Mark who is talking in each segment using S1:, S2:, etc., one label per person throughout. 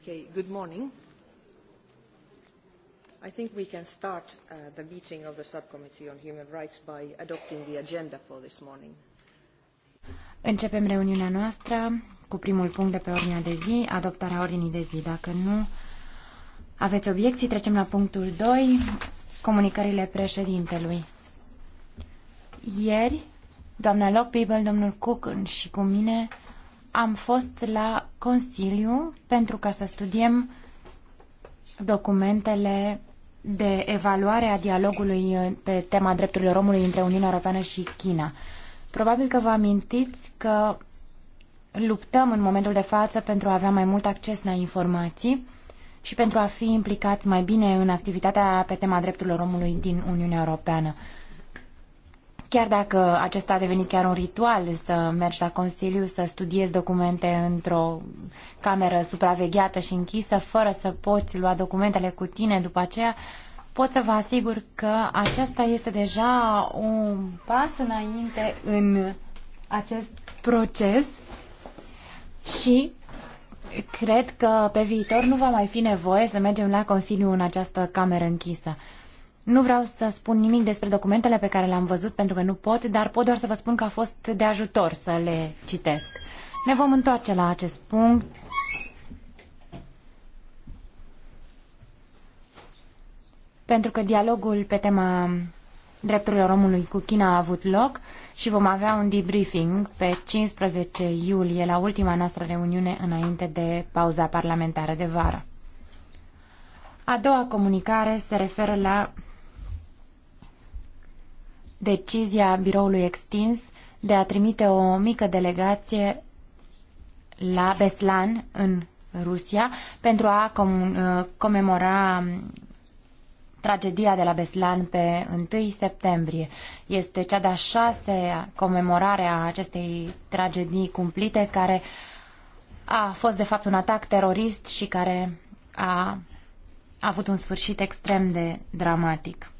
S1: Okay, good morning. I think we can start uh, the meeting of the Subcommittee on Human Rights by adopting the agenda for this morning.
S2: Începem reuniunea noastră cu primul punct de pe ordinea de zi, adoptarea ordinii de zi. Dacă nu aveți obiecții, trecem la punctul 2, comunicările președintelui. Ieri, doamna Lockbibel, domnul Cook și cu mine am fost la Consiliu pentru ca să studiem documentele de evaluare a dialogului uh, pe tema drepturilor omului între Uniunea Europeană și China. Probabil că vă amintiți că luptăm în momentul de față pentru a avea mai mult acces la informații și pentru a fi implicați mai bine în activitatea pe tema drepturilor omului din Uniunea Europeană. Chiar dacă acesta a devenit chiar un ritual să mergi la Consiliu, să studiezi documente într-o cameră supravegheată și închisă, fără să poți lua documentele cu tine după aceea, pot să vă asigur că aceasta este deja un pas înainte în acest proces și cred că pe viitor nu va mai fi nevoie să mergem la Consiliu în această cameră închisă. Nu vreau să spun nimic despre documentele pe care le-am văzut pentru că nu pot, dar pot doar să vă spun că a fost de ajutor să le citesc. Ne vom întoarce la acest punct. Pentru că dialogul pe tema drepturilor omului cu China a avut loc și vom avea un debriefing pe 15 iulie la ultima noastră reuniune înainte de pauza parlamentară de vară. A doua comunicare se referă la decizia biroului extins de a trimite o mică delegație la Beslan, în Rusia, pentru a uh, comemora tragedia de la Beslan pe 1 septembrie. Este cea de-a șasea comemorare a acestei tragedii cumplite, care a fost de fapt un atac terorist și care a avut un sfârșit extrem de dramatic.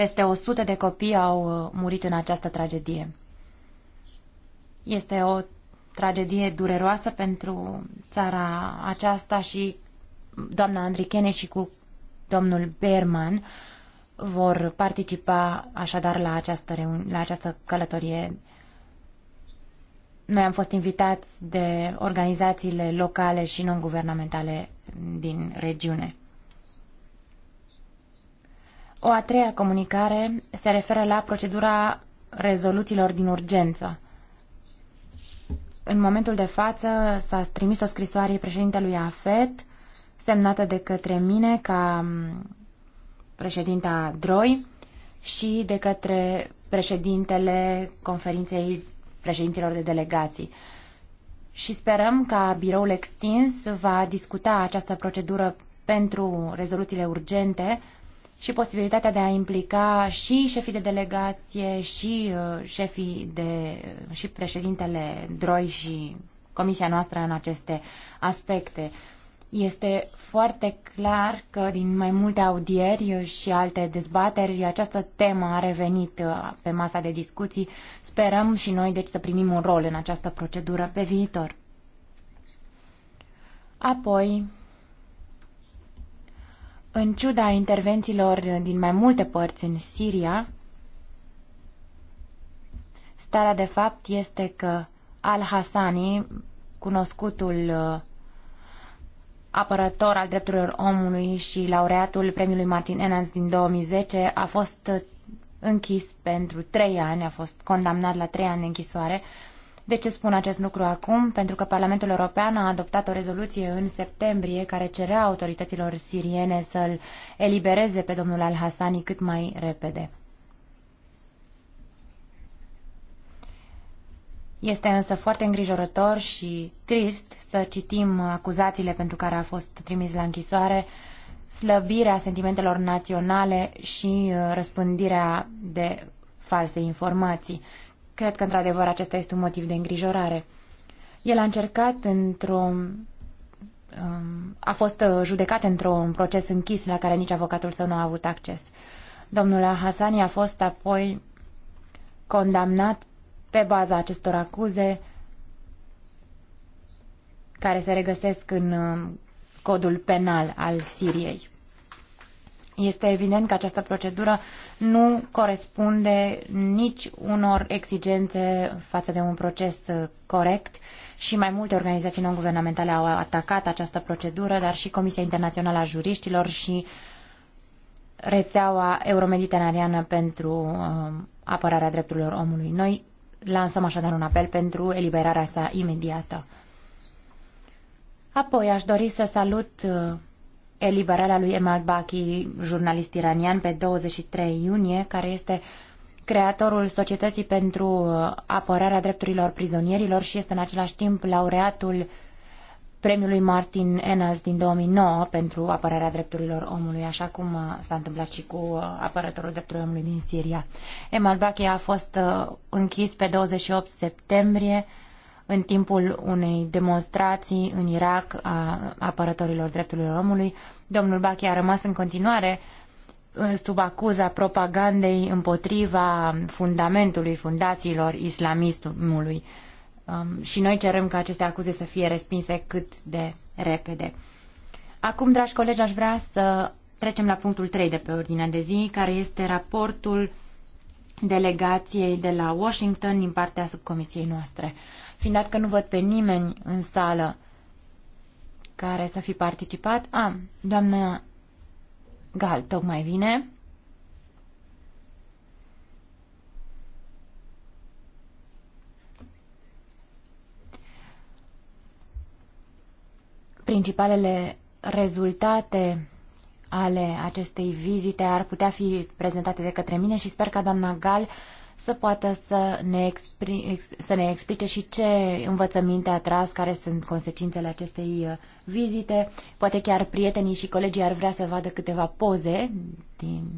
S2: Peste 100 de copii au uh, murit în această tragedie. Este o tragedie dureroasă pentru țara aceasta și doamna Andrichene și cu domnul Berman vor participa așadar la această, reuni- la această călătorie. Noi am fost invitați de organizațiile locale și non-guvernamentale din regiune. O a treia comunicare se referă la procedura rezoluțiilor din urgență. În momentul de față s-a trimis o scrisoare președintelui AFET, semnată de către mine ca mm, președinta DROI și de către președintele conferinței președinților de delegații. Și sperăm ca biroul extins va discuta această procedură pentru rezoluțiile urgente și posibilitatea de a implica și șefii de delegație și uh, șefii de și președintele Droi și comisia noastră în aceste aspecte. Este foarte clar că din mai multe audieri și alte dezbateri această temă a revenit uh, pe masa de discuții. Sperăm și noi deci să primim un rol în această procedură pe viitor. Apoi, în ciuda intervențiilor din mai multe părți în Siria, starea de fapt este că Al-Hassani, cunoscutul uh, apărător al drepturilor omului și laureatul premiului Martin Enans din 2010, a fost uh, închis pentru trei ani, a fost condamnat la trei ani de închisoare de ce spun acest lucru acum? Pentru că Parlamentul European a adoptat o rezoluție în septembrie care cerea autorităților siriene să-l elibereze pe domnul al-Hassani cât mai repede. Este însă foarte îngrijorător și trist să citim acuzațiile pentru care a fost trimis la închisoare, slăbirea sentimentelor naționale și uh, răspândirea de false informații. Cred că, într-adevăr, acesta este un motiv de îngrijorare. El a încercat într-o um, a fost uh, judecat într-un proces închis la care nici avocatul său nu a avut acces. Domnul Hasani a fost apoi condamnat pe baza acestor acuze care se regăsesc în um, codul penal al Siriei. Este evident că această procedură nu corespunde nici unor exigențe față de un proces uh, corect și mai multe organizații non-guvernamentale au atacat această procedură, dar și Comisia Internațională a Juriștilor și rețeaua euromediteraneană pentru uh, apărarea drepturilor omului. Noi lansăm așadar un apel pentru eliberarea sa imediată. Apoi aș dori să salut uh, eliberarea lui Emal Baki, jurnalist iranian, pe 23 iunie, care este creatorul Societății pentru apărarea drepturilor prizonierilor și este în același timp laureatul premiului Martin Ennals din 2009 pentru apărarea drepturilor omului, așa cum uh, s-a întâmplat și cu uh, apărătorul drepturilor omului din Siria. Emal Baki a fost uh, închis pe 28 septembrie în timpul unei demonstrații în Irak a apărătorilor drepturilor omului. Domnul Bachi a rămas în continuare uh, sub acuza propagandei împotriva fundamentului fundațiilor islamismului. Um, și noi cerem ca aceste acuze să fie respinse cât de repede. Acum, dragi colegi, aș vrea să trecem la punctul 3 de pe ordinea de zi, care este raportul delegației de la Washington din partea subcomisiei noastre. Fiind dat că nu văd pe nimeni în sală care să fi participat, a, doamna Gal, tocmai vine. Principalele rezultate ale acestei vizite ar putea fi prezentate de către mine și sper ca doamna Gal să poată să ne, expri, să ne explice și ce învățăminte a tras, care sunt consecințele acestei uh, vizite. Poate chiar prietenii și colegii ar vrea să vadă câteva poze din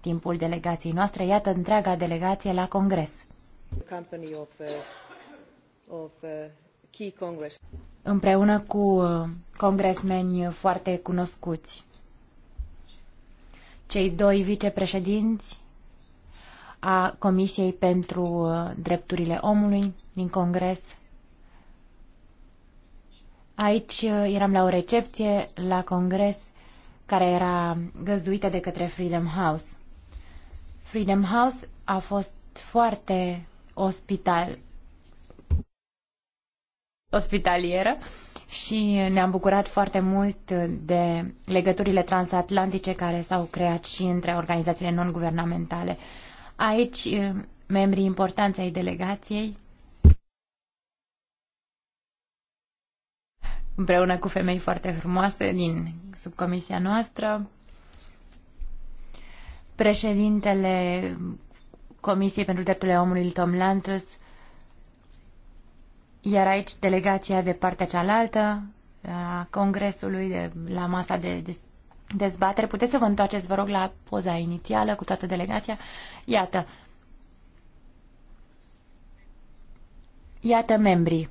S2: timpul delegației noastre. Iată întreaga delegație la congres.
S1: Uh, uh,
S2: Împreună cu congresmeni foarte cunoscuți cei doi vicepreședinți a Comisiei pentru uh, Drepturile Omului din Congres. Aici uh, eram la o recepție la Congres care era găzduită de către Freedom House. Freedom House a fost foarte ospital, ospitalieră și ne-am bucurat foarte mult de legăturile transatlantice care s-au creat și între organizațiile non-guvernamentale. Aici, eh, membrii importanței ai delegației, împreună cu femei foarte frumoase din subcomisia noastră, președintele Comisiei pentru Drepturile Omului, Tom Lantus, iar aici delegația de partea cealaltă, a Congresului, de, la masa de, de dezbatere. Puteți să vă întoarceți, vă rog, la poza inițială cu toată delegația? Iată. Iată membrii.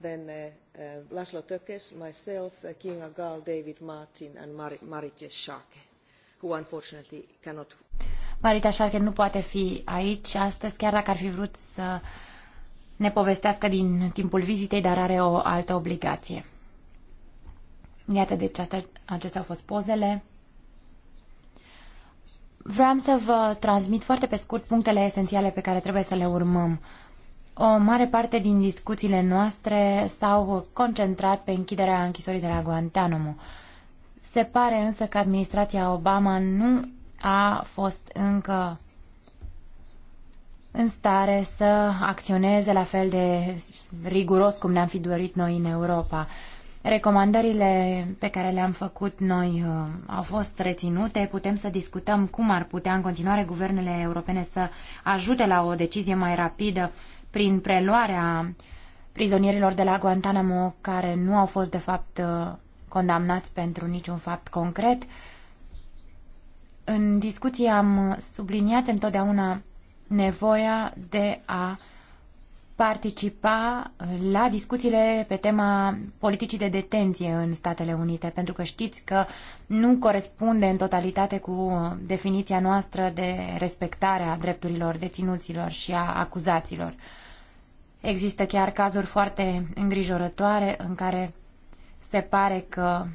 S3: Then uh, uh Laszlo Tökes, myself, uh, King Agal, David Martin and Mar Marite Sharke, who unfortunately cannot...
S2: Marita Sharke nu poate fi aici astăzi, chiar dacă ar fi vrut să uh, ne povestească din timpul vizitei, dar are o altă obligație. Iată, deci astea, acestea au fost pozele. Vreau să vă transmit foarte pe scurt punctele esențiale pe care trebuie să le urmăm. O mare parte din discuțiile noastre s-au concentrat pe închiderea închisorii de la Guantanamo. Se pare însă că administrația Obama nu a fost încă în stare să acționeze la fel de riguros cum ne-am fi dorit noi în Europa. Recomandările pe care le-am făcut noi uh, au fost reținute. Putem să discutăm cum ar putea în continuare guvernele europene să ajute la o decizie mai rapidă prin preluarea prizonierilor de la Guantanamo care nu au fost de fapt uh, condamnați pentru niciun fapt concret. În discuție am subliniat întotdeauna nevoia de a participa la discuțiile pe tema politicii de detenție în Statele Unite, pentru că știți că nu corespunde în totalitate cu definiția noastră de respectare a drepturilor deținuților și a acuzaților. Există chiar cazuri foarte îngrijorătoare în care se pare că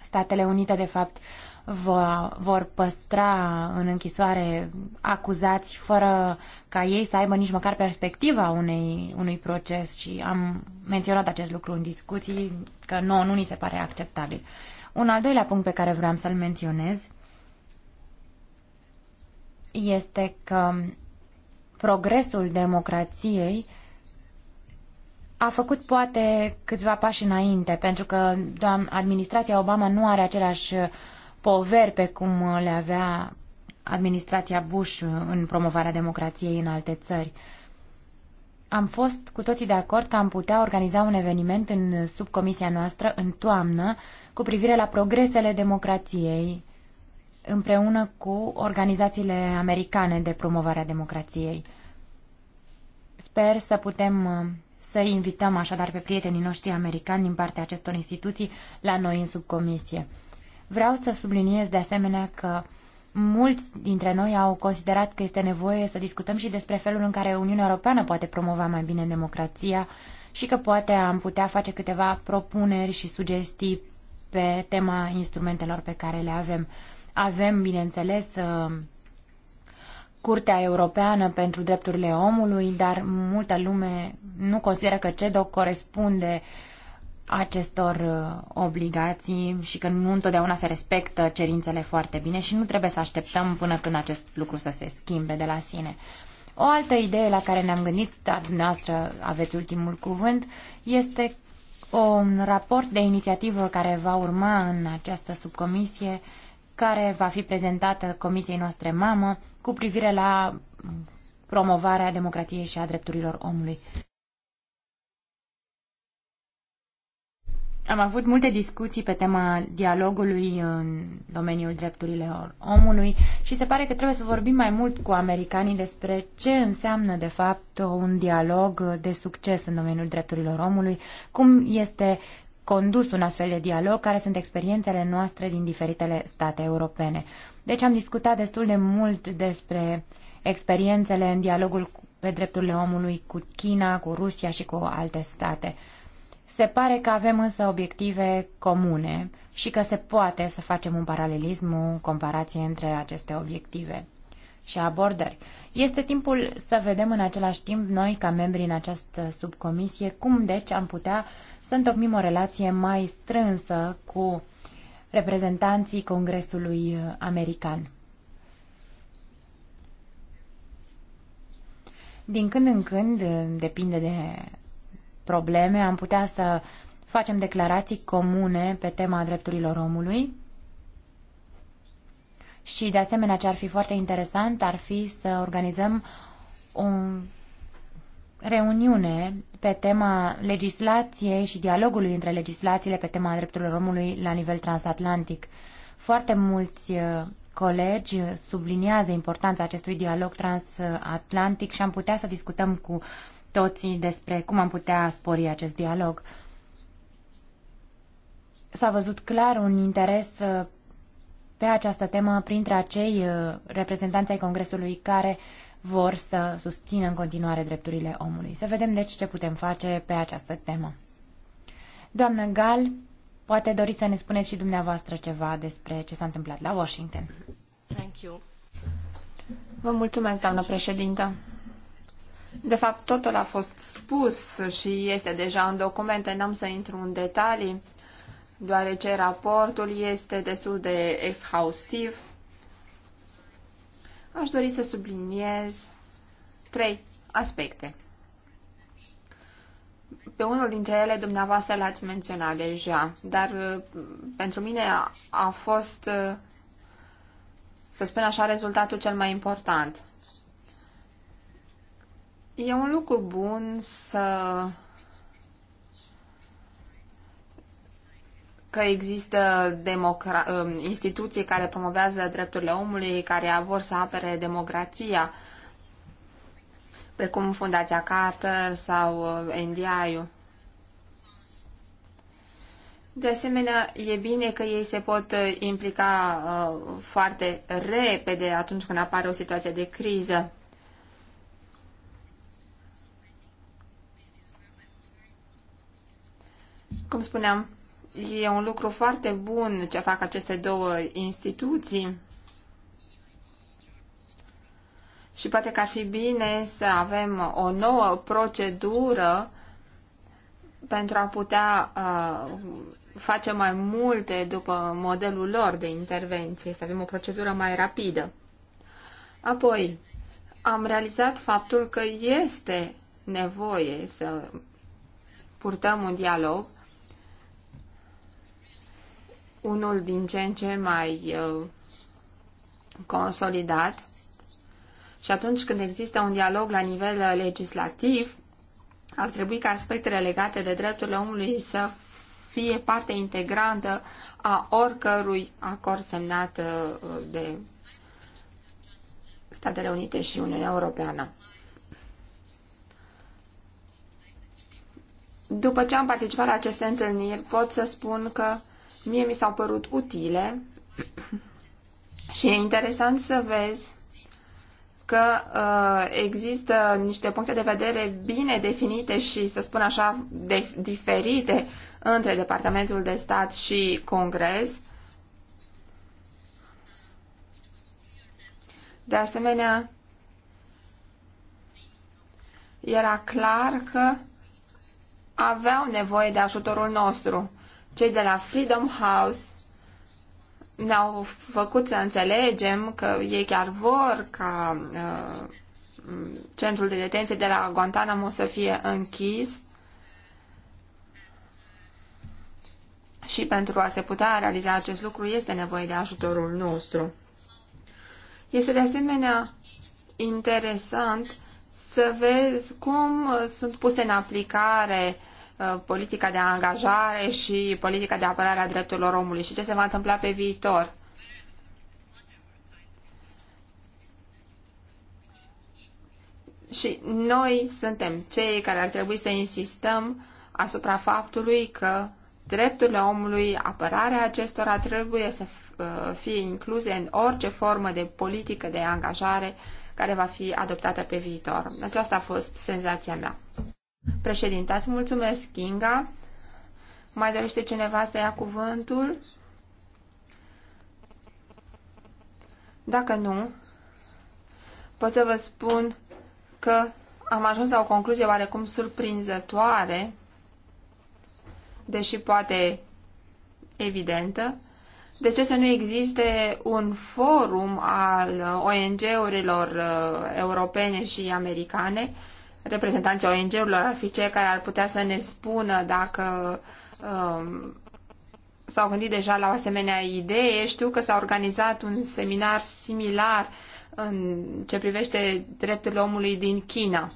S2: Statele Unite, de fapt, va, vor păstra în închisoare acuzați fără ca ei să aibă nici măcar perspectiva unei, unui proces și am menționat acest lucru în discuții că nouă nu ni se pare acceptabil. Un al doilea punct pe care vreau să-l menționez este că progresul democrației a făcut poate câțiva pași înainte, pentru că doamna, administrația Obama nu are aceleași poveri pe cum le avea administrația Bush în promovarea democrației în alte țări. Am fost cu toții de acord că am putea organiza un eveniment în subcomisia noastră în toamnă cu privire la progresele democrației împreună cu organizațiile americane de promovare a democrației. Sper să putem uh, să invităm așadar pe prietenii noștri americani din partea acestor instituții la noi în subcomisie. Vreau să subliniez de asemenea că mulți dintre noi au considerat că este nevoie să discutăm și despre felul în care Uniunea Europeană poate promova mai bine democrația și că poate am putea face câteva propuneri și sugestii pe tema instrumentelor pe care le avem. Avem, bineînțeles, uh, Curtea Europeană pentru Drepturile Omului, dar multă lume nu consideră că CEDO corespunde uh, acestor uh, obligații și că nu întotdeauna se respectă cerințele foarte bine și nu trebuie să așteptăm până când acest lucru să se schimbe de la sine. O altă idee la care ne-am gândit, dar dumneavoastră aveți ultimul cuvânt, este un raport de inițiativă care va urma în această subcomisie, care va fi prezentată comisiei noastre mamă cu privire la promovarea democrației și a drepturilor omului. Am avut multe discuții pe tema dialogului în domeniul drepturilor omului și se pare că trebuie să vorbim mai mult cu americanii despre ce înseamnă de fapt un dialog de succes în domeniul drepturilor omului, cum este condus un astfel de dialog, care sunt experiențele noastre din diferitele state europene. Deci am discutat destul de mult despre experiențele în dialogul pe drepturile omului cu China, cu Rusia și cu alte state. Se pare că avem însă obiective comune și că se poate să facem un paralelism, o comparație între aceste obiective și abordări. Este timpul să vedem în același timp noi, ca membri în această subcomisie, cum deci am putea să întocmim o relație mai strânsă cu reprezentanții Congresului American. Din când în când, depinde de probleme, am putea să facem declarații comune pe tema drepturilor omului. Și de asemenea ce ar fi foarte interesant ar fi să organizăm o reuniune pe tema legislației și dialogului între legislațiile pe tema drepturilor omului la nivel transatlantic. Foarte mulți uh, colegi subliniază importanța acestui dialog transatlantic și am putea să discutăm cu toții despre cum am putea spori acest dialog. S-a văzut clar un interes uh, pe această temă printre acei uh, reprezentanți ai Congresului care vor să susțină în continuare drepturile omului. Să vedem deci ce putem face pe această temă. Doamnă Gal, poate doriți să ne spuneți și dumneavoastră ceva despre ce s-a întâmplat la Washington. Thank you. Vă mulțumesc, doamnă președintă. De fapt, totul a fost spus
S1: și este deja în documente, n-am să intru în detalii, deoarece raportul este destul de exhaustiv. Aș dori să subliniez trei aspecte. Pe unul dintre ele dumneavoastră l-ați menționat deja, dar uh, pentru mine a, a fost, uh, să spun așa, rezultatul cel mai important. E un lucru bun să că există democra- um, instituții care promovează drepturile omului, care vor să apere democrația, precum Fundația Carter sau uh, NDI-ul. De asemenea, e bine că ei se pot uh, implica uh, foarte repede atunci când apare o situație de criză. Cum spuneam, e un lucru foarte bun ce fac aceste două instituții și poate că ar fi bine să avem o nouă procedură pentru a putea uh, face mai multe după modelul lor de intervenție, să avem o procedură mai rapidă. Apoi, am realizat faptul că este nevoie să purtăm un dialog unul din ce în ce mai uh, consolidat și atunci când există un dialog la nivel uh, legislativ, ar trebui ca aspectele legate de drepturile omului să fie parte integrantă a oricărui acord semnat uh, de Statele Unite și Uniunea Europeană. După ce am participat la aceste întâlniri, pot să spun că Mie mi s-au părut utile și e interesant să vezi că uh, există niște puncte de vedere bine definite și, să spun așa, de, diferite între Departamentul de Stat și Congres. De asemenea, era clar că aveau nevoie de ajutorul nostru cei de la Freedom House ne-au făcut să înțelegem că ei chiar vor ca uh, centrul de detenție de la Guantanamo să fie închis și pentru a se putea realiza acest lucru este nevoie de ajutorul nostru. Este de asemenea interesant să vezi cum sunt puse în aplicare Uh, politica de angajare și politica de apărare a drepturilor omului și ce se va întâmpla pe viitor. Și noi suntem cei care ar trebui să insistăm asupra faptului că drepturile omului, apărarea acestora trebuie să uh, fie incluse în orice formă de politică de angajare care va fi adoptată pe viitor. Aceasta a fost senzația mea. Președinte, ați mulțumesc, Kinga. Mai dorește cineva să ia cuvântul? Dacă nu, pot să vă spun că am ajuns la o concluzie oarecum surprinzătoare, deși poate evidentă, de ce să nu existe un forum al ONG-urilor uh, europene și americane reprezentanții ONG-urilor ar fi cei care ar putea să ne spună dacă um, s-au gândit deja la o asemenea idee. Știu că s-a organizat un seminar similar în ce privește drepturile omului din China.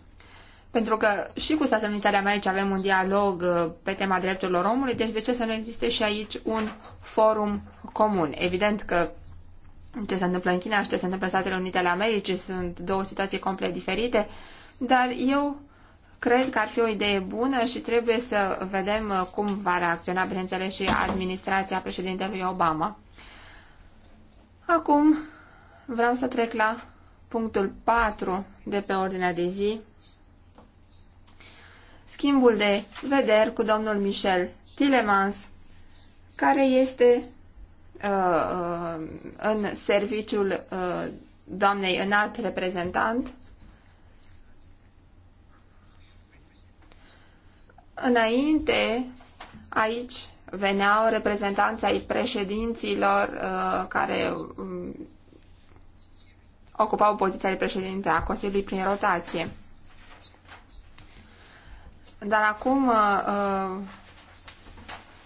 S1: Pentru că și cu Statele Unite ale Americii avem un dialog uh, pe tema drepturilor omului, deci de ce să nu existe și aici un forum comun? Evident că ce se întâmplă în China și ce se întâmplă în Statele Unite ale Americii sunt două situații complet diferite, dar eu cred că ar fi o idee bună și trebuie să vedem uh, cum va reacționa, bineînțeles, și administrația președintelui Obama. Acum vreau să trec la punctul 4 de pe ordinea de zi, schimbul de vederi cu domnul Michel Tilemans, care este uh, uh, în serviciul uh, doamnei înalt reprezentant Înainte, aici veneau reprezentanții ai președinților uh, care um, ocupau poziția de președinte a Consiliului prin rotație. Dar acum uh, uh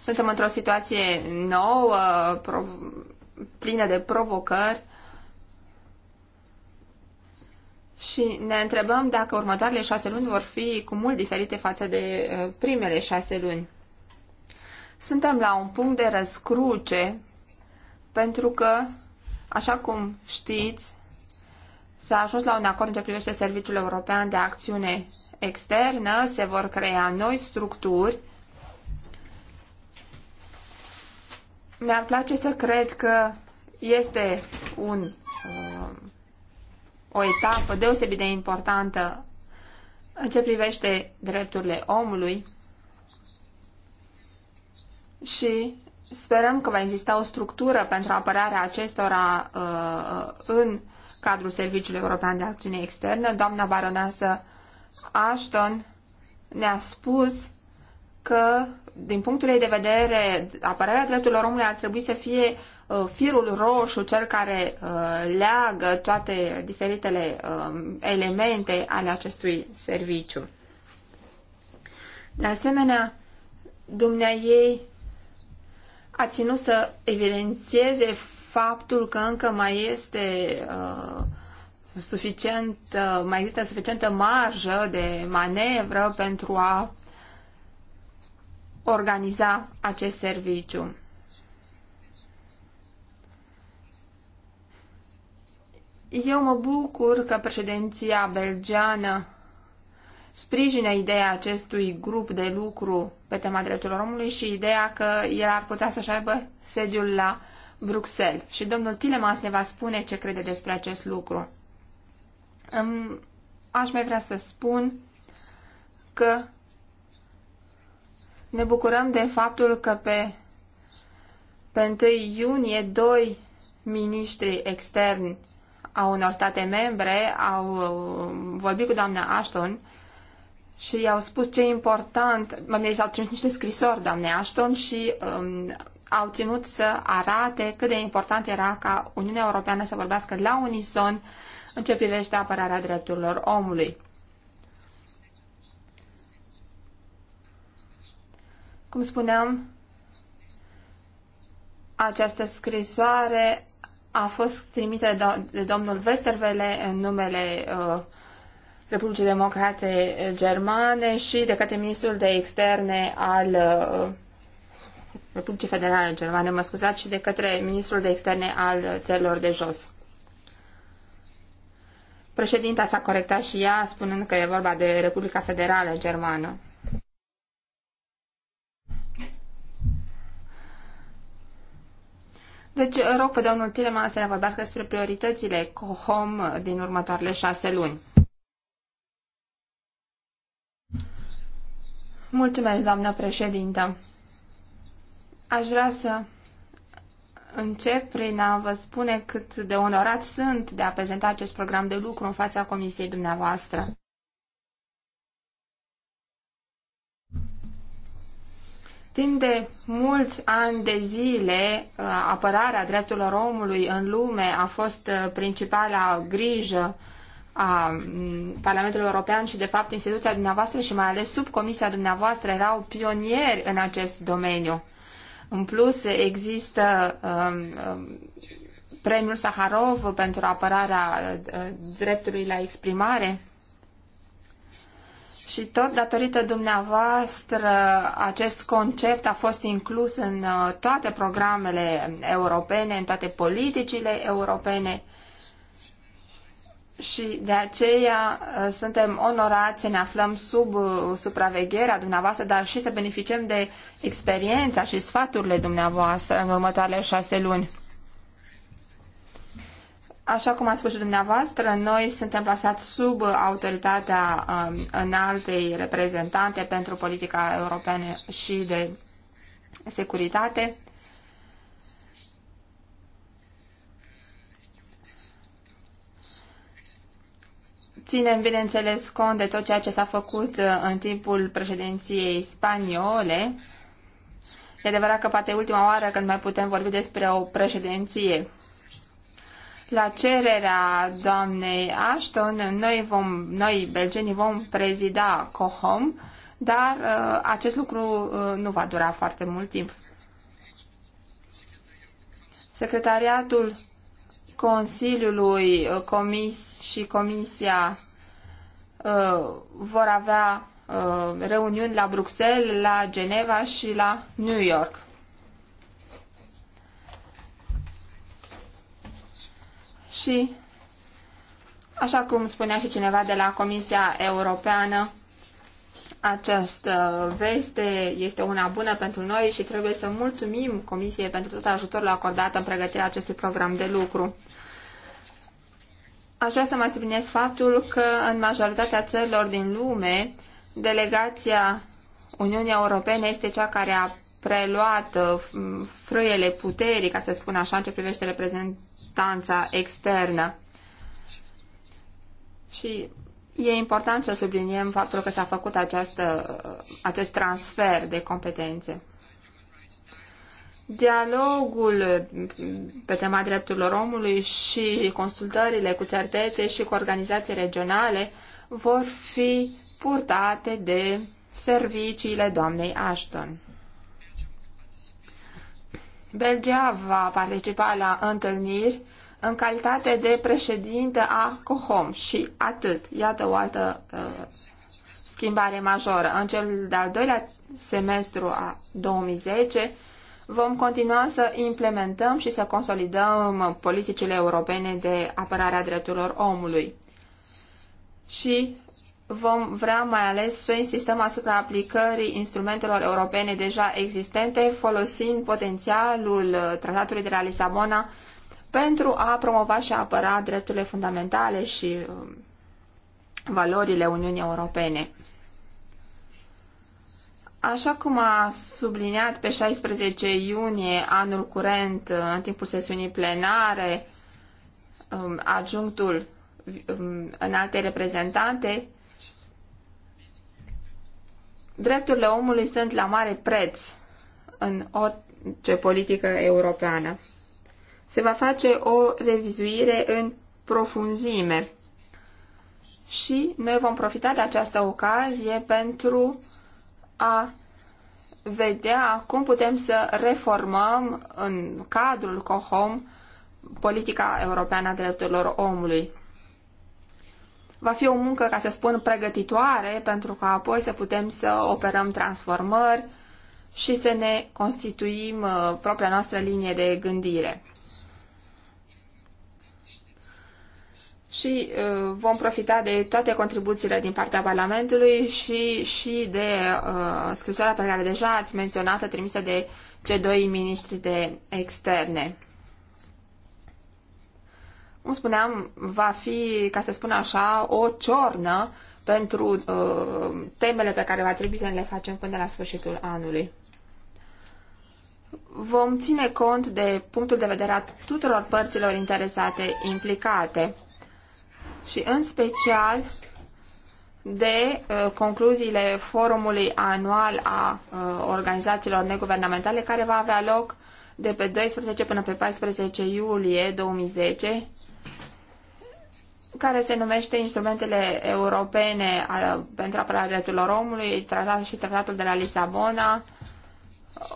S1: suntem într-o situație nouă, plină de provocări și ne întrebăm dacă următoarele șase luni vor fi cu mult diferite față de uh, primele șase luni. Suntem la un punct de răscruce pentru că, așa cum știți, s-a ajuns la un acord în ce privește Serviciul European de Acțiune Externă, se vor crea noi structuri. Mi-ar place să cred că este un uh, o etapă deosebit de importantă în ce privește drepturile omului și sperăm că va exista o structură pentru apărarea acestora uh, în cadrul Serviciului European de Acțiune Externă. Doamna baroneasă Ashton ne-a spus că din punctul ei de vedere, apărarea drepturilor omului ar trebui să fie uh, firul roșu, cel care uh, leagă toate diferitele um, elemente ale acestui serviciu. De asemenea, dumnea ei a ținut să evidențieze faptul că încă mai este uh, suficient, uh, mai există suficientă marjă de manevră pentru a organiza acest serviciu. Eu mă bucur că președinția belgeană sprijină ideea acestui grup de lucru pe tema drepturilor omului și ideea că el ar putea să-și aibă sediul la Bruxelles. Și domnul Tilemans ne va spune ce crede despre acest lucru. Aș mai vrea să spun că ne bucurăm de faptul că pe, pe 1 iunie doi miniștri externi a unor state membre au uh, vorbit cu doamna Ashton și i-au spus ce important, mai s au trimis niște scrisori doamnei Ashton și um, au ținut să arate cât de important era ca Uniunea Europeană să vorbească la unison în ce privește apărarea drepturilor omului. Cum spuneam, această scrisoare a fost trimită de domnul Westervele în numele uh, Republicii Democrate Germane și de către ministrul de externe al uh, Republicii Federale Germane, mă scuzați, și de către ministrul de externe al țărilor de jos. Președinta s-a corectat și ea, spunând că e vorba de Republica Federală Germană. Deci rog pe domnul Tileman să ne vorbească despre prioritățile COHOM din următoarele șase luni. Mulțumesc, doamnă președintă. Aș vrea să încep prin a vă spune cât de onorat sunt de a prezenta acest program de lucru în fața comisiei dumneavoastră. Timp de mulți ani de zile, uh, apărarea drepturilor omului în lume a fost uh, principala grijă a mm, Parlamentului European și, de fapt, instituția dumneavoastră și mai ales subcomisia dumneavoastră erau pionieri în acest domeniu. În plus, există um, um premiul Saharov pentru apărarea uh, dreptului la exprimare. Și tot datorită dumneavoastră acest concept a fost inclus în uh, toate programele europene, în toate politicile europene și de aceea uh, suntem onorați să ne aflăm sub uh, supravegherea dumneavoastră, dar și să beneficiem de experiența și sfaturile dumneavoastră în următoarele șase luni. Așa cum a spus și dumneavoastră, noi suntem plasați sub autoritatea um, înaltei reprezentante pentru politica europeană și de securitate. Ținem, bineînțeles, cont de tot ceea ce s-a făcut uh, în timpul președinției spaniole. E adevărat că poate ultima oară când mai putem vorbi despre o președinție la cererea doamnei Ashton, noi, vom, noi belgenii vom prezida COHOM, dar uh, acest lucru uh, nu va dura foarte mult timp. Secretariatul Consiliului uh, comis și Comisia uh, vor avea uh, reuniuni la Bruxelles, la Geneva și la New York. și, așa cum spunea și cineva de la Comisia Europeană, această veste este una bună pentru noi și trebuie să mulțumim Comisiei pentru tot ajutorul acordat în pregătirea acestui program de lucru. Aș vrea să mai subliniez faptul că în majoritatea țărilor din lume, delegația Uniunii Europene este cea care a preluat uh, frâiele puterii, ca să spun așa, în ce privește reprezentanța externă. Și e important să subliniem faptul că s-a făcut această, uh, acest transfer de competențe. Dialogul uh, pe tema drepturilor omului și consultările cu certețe și cu organizații regionale vor fi purtate de serviciile doamnei Ashton. Belgia va participa la întâlniri în calitate de președinte a COHOM și atât. Iată o altă uh, schimbare majoră. În cel de-al doilea semestru a 2010 vom continua să implementăm și să consolidăm politicile europene de apărare a drepturilor omului. Și vom vrea mai ales să insistăm asupra aplicării instrumentelor europene deja existente, folosind potențialul uh, Tratatului de la Lisabona pentru a promova și a apăra drepturile fundamentale și um, valorile Uniunii Europene. Așa cum a subliniat pe 16 iunie anul curent, uh, în timpul sesiunii plenare, um, adjunctul um, în alte reprezentante, Drepturile omului sunt la mare preț în orice politică europeană. Se va face o revizuire în profunzime și noi vom profita de această ocazie pentru a vedea cum putem să reformăm în cadrul COHOM politica europeană a drepturilor omului. Va fi o muncă, ca să spun, pregătitoare pentru ca apoi să putem să operăm transformări și să ne constituim uh, propria noastră linie de gândire. și uh, vom profita de toate contribuțiile din partea Parlamentului și, și de uh, scrisoarea pe care deja ați menționat trimisă de cei doi miniștri de externe cum spuneam, va fi, ca să spun așa, o ciornă pentru uh, temele pe care va trebui să le facem până la sfârșitul anului. Vom ține cont de punctul de vedere a tuturor părților interesate implicate și în special de uh, concluziile forumului anual a uh, organizațiilor neguvernamentale care va avea loc de pe 12 până pe 14 iulie 2010 care se numește Instrumentele Europene pentru apărarea drepturilor omului, tratat și tratatul de la Lisabona,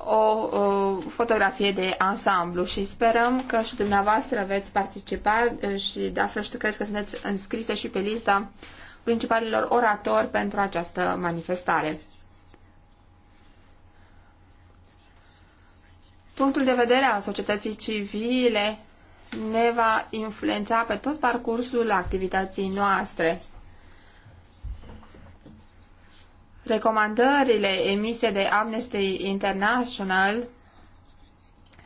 S1: o, o fotografie de ansamblu și sperăm că și dumneavoastră veți participa și de altfel cred că sunteți înscrise și pe lista principalilor oratori pentru această manifestare. Punctul de vedere al societății civile ne va influența pe tot parcursul activității noastre. Recomandările emise de Amnesty International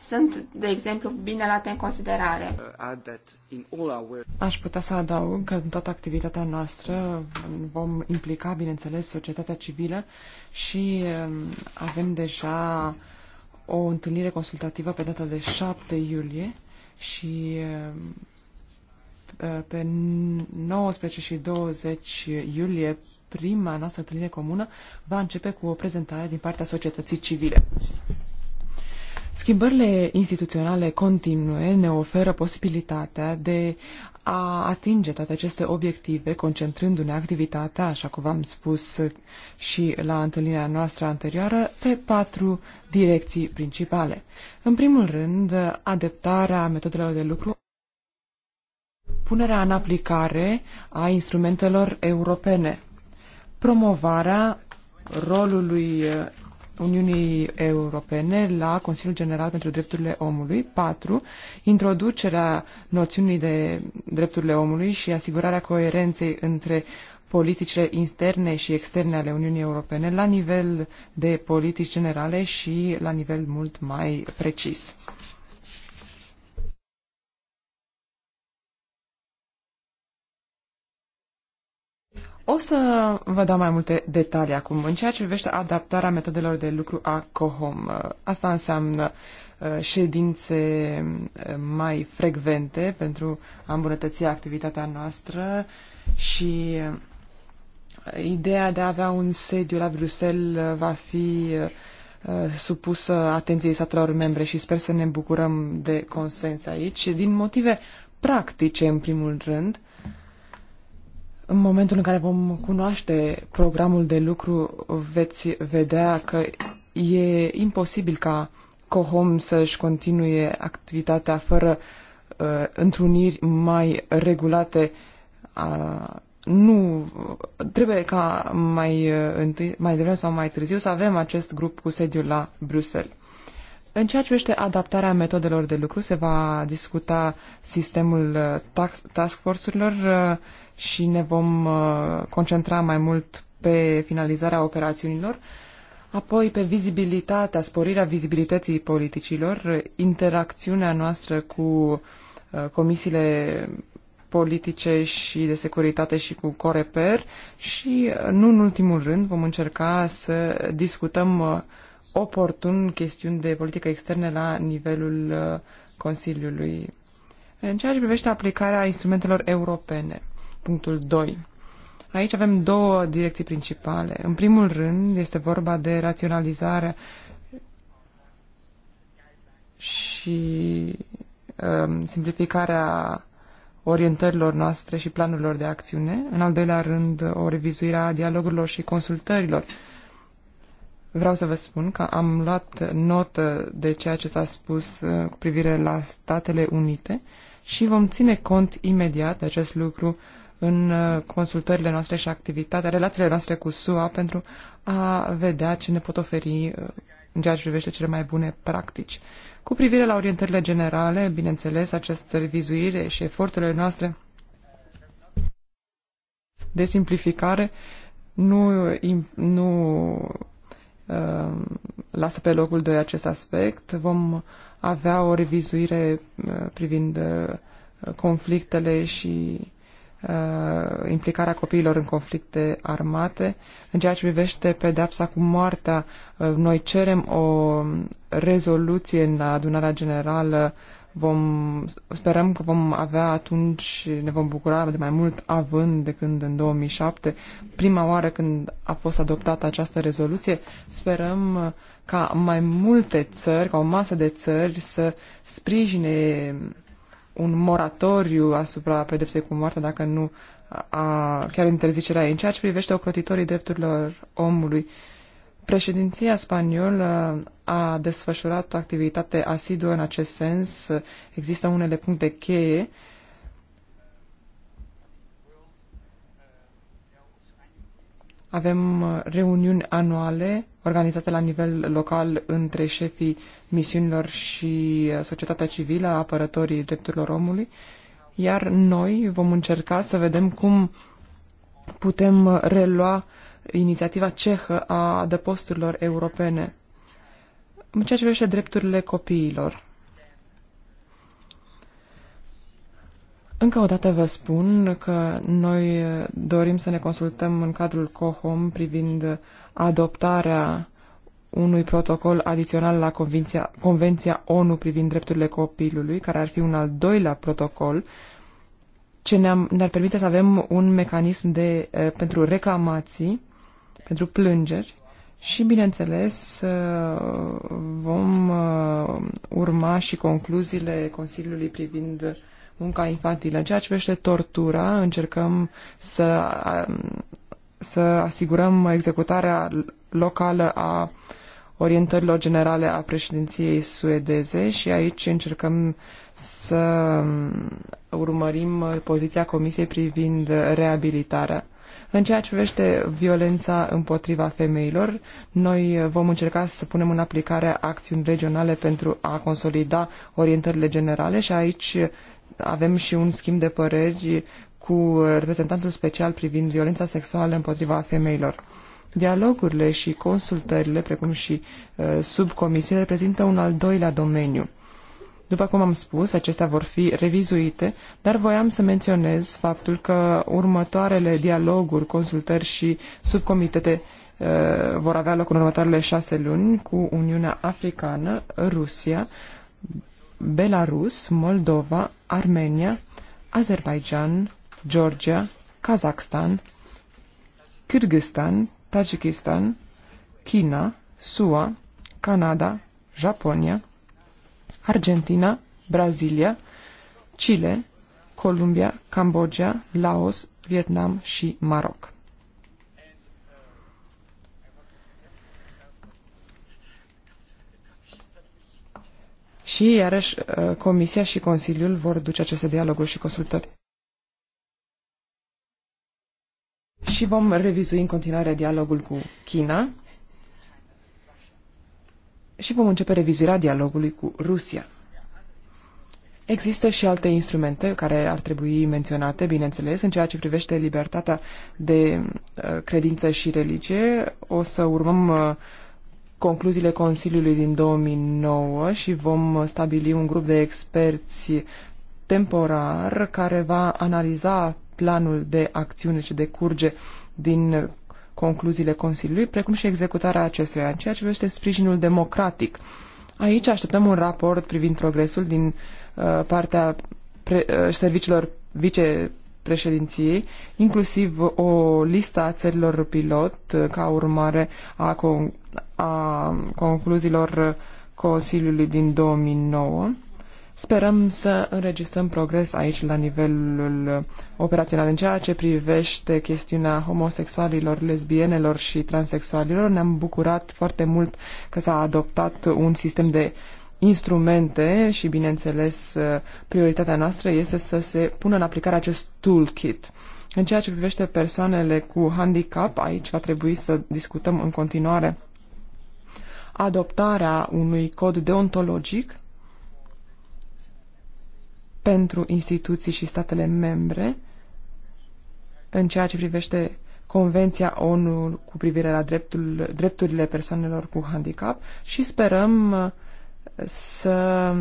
S1: sunt, de exemplu, bine luate în considerare.
S3: Aș putea să adaug că în toată activitatea noastră vom implica, bineînțeles, societatea civilă și um, avem deja o întâlnire consultativă pe data de 7 iulie și uh, pe 19 și 20 iulie prima noastră întâlnire comună va începe cu o prezentare din partea societății civile. Schimbările instituționale continue ne oferă posibilitatea de a atinge toate aceste obiective, concentrându-ne activitatea, așa cum v-am spus și la întâlnirea noastră anterioară, pe patru direcții principale. În primul rând, adaptarea metodelor de lucru, punerea în aplicare a instrumentelor europene, promovarea rolului Uniunii Europene la Consiliul General pentru Drepturile Omului. 4. Introducerea noțiunii de drepturile omului și asigurarea coerenței între politicile interne și externe ale Uniunii Europene la nivel de politici generale și la nivel mult mai precis. O să vă dau mai multe detalii acum în ceea ce privește adaptarea metodelor de lucru a COHOM. Uh, asta înseamnă uh, ședințe uh, mai frecvente pentru a îmbunătăți activitatea noastră și ideea de a avea un sediu la Bruxelles va fi supusă atenției statelor membre și sper să ne bucurăm de consens aici din motive practice în primul rând în momentul în care vom cunoaște programul de lucru, veți vedea că e imposibil ca COHOM să-și continue activitatea fără uh, întruniri mai regulate. Uh, nu, trebuie ca mai, uh, întâi, mai devreme sau mai târziu să avem acest grup cu sediul la Bruxelles. În ceea ce privește adaptarea metodelor de lucru, se va discuta sistemul uh, task force-urilor uh, și ne vom uh, concentra mai mult pe finalizarea operațiunilor, apoi pe vizibilitatea, sporirea vizibilității politicilor, interacțiunea noastră cu comisiile politice și de securitate și cu Coreper și, nu în ultimul rând, vom încerca să discutăm oportun chestiuni de politică externă la nivelul uh, Consiliului. În ceea ce privește aplicarea instrumentelor europene, punctul 2. Aici avem două direcții principale. În primul rând este vorba de raționalizarea și um, simplificarea orientărilor noastre și planurilor de acțiune. În al doilea rând, o revizuire a dialogurilor și consultărilor Vreau să vă spun că am luat notă de ceea ce s-a spus uh, cu privire la Statele Unite și vom ține cont imediat de acest lucru în uh, consultările noastre și activitatea, relațiile noastre cu SUA pentru a vedea ce ne pot oferi uh, în ceea ce privește cele mai bune practici. Cu privire la orientările generale, bineînțeles, această revizuire și eforturile noastre de simplificare nu, nu Uh, lasă pe locul de acest aspect. Vom avea o revizuire uh, privind uh, conflictele și implicarea copiilor în conflicte armate. În ceea ce privește pedepsa cu moartea, noi cerem o rezoluție în adunarea generală vom, sperăm că vom avea atunci, ne vom bucura de mai mult având de când în 2007, prima oară când a fost adoptată această rezoluție, sperăm uh, ca mai multe țări, ca o masă de țări să sprijine un moratoriu asupra pedepsei cu moartea, dacă nu a, chiar interzicerea ei. În ceea ce privește ocrotitorii drepturilor omului, uh, Președinția spaniolă a desfășurat o activitate asiduă în acest sens. Există unele puncte cheie. Avem uh, reuniuni anuale organizate la nivel local între șefii misiunilor și uh, societatea civilă, apărătorii drepturilor omului, iar noi vom încerca să vedem cum putem uh, relua uh, inițiativa cehă a adăposturilor europene. În ceea ce privește drepturile copiilor, Încă o dată vă spun că noi dorim să ne consultăm în cadrul COHOM privind adoptarea unui protocol adițional la Convenția, Convenția ONU privind drepturile copilului, care ar fi un al doilea protocol, ce ne ne-ar permite să avem un mecanism de, eh, pentru reclamații pentru plângeri și, bineînțeles, uh, vom uh, urma și concluziile Consiliului privind munca infantilă. În ceea ce privește tortura, încercăm să, să asigurăm executarea locală a orientărilor generale a președinției suedeze și aici încercăm să urmărim poziția Comisiei privind reabilitarea în ceea ce privește violența împotriva femeilor, noi eh, vom încerca să punem în aplicare acțiuni regionale pentru a consolida orientările generale și aici eh, avem și un schimb de păreri cu reprezentantul special privind violența sexuală împotriva femeilor. Dialogurile și consultările, precum și uh, subcomisiile, reprezintă un al doilea domeniu. După cum am spus, acestea vor fi revizuite, dar voiam să menționez faptul că următoarele dialoguri, consultări și subcomitete uh, vor avea loc în următoarele șase luni cu Uniunea Africană, Rusia, Belarus, Moldova, Armenia, Azerbaijan, Georgia, Kazakhstan, Kyrgyzstan, Tajikistan, China, SUA, Canada, Japonia, Argentina, Brazilia, Chile, Columbia, Cambodgia, Laos, Vietnam și Maroc. Și iarăși uh, Comisia și Consiliul vor duce aceste dialoguri și consultări. Și vom revizui în continuare dialogul cu China și vom începe revizuirea dialogului cu Rusia. Există și alte instrumente care ar trebui menționate, bineînțeles, în ceea ce privește libertatea de uh, credință și religie. O să urmăm uh, concluziile Consiliului din 2009 și vom stabili un grup de experți temporar care va analiza planul de acțiune ce decurge din concluziile Consiliului, precum și executarea acestuia, în ceea ce privește sprijinul democratic. Aici așteptăm un raport privind progresul din uh, partea pre, uh, serviciilor vicepreședinției, inclusiv o listă a țărilor pilot uh, ca urmare a, con- a concluziilor Consiliului din 2009 Sperăm să înregistrăm progres aici la nivelul operațional. În ceea ce privește chestiunea homosexualilor, lesbienelor și transexualilor, ne-am bucurat foarte mult că s-a adoptat un sistem de instrumente și, bineînțeles, prioritatea noastră este să se pună în aplicare acest toolkit. În ceea ce privește persoanele cu handicap, aici va trebui să discutăm în continuare adoptarea unui cod deontologic pentru instituții și statele membre în ceea ce privește Convenția ONU cu privire la dreptul, drepturile persoanelor cu handicap și sperăm uh, să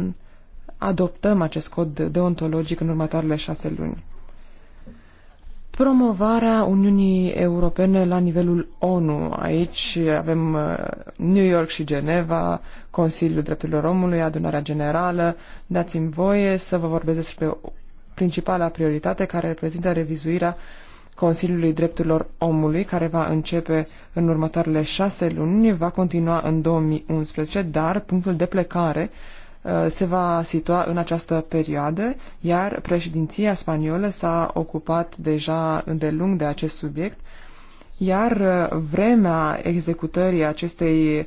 S3: adoptăm acest cod deontologic în următoarele șase luni promovarea Uniunii Europene la nivelul ONU. Aici avem uh, New York și Geneva, Consiliul Drepturilor Omului, Adunarea Generală. Dați-mi voie să vă vorbesc despre principala prioritate care reprezintă revizuirea Consiliului Drepturilor Omului, care va începe în următoarele șase luni, va continua în 2011, dar punctul de plecare uh, Uh, se va situa în această perioadă, iar președinția spaniolă s-a ocupat deja îndelung de acest subiect, iar uh, vremea executării acestei,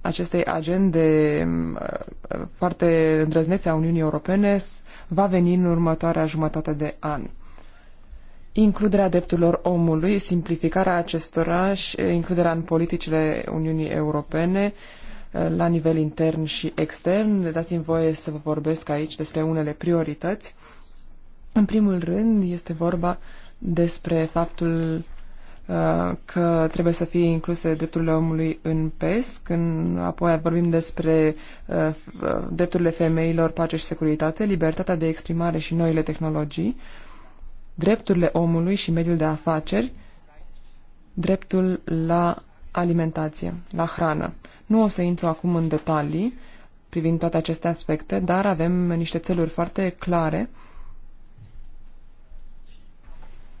S3: acestei agende mm, uh, foarte îndrăznețe a Uniunii Europene va veni în următoarea jumătate de an. Includerea drepturilor omului, simplificarea acestora și includerea în politicile Uniunii Europene uh, Uh, la nivel intern și extern. Dați-mi voie să vă vorbesc aici despre unele priorități. În primul rând este vorba despre faptul uh, că trebuie să fie incluse drepturile omului în PES, când apoi vorbim despre uh, drepturile femeilor, pace și securitate, libertatea de exprimare și noile tehnologii, drepturile omului și mediul de afaceri, dreptul la alimentație, la hrană. Nu o să intru acum în detalii privind toate aceste aspecte, dar avem niște țeluri foarte clare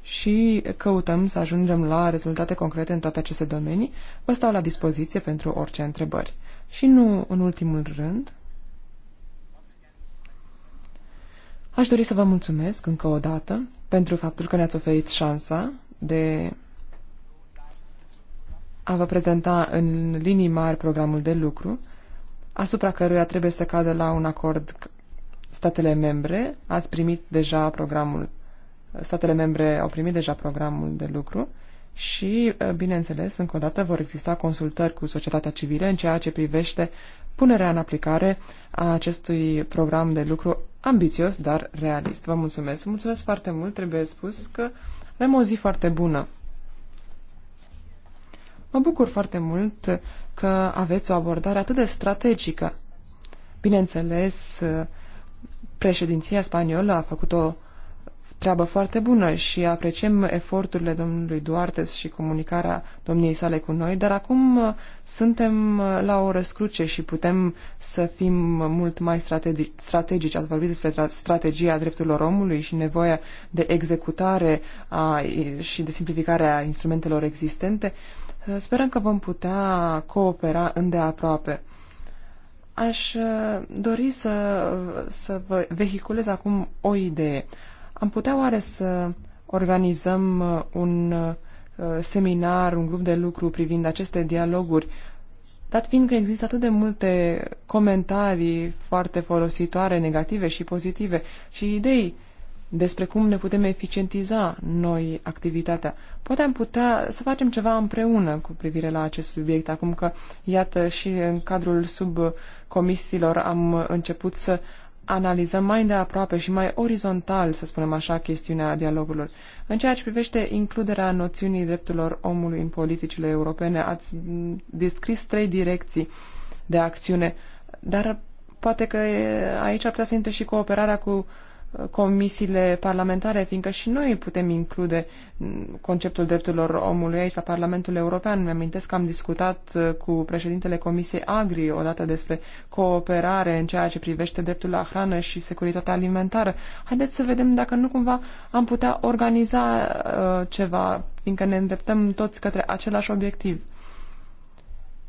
S3: și căutăm să ajungem la rezultate concrete în toate aceste domenii. Vă stau la dispoziție pentru orice întrebări. Și nu în ultimul rând, aș dori să vă mulțumesc încă o dată pentru faptul că ne-ați oferit șansa de a vă prezenta în linii mari programul de lucru, asupra căruia trebuie să cadă la un acord statele membre. Ați primit deja programul, statele membre au primit deja programul de lucru și, ă, bineînțeles, încă o dată vor exista consultări cu societatea civilă în ceea ce privește punerea în aplicare a acestui program de lucru ambițios, dar realist. Vă mulțumesc! Mulțumesc foarte mult! Trebuie spus că avem o zi foarte bună. Mă bucur foarte mult că aveți o abordare atât de strategică. Bineînțeles, președinția spaniolă a făcut o treabă foarte bună și apreciem eforturile domnului Duarte și comunicarea domniei sale cu noi, dar acum uh, suntem uh, la o răscruce și putem să fim mult mai strategi- strategici. Ați vorbit despre strategia drepturilor omului și nevoia de executare a, și de simplificare a instrumentelor existente. Uh, Sperăm că vom putea coopera îndeaproape. Aș uh, dori să, să vă vehiculez acum o idee. Am putea oare să organizăm uh, un uh, seminar, un grup de lucru privind aceste dialoguri, dat fiind că există atât de multe comentarii foarte folositoare, negative și pozitive și idei despre cum ne putem eficientiza noi activitatea. Poate am putea să facem ceva împreună cu privire la acest subiect, acum că, iată, și în cadrul subcomisiilor am început să analizăm mai de aproape și mai orizontal, să spunem așa, chestiunea dialogurilor. În ceea ce privește includerea noțiunii drepturilor omului în politicile europene, ați descris trei direcții de acțiune, dar poate că aici ar putea să intre și cooperarea cu uh, comisiile parlamentare, fiindcă și noi putem include conceptul drepturilor omului aici la Parlamentul European. Mi-amintesc că am discutat uh, cu președintele Comisiei Agri odată despre cooperare în ceea ce privește dreptul la hrană și securitatea alimentară. Haideți să vedem dacă nu cumva am putea organiza uh, ceva, fiindcă ne îndreptăm toți către același obiectiv.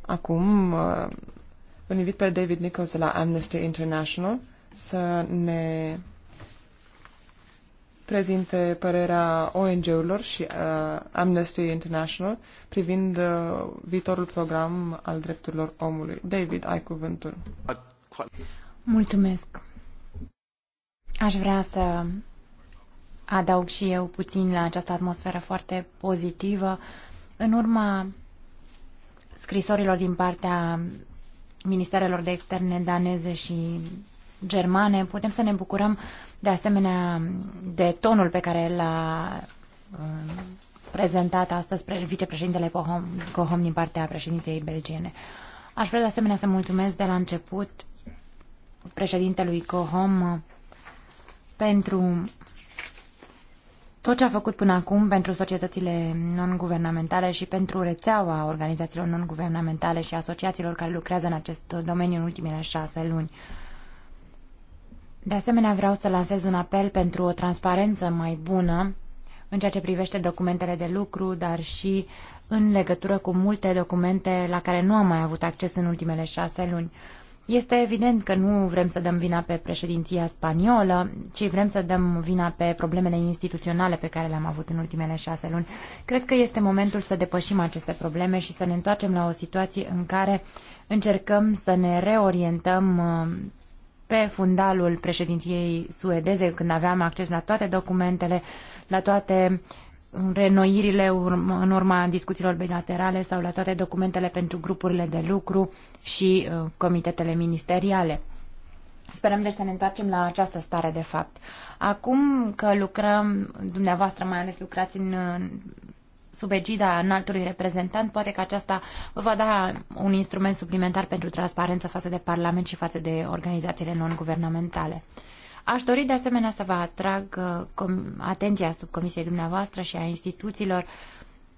S3: Acum uh, îl invit pe David Nichols de la Amnesty International să ne prezinte părerea ONG-urilor și uh, Amnesty International privind uh, viitorul program al drepturilor omului. David, ai cuvântul.
S2: Mulțumesc. Aș vrea să adaug și eu puțin la această atmosferă foarte pozitivă. În urma scrisorilor din partea Ministerelor de Externe daneze și germane, putem să ne bucurăm uh, de asemenea de tonul pe care l-a um, prezentat astăzi vicepreședintele Cohom, Cohom din partea președintei belgiene. Aș vrea de asemenea să mulțumesc de la început președintelui Cohom uh, pentru tot ce a făcut până acum pentru societățile non-guvernamentale și pentru rețeaua organizațiilor non-guvernamentale și asociațiilor care lucrează în acest domeniu în ultimele șase luni. De asemenea, vreau să lansez un apel pentru o transparență mai bună în ceea ce privește documentele de lucru, dar și în legătură cu multe documente la care nu am mai avut acces în ultimele șase luni. Este evident că nu vrem să dăm vina pe președinția spaniolă, ci vrem să dăm vina pe problemele instituționale pe care le-am avut în ultimele șase luni. Cred că este momentul să depășim aceste probleme și să ne întoarcem la o situație în care încercăm să ne reorientăm uh, pe fundalul președinției suedeze, când aveam acces la toate documentele, la toate um, renoirile în urma discuțiilor bilaterale sau la toate documentele pentru grupurile de lucru și uh, comitetele ministeriale. Sperăm deci să ne întoarcem la această stare de fapt. Acum că lucrăm, dumneavoastră mai ales lucrați în sub egida înaltului reprezentant, poate că aceasta vă va da un instrument suplimentar pentru transparență față de Parlament și față de organizațiile non-guvernamentale. Aș dori de asemenea să vă atrag uh, atenția subcomisiei dumneavoastră și a instituțiilor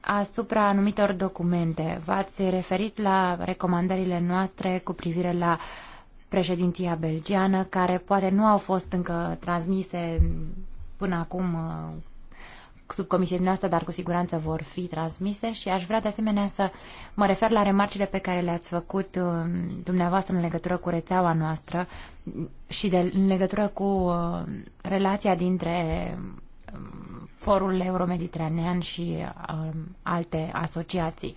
S2: asupra anumitor documente. V-ați referit la recomandările noastre cu privire la președinția belgiană, care poate nu au fost încă transmise până acum uh, subcomisiei noastre, dar cu siguranță vor fi transmise și aș vrea de asemenea să mă refer la remarcile pe care le-ați făcut uh, dumneavoastră în legătură cu rețeaua noastră și de, în legătură cu uh, relația dintre um, forul euromediteranean și uh, alte asociații.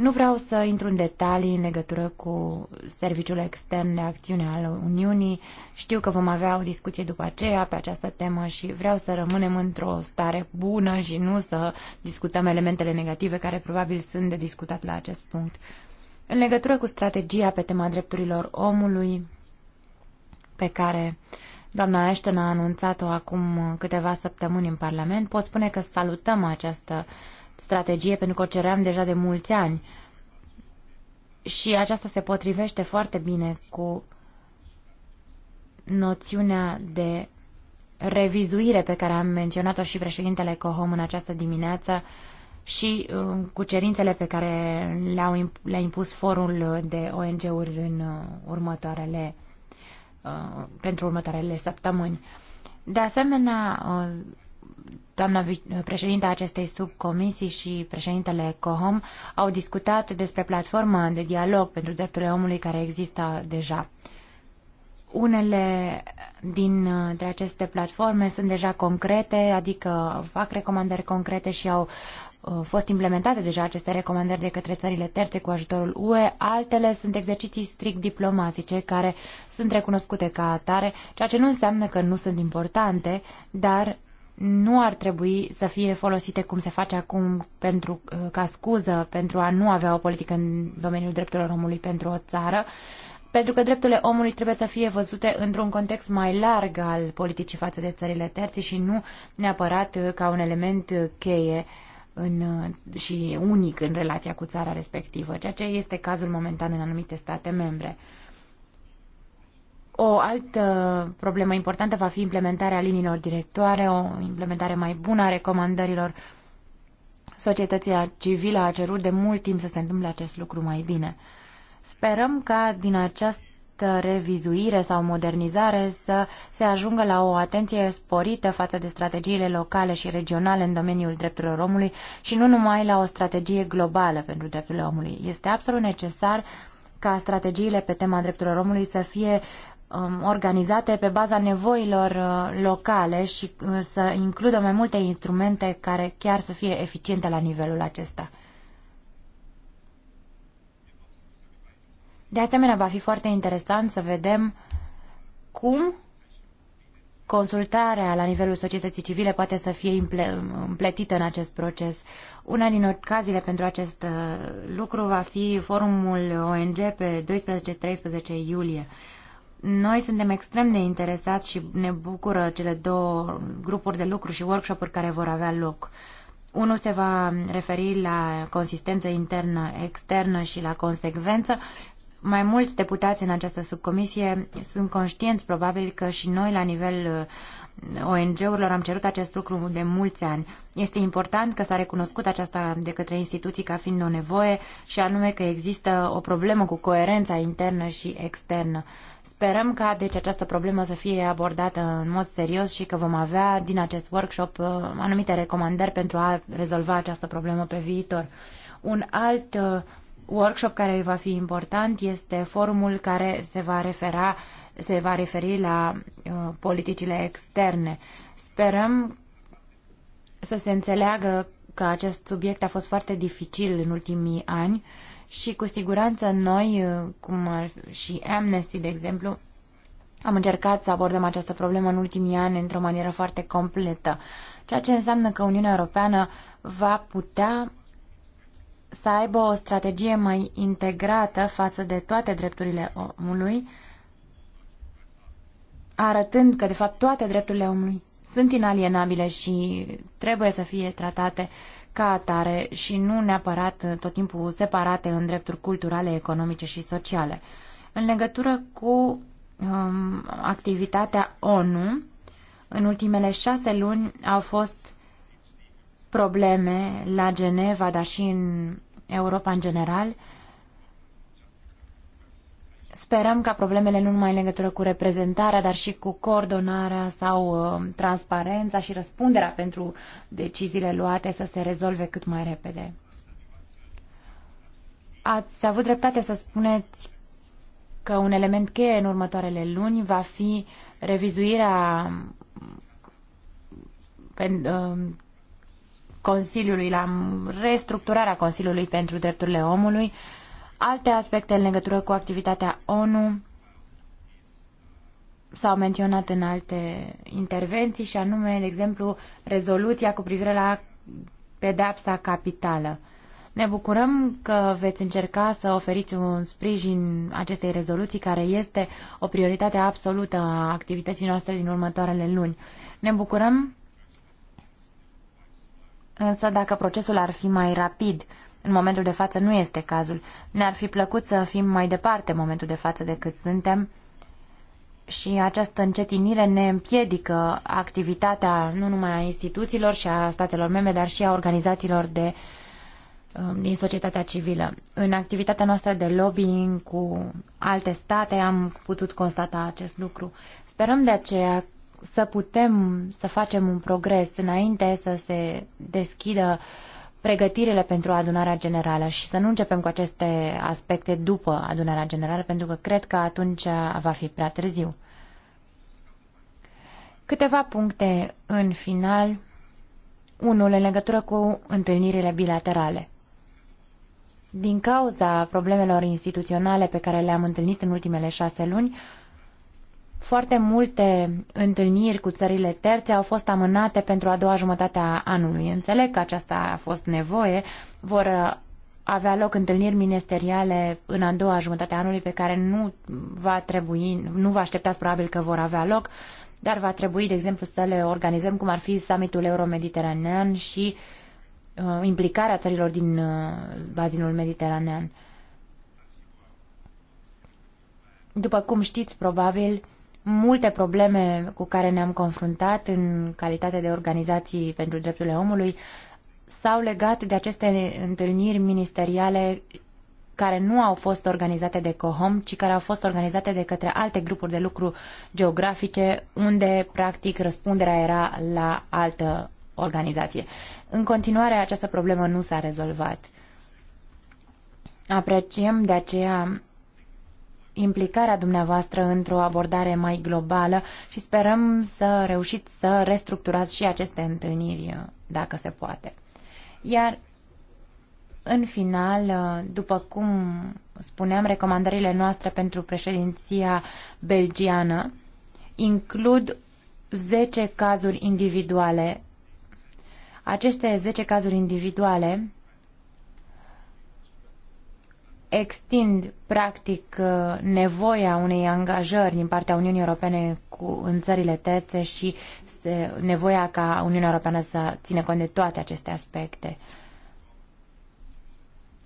S2: Nu vreau să intru în detalii în legătură cu Serviciul Extern de Acțiune al Uniunii. Știu că vom avea o discuție după aceea pe această temă și vreau să rămânem într-o stare bună și nu să discutăm elementele negative care probabil sunt de discutat la acest punct. În legătură cu strategia pe tema drepturilor omului pe care doamna Ashton a anunțat-o acum câteva săptămâni în Parlament, pot spune că salutăm această uh, strategie pentru că o ceream deja de mulți ani. Și aceasta se potrivește foarte bine cu noțiunea de revizuire pe care am menționat-o și președintele Cohom în această dimineață și uh, cu cerințele pe care le-a le le impus forul de ONG-uri în uh, următoarele uh, pentru următoarele săptămâni. De asemenea, doamna a acestei subcomisii și președintele COHOM au discutat despre platforma de dialog pentru drepturile omului care există deja. Unele dintre aceste platforme sunt deja concrete, adică fac recomandări concrete și au uh, fost implementate deja aceste recomandări de către țările terțe cu ajutorul UE, altele sunt exerciții strict diplomatice care sunt recunoscute ca atare, ceea ce nu înseamnă că nu sunt importante, dar nu ar trebui să fie folosite cum se face acum pentru, uh, ca scuză pentru a nu avea o politică în domeniul drepturilor omului pentru o țară, pentru că drepturile omului trebuie să fie văzute într-un context mai larg al politicii față de țările terții și nu neapărat uh, ca un element uh, cheie în, și unic în relația cu țara respectivă, ceea ce este cazul momentan în anumite state membre. O altă problemă importantă va fi implementarea liniilor directoare, o implementare mai bună a recomandărilor. Societatea civilă a cerut de mult timp să se întâmple acest lucru mai bine. Sperăm ca din această revizuire sau modernizare să se ajungă la o atenție sporită față de strategiile locale și regionale în domeniul drepturilor omului și nu numai la o strategie globală pentru drepturile omului. Este absolut necesar ca strategiile pe tema drepturilor omului să fie Um, organizate pe baza nevoilor uh, locale și uh, să includă mai multe instrumente care chiar să fie eficiente la nivelul acesta. De asemenea, va fi foarte interesant să vedem cum consultarea la nivelul societății civile poate să fie împletită în acest proces. Una din ocaziile pentru acest uh, lucru va fi forumul ONG pe 12-13 iulie. Noi suntem extrem de interesați și ne bucură cele două grupuri de lucru și workshop-uri care vor avea loc. Unul se va referi la consistență internă, externă și la consecvență. Mai mulți deputați în această subcomisie sunt conștienți probabil că și noi la nivel uh, ONG-urilor am cerut acest lucru de mulți ani. Este important că s-a recunoscut aceasta de către instituții ca fiind o nevoie și anume că există o problemă cu coerența internă și externă. Sperăm ca deci această problemă să fie abordată în mod serios și că vom avea din acest workshop uh, anumite recomandări pentru a rezolva această problemă pe viitor. Un alt uh, workshop care va fi important este forumul care se va refera se va referi la uh, politicile externe. Sperăm să se înțeleagă că acest subiect a fost foarte dificil în ultimii ani uh, și cu siguranță noi, uh, cum și Amnesty, de exemplu, am încercat să abordăm această problemă în ultimii ani într-o manieră foarte completă, ceea ce înseamnă că Uniunea Europeană va putea să aibă o strategie mai integrată față de toate drepturile omului, arătând că, de fapt, toate drepturile omului sunt inalienabile și trebuie să fie tratate uh, ca atare și nu neapărat tot timpul separate în drepturi culturale, economice și sociale. În legătură cu um, activitatea ONU, în ultimele șase luni au fost probleme la Geneva, dar și în Europa în general, uh, Sperăm ca problemele nu numai în legătură cu reprezentarea, dar și cu coordonarea sau uh, transparența și răspunderea pentru deciziile luate să se rezolve cât mai repede. Ați avut dreptate să spuneți că un element cheie în următoarele luni va fi revizuirea pe, uh, Consiliului, la restructurarea Consiliului pentru Drepturile Omului Alte aspecte în legătură cu activitatea ONU s-au menționat în alte intervenții și anume, de exemplu, rezoluția cu privire la pedepsa capitală. Ne bucurăm că veți încerca să oferiți un sprijin acestei rezoluții, care este o prioritate absolută a activității noastre din următoarele luni. Ne bucurăm însă dacă procesul ar fi mai rapid, în momentul de față nu este cazul. Ne-ar fi plăcut să fim mai departe în momentul de față decât suntem și această încetinire ne împiedică activitatea nu numai a instituțiilor și a statelor membre, dar și a organizațiilor de, um, din societatea civilă. În activitatea noastră de lobbying cu alte state am putut constata acest lucru. Sperăm de aceea să putem să facem un progres înainte să se deschidă uh, pregătirile pentru adunarea generală și să nu începem cu aceste aspecte după adunarea generală, pentru că cred că atunci va fi prea târziu. Câteva puncte în final, unul în legătură cu întâlnirile bilaterale. Din cauza problemelor instituționale pe care le-am întâlnit în ultimele șase luni, foarte multe întâlniri cu țările terțe au fost amânate pentru a doua jumătate a anului. Înțeleg că aceasta a fost nevoie. Vor uh, avea loc întâlniri ministeriale în a doua jumătate a anului pe care nu va trebui, nu vă așteptați probabil că vor avea loc, dar va trebui, de exemplu, să le organizăm cum ar fi summitul euromediteranean și uh, implicarea țărilor din uh, bazinul mediteranean. După cum știți, probabil, multe probleme cu care ne-am confruntat în calitate de organizații pentru drepturile omului s-au legat de aceste întâlniri ministeriale care nu au fost organizate de COHOM, ci care au fost organizate de către alte grupuri de lucru geografice, unde, practic, răspunderea era la altă organizație. În continuare, această problemă nu s-a rezolvat. Apreciem de aceea implicarea dumneavoastră într-o abordare mai globală și sperăm să reușiți să restructurați și aceste întâlniri, dacă se poate. Iar în final, după cum spuneam, recomandările noastre pentru președinția belgiană includ 10 cazuri individuale. Aceste 10 cazuri individuale extind practic uh, nevoia unei angajări din partea Uniunii Europene cu, în țările terțe și se, nevoia ca Uniunea Europeană să ține cont de toate aceste aspecte.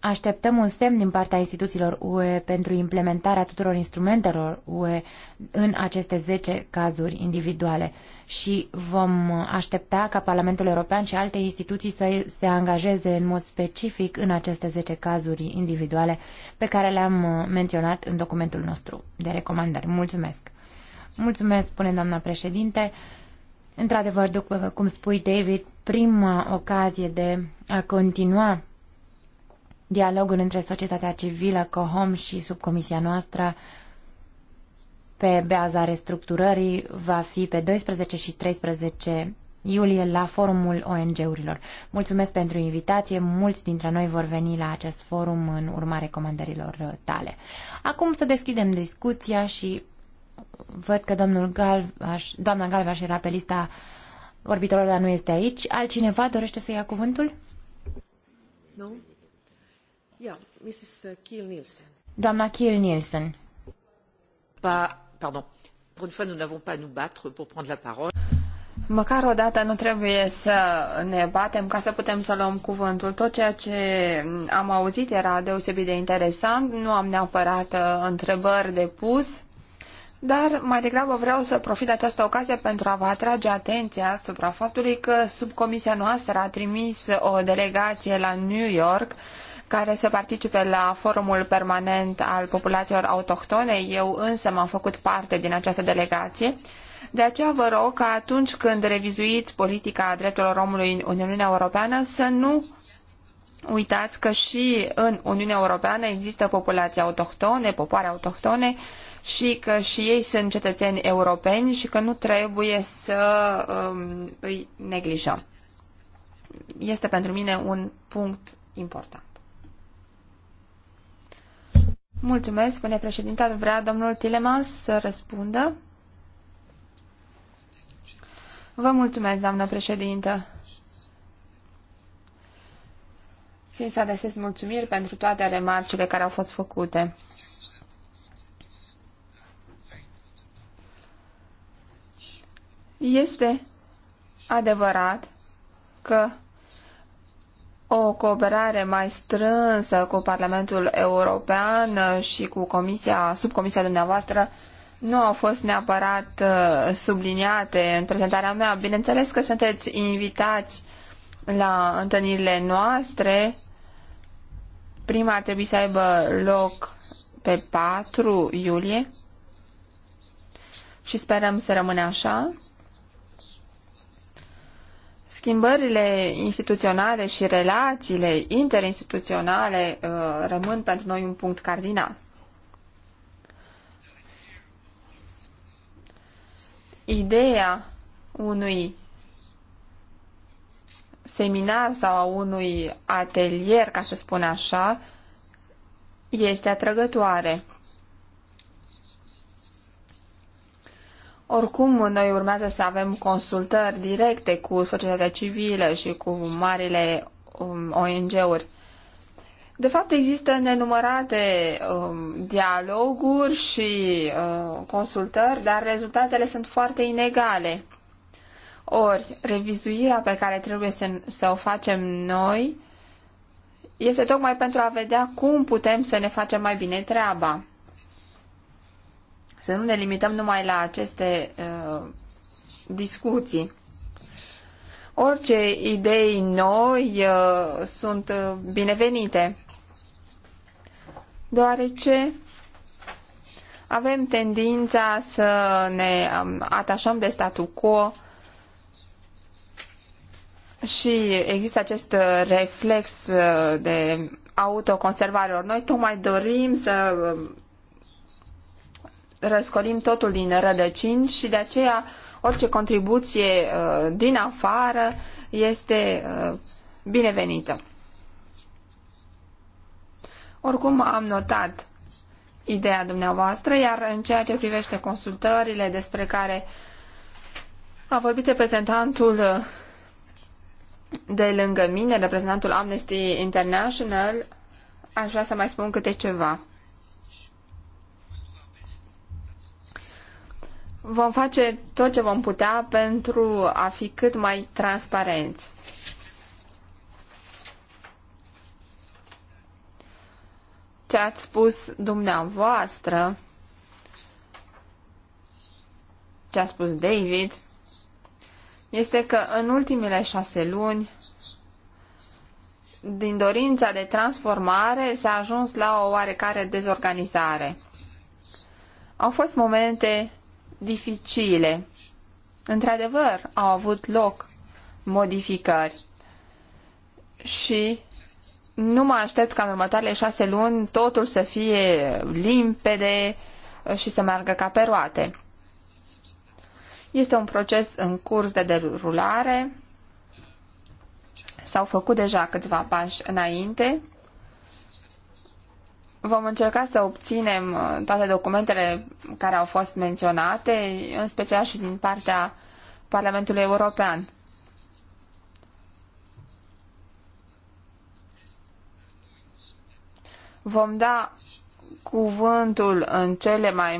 S2: Așteptăm un semn din partea instituțiilor UE pentru implementarea tuturor instrumentelor UE în aceste 10 cazuri individuale și vom aștepta ca Parlamentul European și alte instituții să se angajeze în mod specific în aceste 10 cazuri individuale pe care le-am menționat în documentul nostru de recomandări. Mulțumesc! Mulțumesc, spune doamna președinte. Într-adevăr, după cum spui, David, prima ocazie de a continua dialogul între societatea civilă, COHOM și subcomisia noastră pe baza restructurării va fi pe 12 și 13 iulie la forumul ONG-urilor. Mulțumesc pentru invitație, mulți dintre noi vor veni la acest forum în urma recomandărilor tale. Acum să deschidem discuția și văd că domnul Galvaș, doamna Galvaș era pe lista vorbitorilor, dar nu este aici. Altcineva dorește să ia cuvântul?
S1: Nu. No. Yeah, Mrs. Uh, Kiel Nielsen.
S2: Doamna Kiel Nielsen.
S1: Pa, pardon. Pour une fois, nous n'avons pas à nous battre pour prendre la parole. Măcar o dată nu trebuie să ne batem ca să putem să luăm cuvântul. Tot ceea ce am auzit era deosebit de interesant, nu am neapărat uh, întrebări de pus, dar mai degrabă vreau să profit de această ocazie pentru a vă atrage atenția asupra faptului că subcomisia noastră a trimis o delegație la New York uh, care să participe la forumul permanent al populațiilor autohtone. Eu însă m-am făcut parte din această delegație. De aceea vă rog ca atunci când revizuiți politica drepturilor omului în Uniunea Europeană să nu uitați că și în Uniunea Europeană există populații autohtone, popoare autohtone și că și ei sunt cetățeni europeni și că nu trebuie să um, îi neglijăm. Este pentru mine un punct important. Mulțumesc, spune președinta. Vrea domnul Tilemans să răspundă. Vă mulțumesc, doamnă președintă. Țin să adresez mulțumiri pentru toate remarcile care au fost făcute. Este adevărat că o cooperare mai strânsă cu Parlamentul European și cu comisia, subcomisia dumneavoastră nu au fost neapărat uh, subliniate în prezentarea mea. Bineînțeles că sunteți invitați la întâlnirile noastre. Prima ar trebui să aibă loc pe 4 iulie și sperăm să rămână așa. Schimbările instituționale și relațiile interinstituționale uh, rămân pentru noi un punct cardinal. Ideea unui seminar sau a unui atelier, ca să spun așa, este atrăgătoare. Oricum, noi urmează să avem consultări directe cu societatea civilă și cu marile um, ONG-uri. De fapt, există nenumărate um, dialoguri și uh, consultări, dar rezultatele sunt foarte inegale. Ori, revizuirea pe care trebuie să, să o facem noi este tocmai pentru a vedea cum putem să ne facem mai bine treaba să nu ne limităm numai la aceste uh, discuții. Orice idei noi uh, sunt uh, binevenite, deoarece avem tendința să ne um, atașăm de statu quo și există acest uh, reflex uh, de autoconservare. noi tocmai dorim să um, răscolim totul din rădăcini și de aceea orice contribuție uh, din afară este uh, binevenită. Oricum am notat ideea dumneavoastră, iar în ceea ce privește consultările despre care a vorbit reprezentantul uh, de lângă mine, reprezentantul Amnesty International, aș vrea să mai spun câte ceva. Vom face tot ce vom putea pentru a fi cât mai transparenți. Ce ați spus dumneavoastră, ce a spus David, este că în ultimele șase luni, din dorința de transformare, s-a ajuns la o oarecare dezorganizare. Au fost momente dificile. Într-adevăr, au avut loc modificări și nu mă aștept ca în următoarele șase luni totul să fie limpede și să meargă ca pe roate. Este un proces în curs de derulare. S-au făcut deja câțiva pași înainte Vom încerca să obținem uh, toate documentele care au fost menționate, în special și din partea Parlamentului European. Vom da cuvântul în cele mai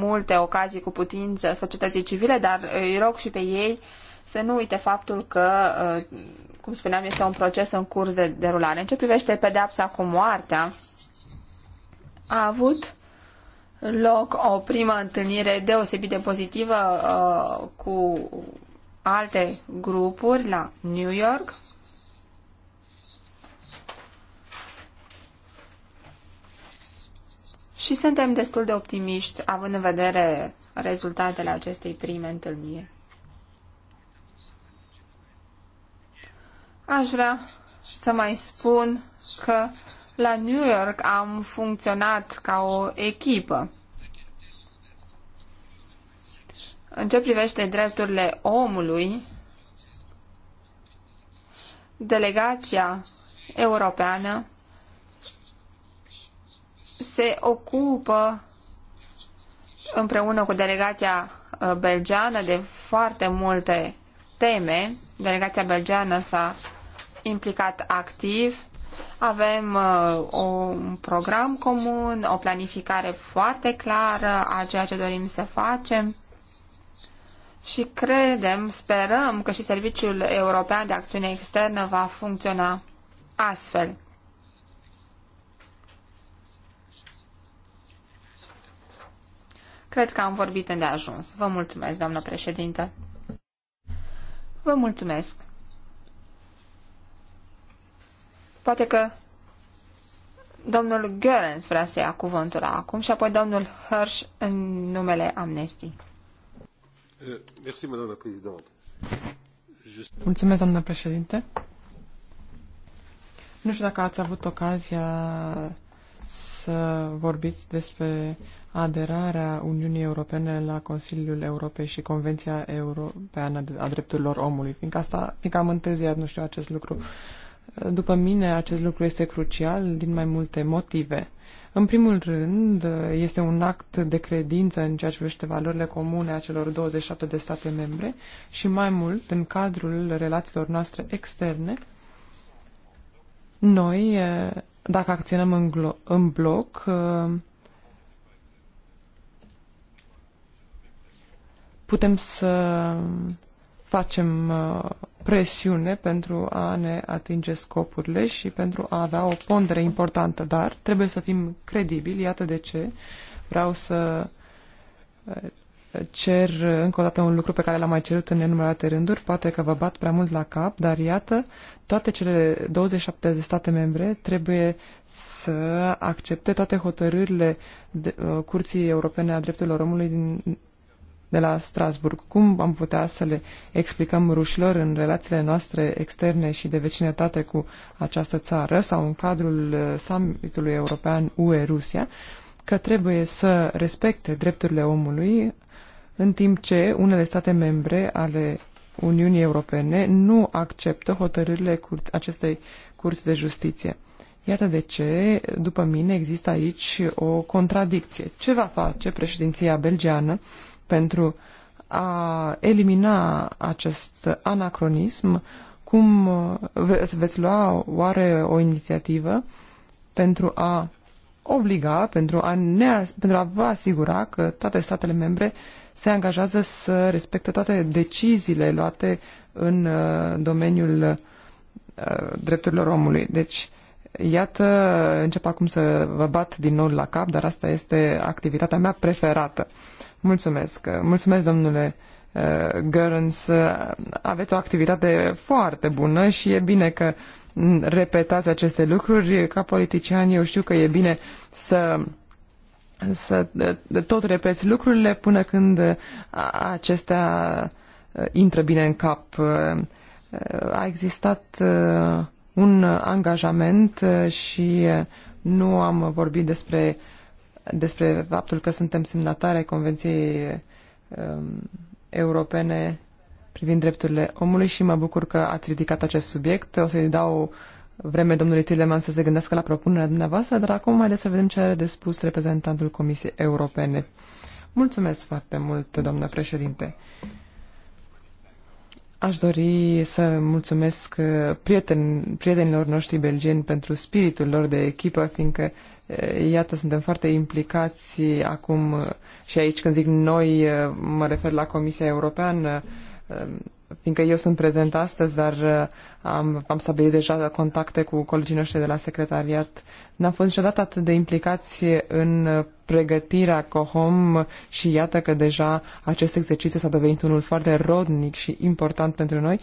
S1: multe ocazii cu putință societății civile, dar îi rog și pe ei să nu uite faptul că, uh, cum spuneam, este un proces în curs de derulare. În ce privește pedeapsa cu moartea, a avut loc o primă întâlnire deosebit de pozitivă uh, cu alte grupuri la New York. Și suntem destul de optimiști, având în vedere rezultatele acestei prime întâlniri. Aș vrea să mai spun că la New York am funcționat ca o echipă. În ce privește drepturile omului, delegația europeană se ocupă împreună cu delegația uh, belgeană de foarte multe teme. Delegația belgeană s-a implicat activ avem uh, un program comun, o planificare foarte clară a ceea ce dorim să facem și credem, sperăm că și Serviciul European de Acțiune Externă va funcționa astfel. Cred că am vorbit îndeajuns. Vă mulțumesc, doamnă președintă. Vă mulțumesc. Poate că domnul Görens vrea să ia cuvântul acum și apoi domnul Hirsch în numele Amnesty.
S3: Eh, Mulțumesc, doamnă președinte. Nu știu dacă ați avut ocazia să vorbiți despre aderarea Uniunii Europene la Consiliul Europei și Convenția Europeană a Drepturilor Omului, fiindcă, asta, fiindcă am întârziat, nu știu, acest lucru. Uh, după mine, acest lucru este crucial din mai multe motive. În primul rând, este un act de credință în ceea ce privește valorile comune a celor 27 de state membre și mai mult, în cadrul relațiilor noastre externe, noi, dacă acționăm în, în bloc, putem să facem presiune pentru a ne atinge scopurile și pentru a avea o pondere importantă, dar trebuie să fim credibili, iată de ce vreau să eh, cer încă o dată un lucru pe care l-am mai cerut în nenumărate rânduri, poate că vă bat prea mult la cap, dar iată, toate cele 27 de state membre trebuie să accepte toate hotărârile de, uh, Curții Europene a Drepturilor Omului din de la Strasburg. Cum am putea să le explicăm rușilor în relațiile noastre externe și de vecinătate cu această țară sau în cadrul uh, summitului european UE-Rusia că trebuie să respecte drepturile omului în timp ce unele state membre ale Uniunii Europene nu acceptă hotărârile cur acestei curs de justiție. Iată de ce, după mine, există aici o contradicție. Ce va face președinția belgeană pentru a elimina acest anacronism, cum veți, veți lua oare o inițiativă pentru a obliga, pentru a, ne, pentru a vă asigura că toate statele membre se angajează să respecte toate deciziile luate în uh, domeniul uh, drepturilor omului. Deci, iată, încep acum să vă bat din nou la cap, dar asta este activitatea mea preferată. Mulțumesc. Mulțumesc, domnule uh, Görens. Aveți o activitate foarte bună și e bine că repetați aceste lucruri. Ca politician eu știu că e bine să să tot repeți lucrurile până când acestea uh, intră bine în cap. Uh, a existat un angajament și nu am vorbit despre uh, despre faptul că suntem semnatare ai Convenției um, Europene privind drepturile omului și mă bucur că ați ridicat acest subiect. O să-i dau vreme domnului Tilleman să se gândească la propunerea dumneavoastră, dar acum haideți să vedem ce are de spus reprezentantul Comisiei Europene. Mulțumesc foarte mult, doamnă președinte. Aș dori să mulțumesc uh, prieten, prietenilor noștri belgeni pentru spiritul lor de echipă, fiindcă uh, Eh, iată, suntem foarte implicați acum eh, și aici când zic noi, eh, mă refer la Comisia Europeană, fiindcă eu sunt prezent astăzi, dar am, am stabilit deja contacte cu colegii noștri de la secretariat. N-am fost niciodată atât de implicați în pregătirea COHOM și iată că deja acest exercițiu s-a dovedit unul foarte rodnic și important pentru noi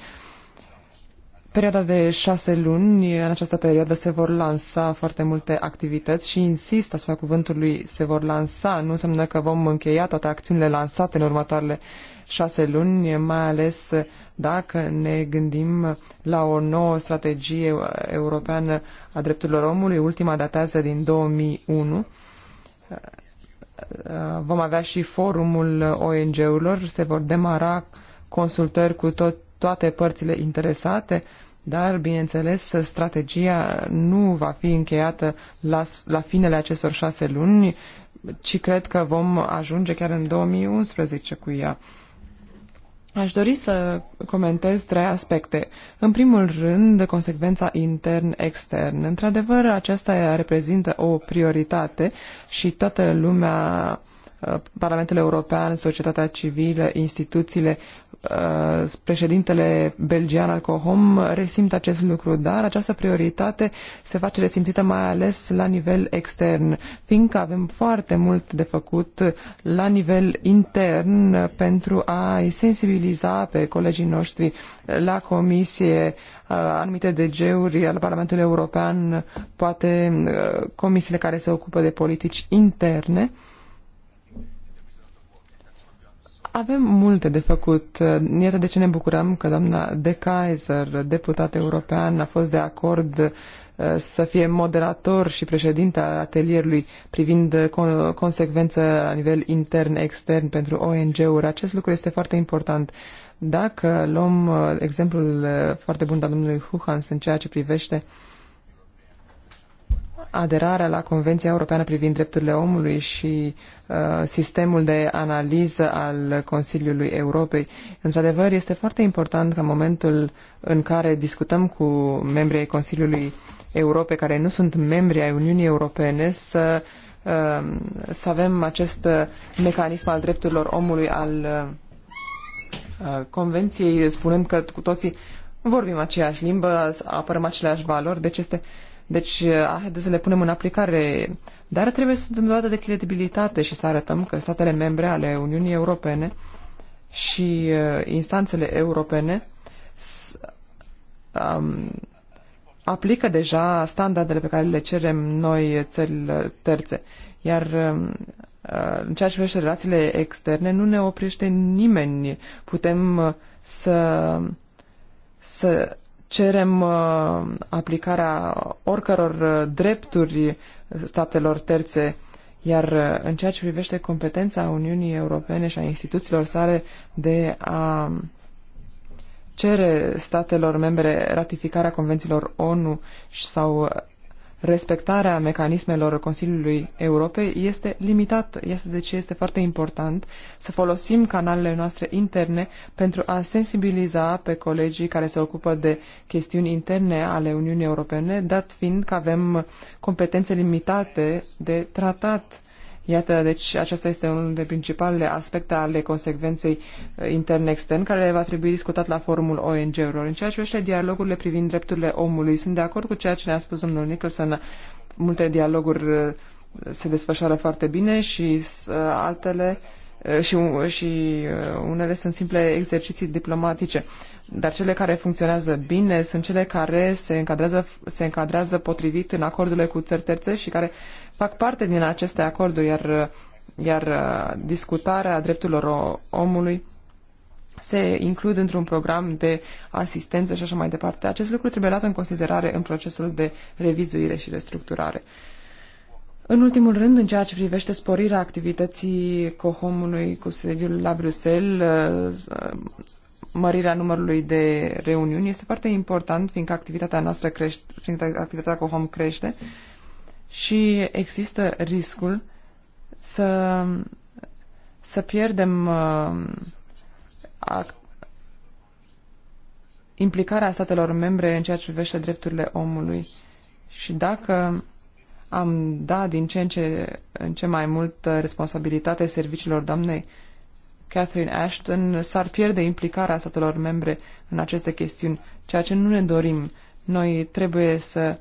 S3: perioada de șase luni, în această perioadă se vor lansa foarte multe activități și insist asupra cuvântului se vor lansa. Nu înseamnă că vom încheia toate acțiunile lansate în următoarele șase luni, mai ales dacă ne gândim la o nouă strategie europeană a drepturilor omului, ultima datează din 2001 vom avea și forumul ONG-urilor, se vor demara consultări cu tot, toate părțile interesate dar, bineînțeles, strategia nu va fi încheiată la, la finele acestor șase luni, ci cred că vom ajunge chiar în 2011 cu ea. Aș dori să comentez trei aspecte. În primul rând, consecvența intern-extern. Într-adevăr, aceasta reprezintă o prioritate și toată lumea, eh, Parlamentul European, societatea civilă, instituțiile Uh, președintele belgian al COHOM resimt acest lucru, dar această prioritate se face resimțită mai ales la nivel extern, fiindcă avem foarte mult de făcut la nivel intern pentru a-i sensibiliza pe colegii noștri la comisie uh, anumite DG-uri al Parlamentului European, poate uh, comisiile care se ocupă de politici interne, avem multe de făcut. Iată de ce ne bucurăm că doamna De Kaiser, deputat european, a fost de acord uh, să fie moderator și președinte al atelierului privind consecvență la nivel intern-extern pentru ONG-uri. Acest lucru este foarte important. Dacă luăm uh, exemplul uh, foarte bun al domnului Huhans în ceea ce privește uh, aderarea la Convenția Europeană privind drepturile omului și uh, sistemul de analiză al Consiliului Europei. Într-adevăr, este foarte important ca momentul în care discutăm cu membrii ai Consiliului Europei care nu sunt membri ai Uniunii Europene să, uh, să avem acest mecanism al drepturilor omului al uh, Convenției, spunând că cu toții vorbim aceeași limbă, apărăm aceleași valori, deci este uh, deci, uh, haideți să le punem în aplicare. Dar trebuie să dăm dată de credibilitate și să arătăm că statele membre ale Uniunii Europene și uh, instanțele europene um, aplică deja standardele pe care le cerem noi uh, țările terțe. Iar um, în ceea ce privește relațiile externe, nu ne oprește nimeni. Putem să, să cerem uh, aplicarea oricăror uh, drepturi statelor terțe, iar uh, în ceea ce privește competența Uniunii Europene și a instituțiilor sale de a cere statelor membre ratificarea convențiilor ONU sau respectarea mecanismelor Consiliului Europei este limitat, Este de ce este foarte important să folosim canalele noastre interne pentru a sensibiliza pe colegii care se ocupă de chestiuni interne ale Uniunii Europene, dat fiind că avem competențe limitate de tratat Iată, deci acesta este unul dintre principalele aspecte ale consecvenței uh, intern-extern care va trebui discutat la forumul ONG-urilor. În ceea ce privește dialogurile privind drepturile omului, sunt de acord cu ceea ce ne-a spus domnul Nicholson. Multe dialoguri uh, se desfășoară foarte bine și uh, altele și, și unele sunt simple exerciții diplomatice. Dar cele care funcționează bine sunt cele care se încadrează, se încadrează potrivit în acordurile cu țări terțe și care fac parte din aceste acorduri, iar, iar uh, discutarea drepturilor omului se includ într-un program de asistență și așa mai departe. Acest lucru trebuie luat în considerare în procesul de revizuire și restructurare. În ultimul rând, în ceea ce privește sporirea activității cohomului cu sediul la Bruxelles, uh, mărirea numărului de reuniuni este foarte important, fiindcă activitatea noastră crește, fiindcă activitatea cu home crește și există riscul să, să pierdem uh, act, implicarea statelor membre în ceea ce privește drepturile omului. Și dacă am dat din ce în ce, în ce mai mult responsabilitate serviciilor doamnei Catherine Ashton, s-ar pierde implicarea statelor membre în aceste chestiuni, ceea ce nu ne dorim. Noi trebuie să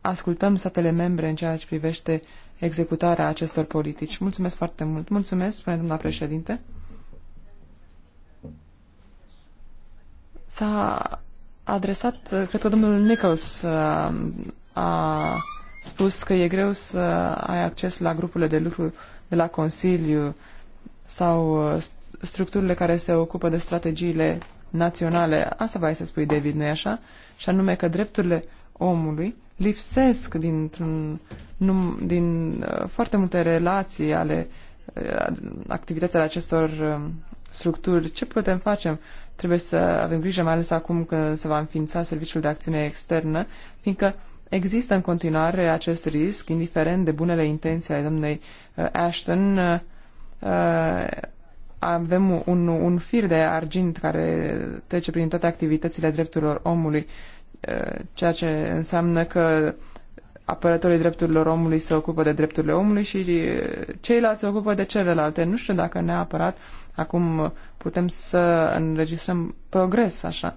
S3: ascultăm statele membre în ceea ce privește executarea acestor politici. Mulțumesc foarte mult. Mulțumesc, spune doamna președinte. S-a adresat, cred că domnul Nichols a, uh, a spus că e greu să ai acces la grupurile de lucru de la Consiliu, sau uh, structurile care se ocupă de strategiile naționale, asta vrei să spui, David, nu-i așa? Și anume că drepturile omului lipsesc dintr-un, num, din uh, foarte multe relații ale uh, acestor uh, structuri. Ce putem face? Trebuie să avem grijă, mai ales acum când se va înființa Serviciul de Acțiune Externă, fiindcă există în continuare acest risc, indiferent de bunele intenții ale domnei uh, Ashton, uh, uh, avem un, un fir de argint care trece prin toate activitățile drepturilor omului, uh, ceea ce înseamnă că apărătorii drepturilor omului se ocupă de drepturile omului și uh, ceilalți se ocupă de celelalte. Nu știu dacă neapărat acum putem să înregistrăm progres așa.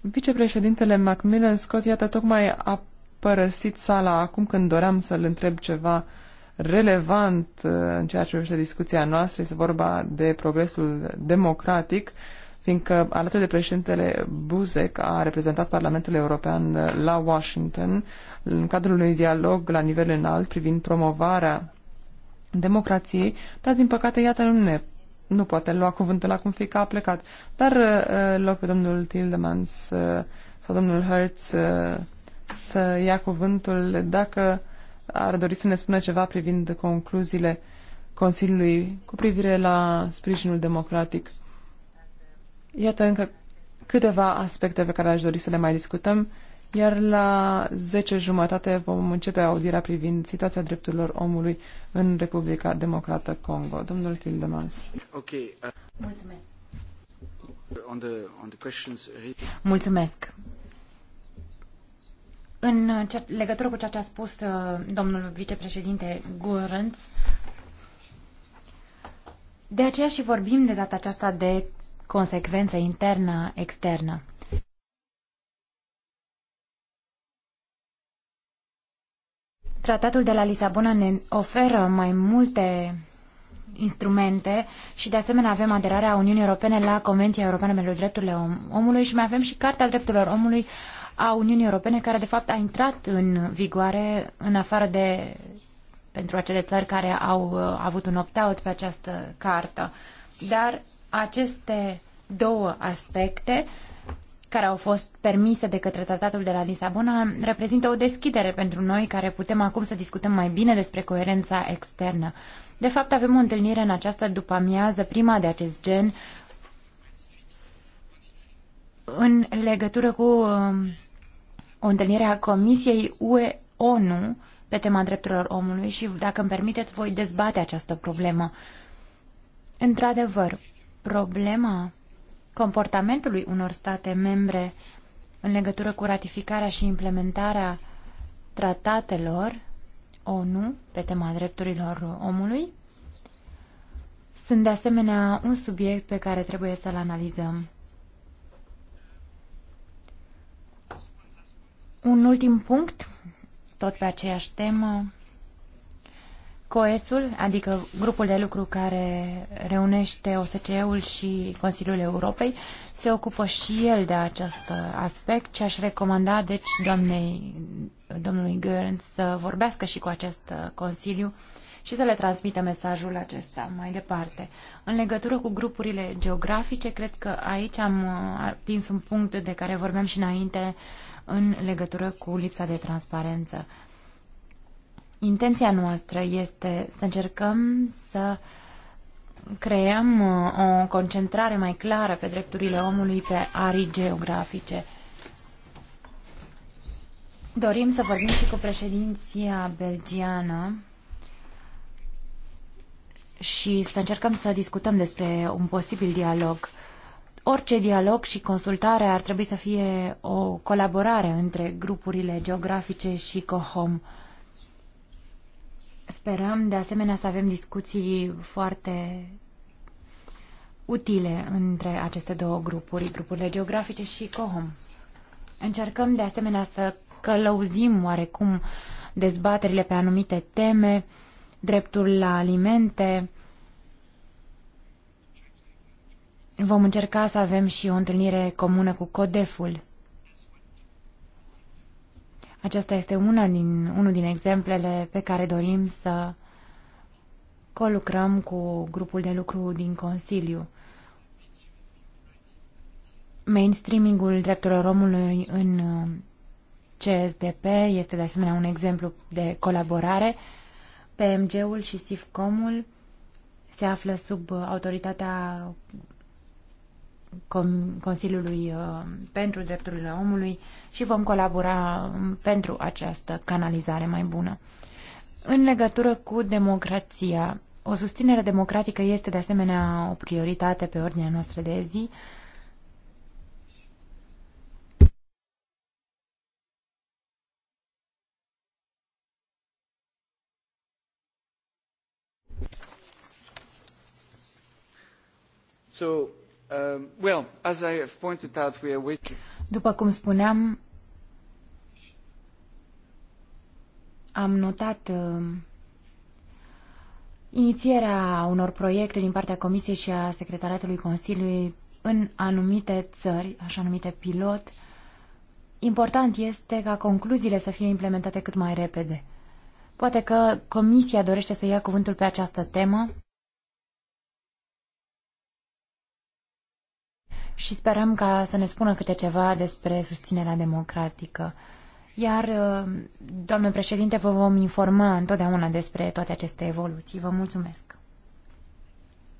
S3: Vicepreședintele Macmillan Scott, iată, tocmai a părăsit sala acum când doream să-l întreb ceva relevant uh, în ceea ce privește discuția noastră. Este vorba de progresul democratic, fiindcă alături de președintele Buzek a reprezentat Parlamentul European uh, la Washington în cadrul unui dialog la nivel înalt privind promovarea democrației, dar din păcate iată nu ne nu poate lua cuvântul acum, fiindcă a plecat. Dar uh, loc pe domnul Tildemans sau domnul Hertz să ia cuvântul dacă ar dori să ne spună ceva privind concluziile Consiliului cu privire la sprijinul democratic. Iată încă câteva aspecte pe care aș dori să le mai discutăm, iar la 10 jumătate vom începe audirea privind situația drepturilor omului în Republica Democrată Congo. Domnul Tildemans. Okay. Uh, Mulțumesc. Uh,
S2: Mulțumesc. În legătură cu ceea ce a spus uh, domnul vicepreședinte Gurânț, de aceea și vorbim de data aceasta de consecvență internă-externă. Tratatul de la Lisabona ne oferă mai multe instrumente și de asemenea avem aderarea Uniunii Europene la Convenția Europeană pentru Drepturile Omului și mai avem și Carta Drepturilor Omului a Uniunii Europene, care de fapt a intrat în vigoare în afară de pentru acele țări care au uh, avut un opt-out pe această cartă. Dar aceste două aspecte care au fost permise de către tratatul de la Lisabona reprezintă o deschidere pentru noi care putem acum să discutăm mai bine despre coerența externă. De fapt, avem o întâlnire în această după-amiază, prima de acest gen, în legătură cu um, o întâlnire a Comisiei UE-ONU pe tema drepturilor omului și, dacă îmi permiteți, voi dezbate această problemă. Într-adevăr, problema comportamentului unor state membre în legătură cu ratificarea și implementarea tratatelor ONU pe tema drepturilor omului sunt de asemenea un subiect pe care trebuie să-l analizăm. Un ultim punct, tot pe aceeași temă. COES-ul, adică grupul de lucru care reunește OSCE-ul și Consiliul Europei, se ocupă și el de acest aspect și aș recomanda, deci, doamnei, domnului Gern să vorbească și cu acest Consiliu și să le transmită mesajul acesta mai departe. În legătură cu grupurile geografice, cred că aici am atins un punct de care vorbeam și înainte în legătură cu lipsa de transparență. Intenția noastră este să încercăm să creăm uh, o concentrare mai clară pe drepturile omului pe arii geografice. Dorim să vorbim și cu președinția belgiană și să încercăm să discutăm despre un posibil dialog Orice dialog și consultare ar trebui să fie o colaborare între grupurile geografice și COHOM. Sperăm, de asemenea, să avem discuții foarte utile între aceste două grupuri, grupurile geografice și COHOM. Încercăm, de asemenea, să călăuzim oarecum dezbaterile pe anumite teme, dreptul la alimente, vom încerca să avem și o întâlnire comună cu Codeful. Aceasta este una din, unul din exemplele pe care dorim să colucrăm cu grupul de lucru din Consiliu. Mainstreamingul drepturilor omului în uh, CSDP este de asemenea un exemplu de colaborare. PMG-ul și SIFCOM-ul se află sub autoritatea Consiliului uh, pentru Drepturile Omului și vom colabora um, pentru această canalizare mai bună. În legătură cu democrația, o susținere democratică este de asemenea o prioritate pe ordinea noastră de zi.
S3: So Um,
S2: După cum spuneam, am notat uh, inițierea unor proiecte din partea Comisiei și a Secretariatului Consiliului în anumite țări, așa numite pilot. Important este ca concluziile să fie implementate cât mai repede. Poate că Comisia dorește să ia cuvântul pe această temă. și sperăm ca să ne spună câte ceva despre susținerea democratică. Iar, uh, doamnă președinte, vă vom informa întotdeauna despre toate aceste evoluții. Vă mulțumesc.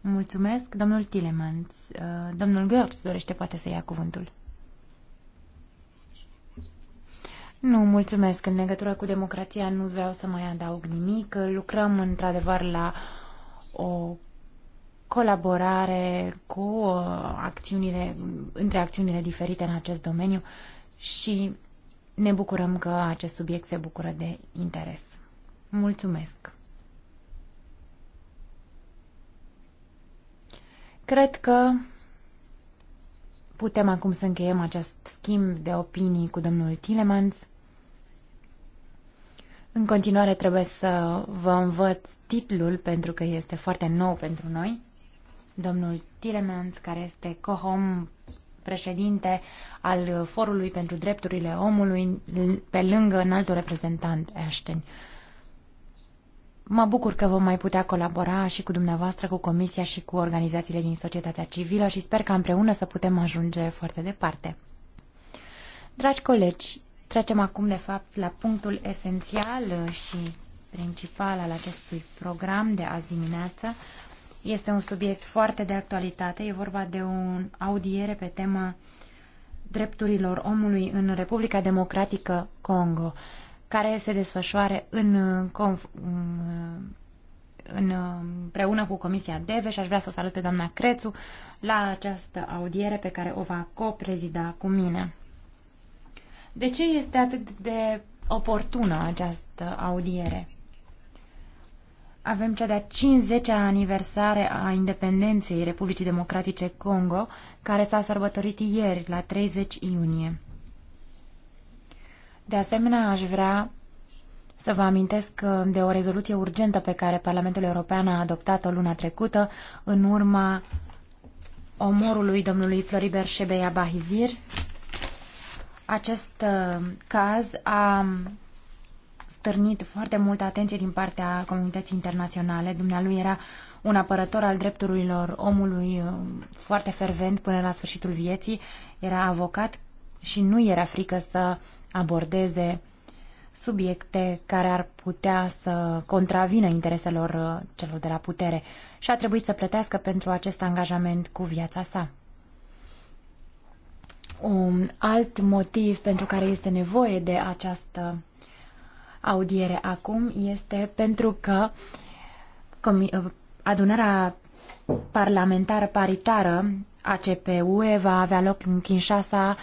S2: Mulțumesc, domnul Tilemans. Uh, domnul Gertz dorește poate să ia cuvântul. Nu, mulțumesc. În legătură cu democrația nu vreau să mai adaug nimic. Lucrăm într-adevăr la o colaborare cu uh, acțiunile, între acțiunile diferite în acest domeniu și ne bucurăm că acest subiect se bucură de interes. Mulțumesc! Cred că putem acum să încheiem acest schimb de opinii cu domnul Tilemans. În continuare trebuie să vă învăț titlul pentru că este foarte nou pentru noi domnul Tilemans, care este cohom președinte al Forului pentru Drepturile Omului, pe lângă înaltul reprezentant Ashton. Mă bucur că vom mai putea colabora și cu dumneavoastră, cu Comisia și cu organizațiile din societatea civilă și sper că împreună să putem ajunge foarte departe. Dragi colegi, trecem acum de fapt la punctul esențial și principal al acestui program de azi dimineață, este un subiect foarte de actualitate. E vorba de o audiere pe tema drepturilor omului în Republica Democratică Congo, care se desfășoare în, în, împreună cu Comisia DEVE și aș vrea să o salut pe doamna Crețu la această audiere pe care o va coprezida cu mine. De ce este atât de oportună această audiere? avem cea de-a 50-a aniversare a independenței Republicii Democratice Congo, care s-a sărbătorit ieri, la 30 iunie. De asemenea, aș vrea să vă amintesc de o rezoluție urgentă pe care Parlamentul European a adoptat-o luna trecută în urma omorului domnului Floribert Shebeya Bahizir. Acest uh, caz a stârnit foarte multă atenție din partea comunității internaționale. Dumnealui era un apărător al drepturilor omului uh, foarte fervent până la sfârșitul vieții, era avocat și nu era frică să abordeze subiecte care ar putea să contravină intereselor uh, celor de la putere și a trebuit să plătească pentru acest angajament cu viața sa. Un alt motiv pentru care este nevoie de această audiere acum este pentru că uh, adunarea parlamentară paritară ACPUE va avea loc în Kinshasa,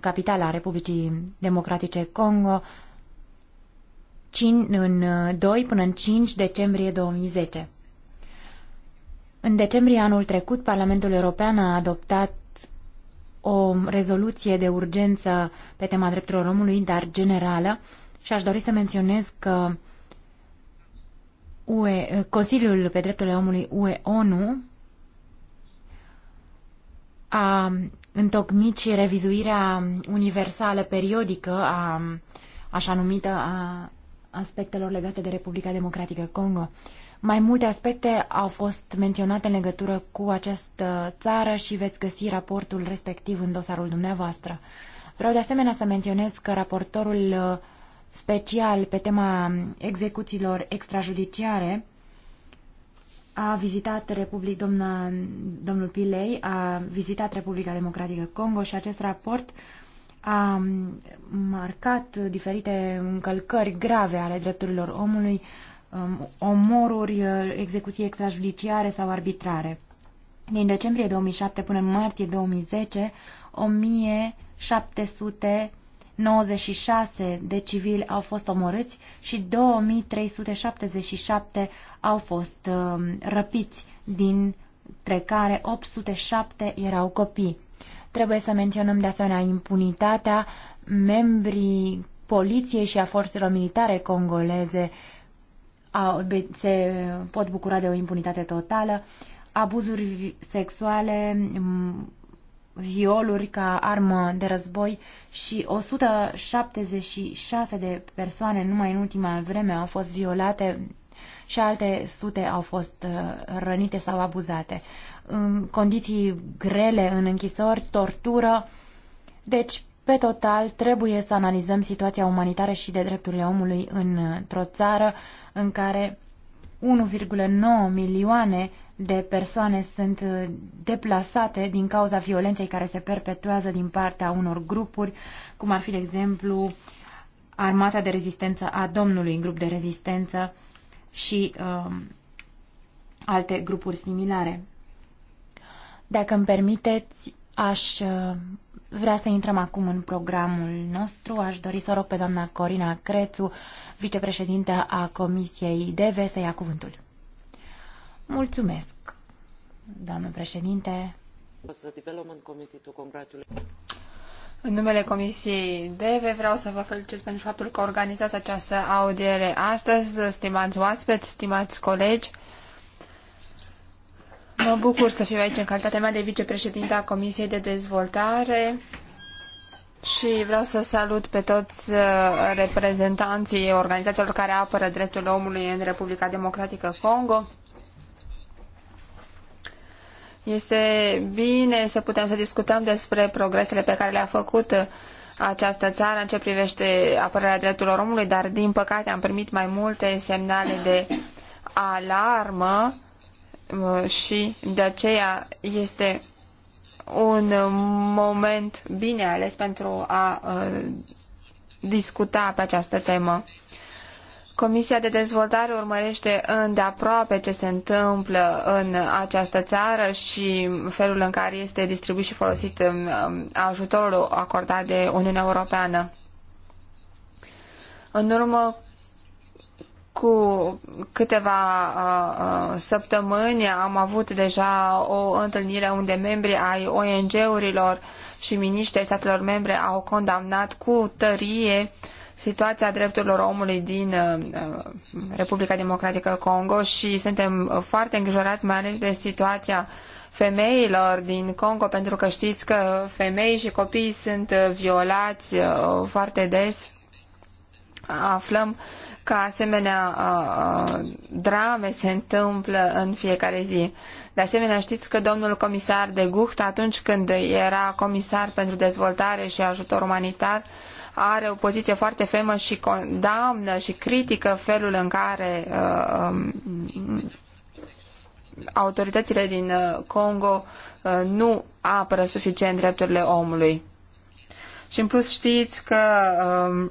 S2: capitala Republicii Democratice Congo, în 2 uh, până în 5 decembrie 2010. În decembrie anul trecut, Parlamentul European a adoptat o rezoluție de urgență pe tema drepturilor omului, dar generală, și aș dori să menționez că UE, Consiliul pe Drepturile Omului UE-ONU a întocmit și revizuirea universală periodică a așa numită a aspectelor legate de Republica Democratică Congo. Mai multe aspecte au fost menționate în legătură cu această țară și veți găsi raportul respectiv în dosarul dumneavoastră. Vreau de asemenea să menționez că raportorul uh, special pe tema execuțiilor extrajudiciare, a vizitat Republic, domna, domnul Pilei a vizitat Republica Democratică Congo și acest raport a marcat diferite încălcări grave ale drepturilor omului, um, omoruri, execuții extrajudiciare sau arbitrare. Din decembrie 2007 până în martie 2010, 1700 96 de civili au fost omorâți și 2377 au fost uh, răpiți, dintre care 807 erau copii. Trebuie să menționăm de asemenea impunitatea. Membrii poliției și a forțelor militare congoleze au, se pot bucura de o impunitate totală. Abuzuri sexuale, violuri ca armă de război și 176 de persoane numai în ultima vreme au fost violate și alte sute au fost uh, rănite sau abuzate. În condiții grele în închisori, tortură. Deci, pe total, trebuie să analizăm situația umanitară și de drepturile omului uh, într-o țară în care 1,9 milioane de persoane sunt uh, deplasate din cauza violenței care se perpetuează din partea unor grupuri, cum ar fi, de exemplu, Armata de Rezistență a Domnului, grup de rezistență și uh, alte grupuri similare. Dacă îmi permiteți, Aș uh, vrea să intrăm acum în programul nostru. Aș dori să rog pe doamna Corina Crețu, vicepreședintă a Comisiei DV, să ia cuvântul. Mulțumesc, doamnă președinte.
S1: În numele Comisiei DEVE vreau să vă felicit pentru faptul că organizați această audiere astăzi, stimați oaspeți, stimați colegi. Mă bucur să fiu aici în calitatea mea de vicepreședinte a Comisiei de Dezvoltare și vreau să salut pe toți uh, reprezentanții organizațiilor care apără dreptul omului în Republica Democratică Congo. Este bine să putem să discutăm despre progresele pe care le-a făcut uh, această țară în ce privește apărarea drepturilor omului, dar din păcate am primit mai multe semnale de alarmă Uh, și de aceea este un moment bine ales pentru a uh, discuta pe această temă. Comisia de dezvoltare urmărește îndeaproape ce se întâmplă în această țară și felul în care este distribuit și folosit um, ajutorul acordat de Uniunea Europeană. În urmă cu câteva uh, uh, săptămâni am avut deja o întâlnire unde membrii ai ONG-urilor și miniștrii statelor membre au condamnat cu tărie situația drepturilor omului din uh, uh, Republica Democratică Congo și suntem foarte îngrijorați mai ales de situația femeilor din Congo pentru că știți că femei și copii sunt violați uh, foarte des. Aflăm că asemenea uh, uh, drame se întâmplă în fiecare zi. De asemenea, știți că domnul comisar de Gucht, atunci când era comisar pentru dezvoltare și ajutor umanitar, are o poziție foarte femă și condamnă și critică felul în care uh, um, autoritățile din Congo nu apără suficient drepturile omului. Și în plus știți că um,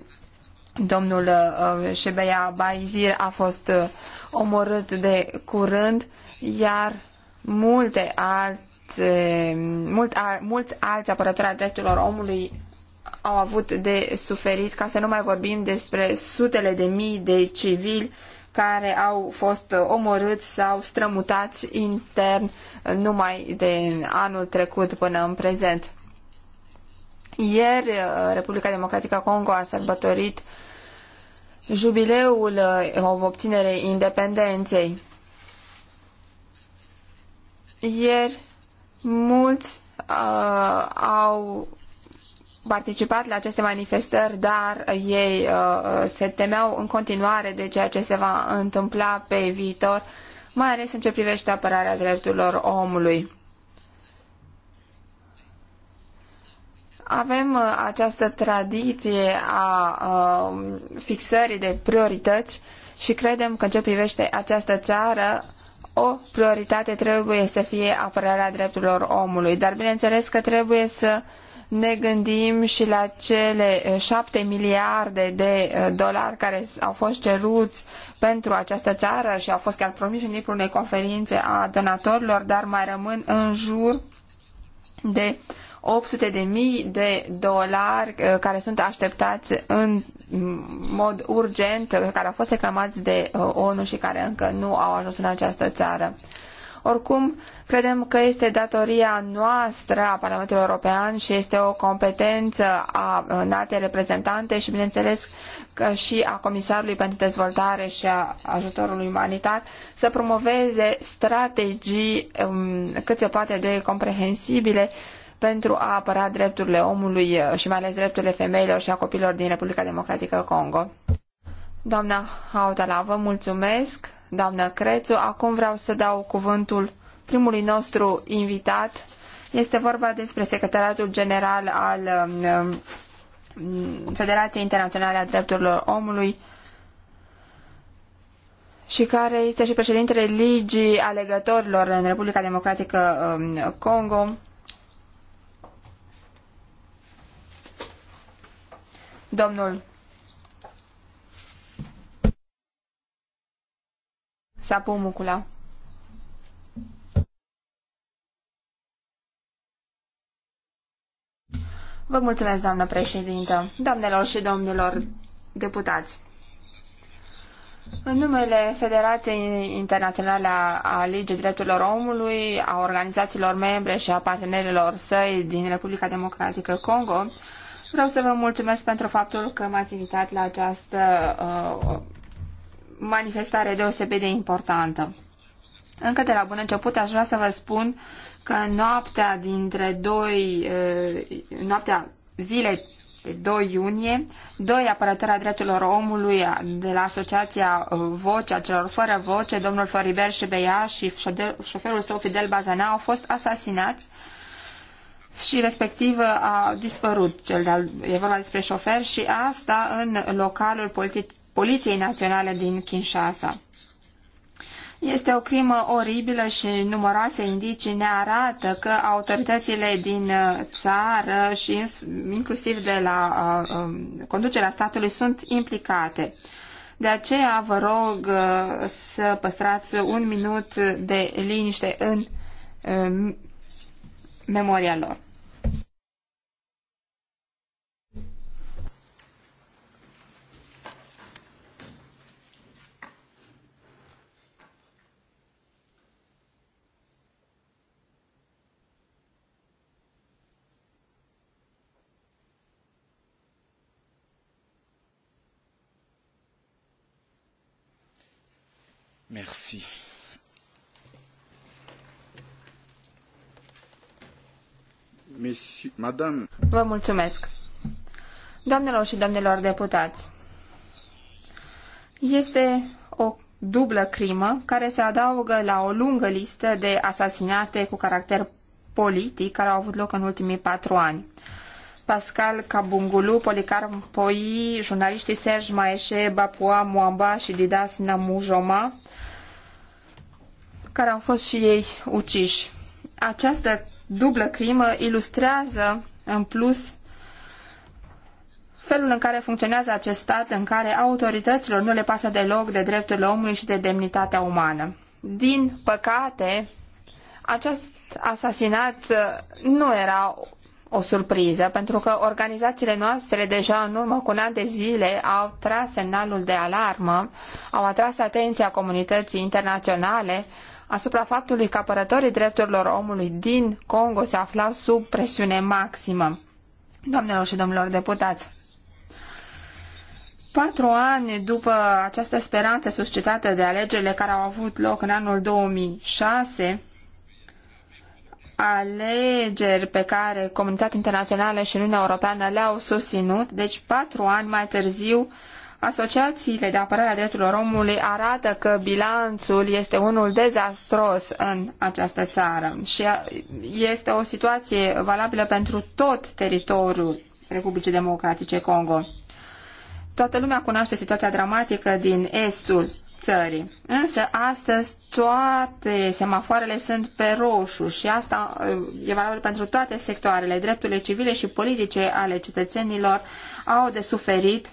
S1: Domnul uh, Shebeya Baizir a fost uh, omorât de curând, iar multe alte, mult, mulți alți apărători ai drepturilor omului au avut de suferit, ca să nu mai vorbim despre sutele de mii de civili care au fost uh, omorâți sau strămutați intern numai de anul trecut până în prezent. Ieri, Republica Democratică Congo a sărbătorit jubileul uh, obținerei independenței. Ieri mulți uh, au participat la aceste manifestări, dar ei uh, se temeau în continuare de ceea ce se va întâmpla pe viitor, mai ales în ce privește apărarea drepturilor omului. Avem uh, această tradiție a um, fixării de priorități și credem că în ce privește această țară, o prioritate trebuie să fie apărarea drepturilor omului, dar bineînțeles că trebuie să ne gândim și la cele uh, șapte miliarde de uh, dolari care au fost ceruți pentru această țară și au fost chiar promiși în timpul unei conferințe a donatorilor, dar mai rămân în jur de 800 de mii de dolari uh, care sunt așteptați în mod urgent, uh, care au fost reclamați de uh, ONU și care încă nu au ajuns în această țară. Oricum, credem că este datoria noastră a Parlamentului European și este o competență a înaltei reprezentante și, bineînțeles, că și a Comisarului pentru Dezvoltare și a Ajutorului Umanitar să promoveze strategii um, cât se poate de comprehensibile uh, pentru a apăra drepturile omului uh, și mai ales drepturile femeilor și a copiilor din Republica Democratică Congo. Doamna Hautala, vă mulțumesc. Doamna Crețu, acum vreau să dau cuvântul primului nostru invitat. Este vorba despre Secretariatul General al um, um, Federației Internaționale a Drepturilor Omului și care este și președintele Ligii Alegătorilor în Republica Democratică um, Congo. Domnul Sapu Mucula. Vă mulțumesc, doamnă președintă, doamnelor și domnilor deputați. În numele Federației Internaționale a Legii Drepturilor Omului, a organizațiilor membre și a partenerilor săi din Republica Democratică Congo, Vreau să vă mulțumesc pentru faptul că m-ați invitat la această uh, manifestare deosebit de importantă. Încă de la bun început aș vrea să vă spun că noaptea dintre 2, uh, noaptea zilei 2 iunie, doi apărători a drepturilor omului de la Asociația uh, Vocea celor fără voce, domnul Floribert Șebeia și șoferul său Fidel Bazana au fost asasinați și respectiv uh, a dispărut cel de-al, e vorba despre șofer și asta în localul politi- Poliției Naționale din Kinshasa. Este o crimă oribilă și numeroase indicii ne arată că autoritățile din uh, țară și inclusiv de la uh, um, conducerea statului sunt implicate. De aceea vă rog să păstrați un minut de liniște în memoria lor.
S2: Merci. Monsieur, Madame. Vă
S1: mulțumesc. Doamnelor și domnilor deputați, este o dublă crimă care se adaugă la o lungă listă de asasinate cu caracter politic care au avut loc în ultimii patru ani. Pascal Cabungulu, Policar Poi, jurnaliștii Serge Maeșe, Bapua Muamba și Didas Namujoma care au fost și ei uciși. Această dublă crimă ilustrează, în plus, felul în care funcționează acest stat, în care autorităților nu le pasă deloc de drepturile omului și de demnitatea umană. Din păcate, acest asasinat uh, nu era o surpriză, pentru că organizațiile noastre deja în urmă cu un an de zile au tras semnalul de alarmă, au atras atenția comunității internaționale asupra faptului că apărătorii drepturilor omului din Congo se aflau sub presiune maximă. Doamnelor și domnilor deputați, patru ani după această speranță suscitată de alegerile care au avut loc în anul 2006, alegeri pe care comunitatea internațională și Uniunea Europeană le-au susținut, deci patru ani mai târziu Asociațiile de apărare a drepturilor omului arată că bilanțul este unul dezastros în această țară și este o situație valabilă pentru tot teritoriul Republicii Democratice Congo. Toată lumea cunoaște situația dramatică din estul țării, însă astăzi toate semafoarele sunt pe roșu și asta uh, e valabil pentru toate sectoarele. Drepturile civile și politice ale cetățenilor au de suferit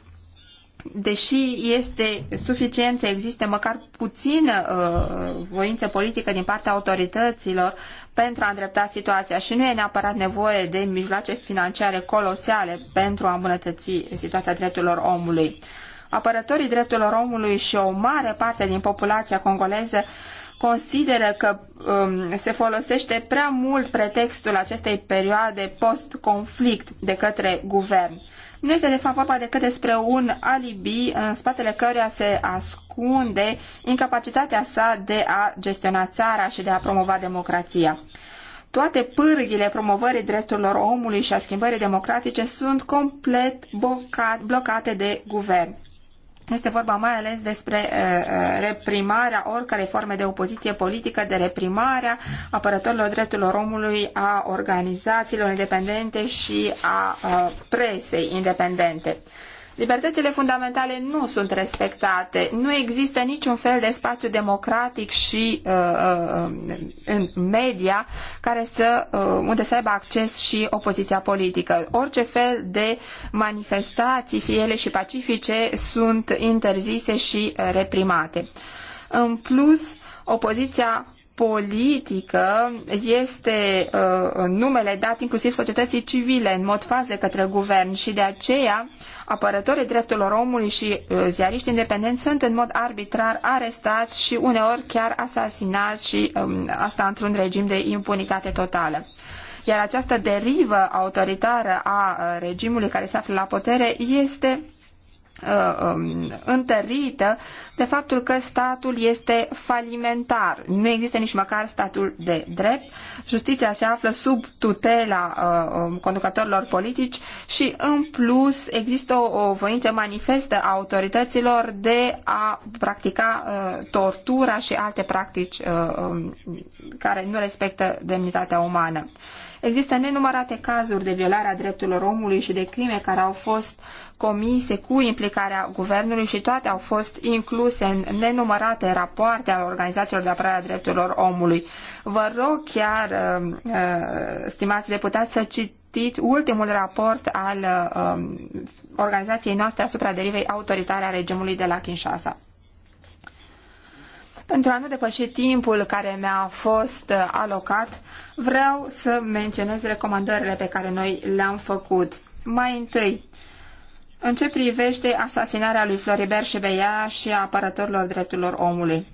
S1: deși este suficient să existe măcar puțină uh, voință politică din partea autorităților pentru a îndrepta situația și nu e neapărat nevoie de mijloace financiare colosale pentru a îmbunătăți situația drepturilor omului. Apărătorii drepturilor omului și o mare parte din populația congoleză consideră că um, se folosește prea mult pretextul acestei perioade post-conflict de către guvern nu este de fapt vorba decât despre un alibi în spatele căruia se ascunde incapacitatea sa de a gestiona țara și de a promova democrația. Toate pârghile promovării drepturilor omului și a schimbării democratice sunt complet blocate de guvern. Este vorba mai ales despre uh, uh, reprimarea oricărei forme de opoziție politică, de reprimarea apărătorilor drepturilor omului, a organizațiilor independente și a uh, presei independente. Libertățile fundamentale nu sunt respectate, nu există niciun fel de spațiu democratic și uh, uh, în uh, media care să, uh, unde să aibă acces și opoziția politică. Orice fel de manifestații, fie ele și pacifice, sunt interzise și uh, reprimate. În plus, opoziția politică este uh, numele dat inclusiv societății civile în mod fals de către guvern și de aceea apărătorii drepturilor omului și uh, ziariști independenți sunt în mod arbitrar arestați și uneori chiar asasinați și um, asta într-un regim de impunitate totală. Iar această derivă autoritară a uh, regimului care se află la putere este Uh, um, întărită de faptul că statul este falimentar. Nu există nici măcar statul de drept. Justiția se află sub tutela uh, um, conducătorilor politici și în plus există o, voință manifestă a autorităților de a practica uh, tortura și alte practici um, care nu respectă demnitatea umană. Există nenumărate cazuri de violare a drepturilor omului și de crime care au fost comise cu implicarea guvernului și toate au fost incluse în nenumărate rapoarte ale organizațiilor de apărare a drepturilor omului. Vă rog chiar, uh, uh, stimați deputați, să citiți ultimul raport al uh, organizației noastre asupra derivei autoritare a regimului de la Kinshasa. Pentru a nu depăși timpul care mi-a fost alocat, vreau să menționez recomandările pe care noi le-am făcut. Mai întâi, în ce privește asasinarea lui Floribert Beia și a apărătorilor drepturilor omului.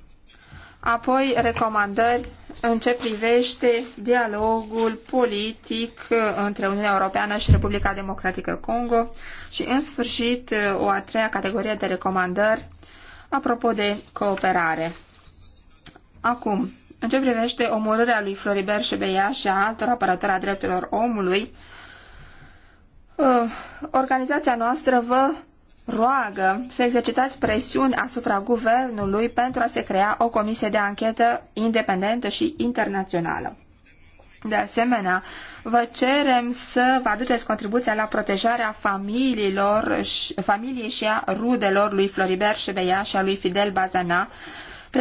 S1: Apoi, recomandări în ce privește dialogul politic între Uniunea Europeană și Republica Democratică Congo și, în sfârșit, o a treia categorie de recomandări apropo de cooperare. Acum, în ce privește omorârea lui Floribert Șebeia și a altor apărători a drepturilor omului, uh, organizația noastră vă roagă să exercitați presiuni asupra guvernului pentru a se crea o comisie de anchetă independentă și internațională. De asemenea, vă cerem să vă aduceți contribuția la protejarea familiilor, familiei și a rudelor lui Floribert Șebeia și a lui Fidel Bazana,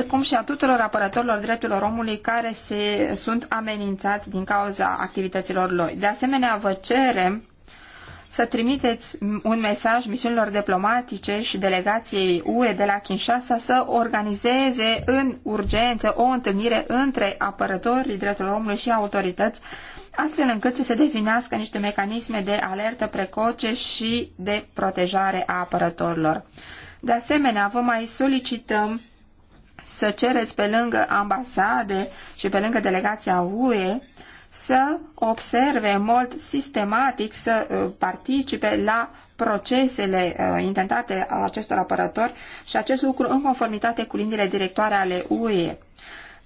S1: precum și a tuturor apărătorilor drepturilor omului care se, sunt amenințați din cauza activităților lor. De asemenea, vă cerem să trimiteți un mesaj misiunilor diplomatice și delegației UE de la Kinshasa să organizeze în urgență o întâlnire între apărătorii drepturilor omului și autorități, astfel încât să se definească niște mecanisme de alertă precoce și de protejare a apărătorilor. De asemenea, vă mai solicităm să cereți pe lângă ambasade și pe lângă delegația UE să observe în mod sistematic, să uh, participe la procesele uh, intentate a acestor apărători și acest lucru în conformitate cu liniile directoare ale UE.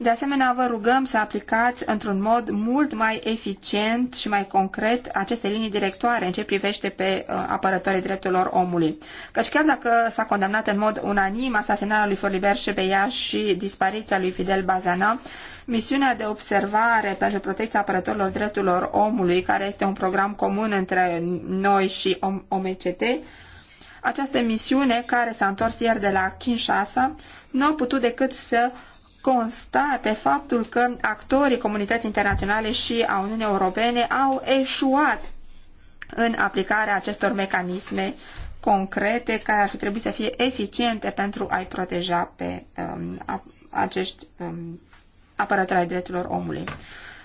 S1: De asemenea, vă rugăm să aplicați într-un mod mult mai eficient și mai concret aceste linii directoare în ce privește pe uh, apărătorii drepturilor omului. Căci chiar dacă s-a condamnat în mod unanim asasinarea lui Foliber Șebeia și dispariția lui Fidel Bazana, misiunea de observare pentru protecția apărătorilor drepturilor omului, care este un program comun între noi și OMCT, această misiune care s-a întors ieri de la Kinshasa nu a putut decât să constate faptul că actorii comunității internaționale și a Uniunii Europene au eșuat în aplicarea acestor mecanisme concrete care ar fi trebuit să fie eficiente pentru a-i proteja pe um, acești um, apărători ai drepturilor omului.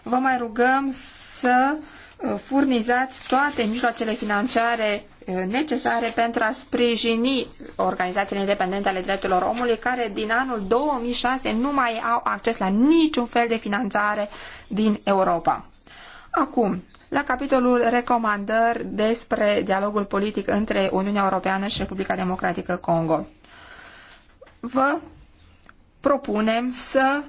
S1: Vă mai rugăm să uh, furnizați toate mijloacele financiare necesare pentru a sprijini organizațiile independente ale drepturilor omului care din anul 2006 nu mai au acces la niciun fel de finanțare din Europa. Acum, la capitolul recomandări despre dialogul politic între Uniunea Europeană și Republica Democratică Congo. Vă propunem să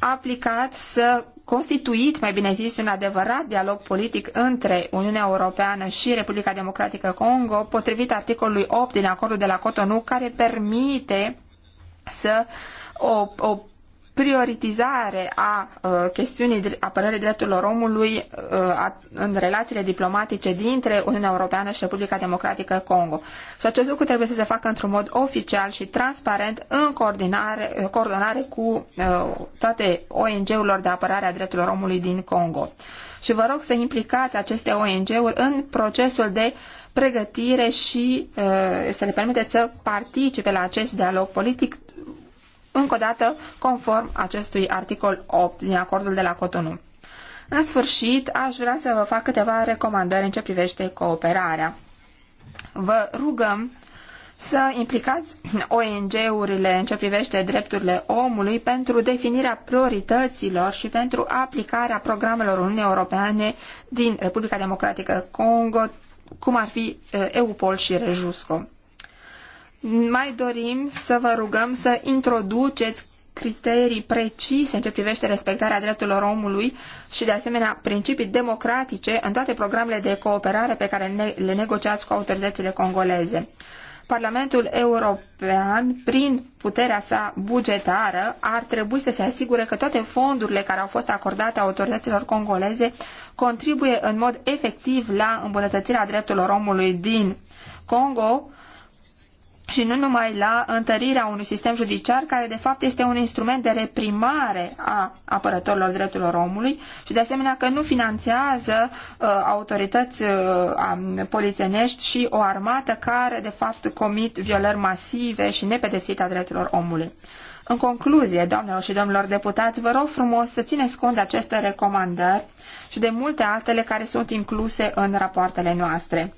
S1: aplicați, să constituit, mai bine zis, un adevărat dialog politic între Uniunea Europeană și Republica Democratică Congo, potrivit articolului 8 din acordul de la Cotonou, care permite să o, o prioritizare a uh, chestiunii apărării drepturilor omului uh, în relațiile diplomatice dintre Uniunea Europeană și Republica Democratică Congo. Și acest lucru trebuie să se facă într-un mod oficial și transparent în coordonare, uh, coordonare cu toate ONG-urilor de apărare a drepturilor omului din Congo. Și vă rog să implicați aceste ONG-uri în procesul de pregătire și uh, să le permiteți să participe la acest dialog politic încă o dată conform acestui articol 8 din acordul de la Cotonou. În sfârșit, aș vrea să vă fac câteva recomandări în ce privește cooperarea. Vă rugăm să implicați ONG-urile în ce privește drepturile omului pentru definirea priorităților și pentru aplicarea programelor Uniunii Europene din Republica Democratică Congo, cum ar fi EUPOL și REJUSCO. Mai dorim să vă rugăm să introduceți criterii precise în ce privește respectarea drepturilor omului și, de asemenea, principii democratice în toate programele de cooperare pe care le negociați cu autoritățile congoleze. Parlamentul European, prin puterea sa bugetară, ar trebui să se asigure că toate fondurile care au fost acordate autorităților congoleze contribuie în mod efectiv la îmbunătățirea drepturilor omului din Congo, și nu numai la întărirea unui sistem judiciar care de fapt este un instrument de reprimare a apărătorilor drepturilor omului și de asemenea că nu finanțează uh, autorități uh, polițienești și o armată care de fapt comit violări masive și nepedepsite a drepturilor omului. În concluzie, doamnelor și domnilor deputați, vă rog frumos să țineți cont de aceste recomandări și de multe altele care sunt incluse în rapoartele noastre.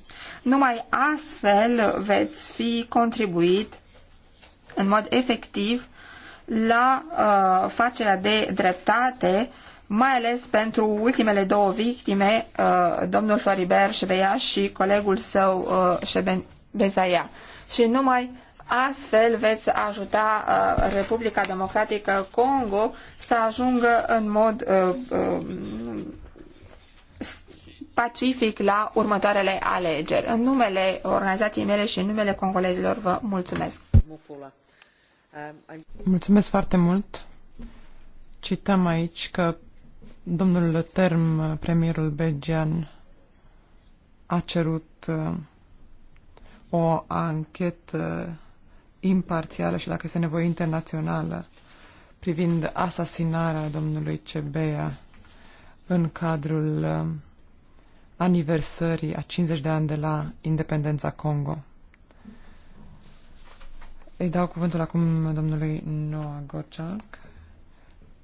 S1: Numai astfel veți fi contribuit în mod efectiv la uh, facerea de dreptate, mai ales pentru ultimele două victime, uh, domnul Floribert Șebeia și colegul său uh, Șeben Bezaia. Și numai Astfel veți ajuta uh, Republica Democratică Congo să ajungă în mod uh, uh, pacific la următoarele alegeri. În numele organizației mele și în numele congolezilor vă mulțumesc.
S3: Mulțumesc foarte mult. Cităm aici că domnul Term, premierul belgian, a cerut uh, o anchetă imparțială și, dacă este nevoie, internațională privind asasinarea domnului Cebea în cadrul uh, aniversării a 50 de ani de la independența Congo. Îi dau cuvântul acum domnului Noah Gociac,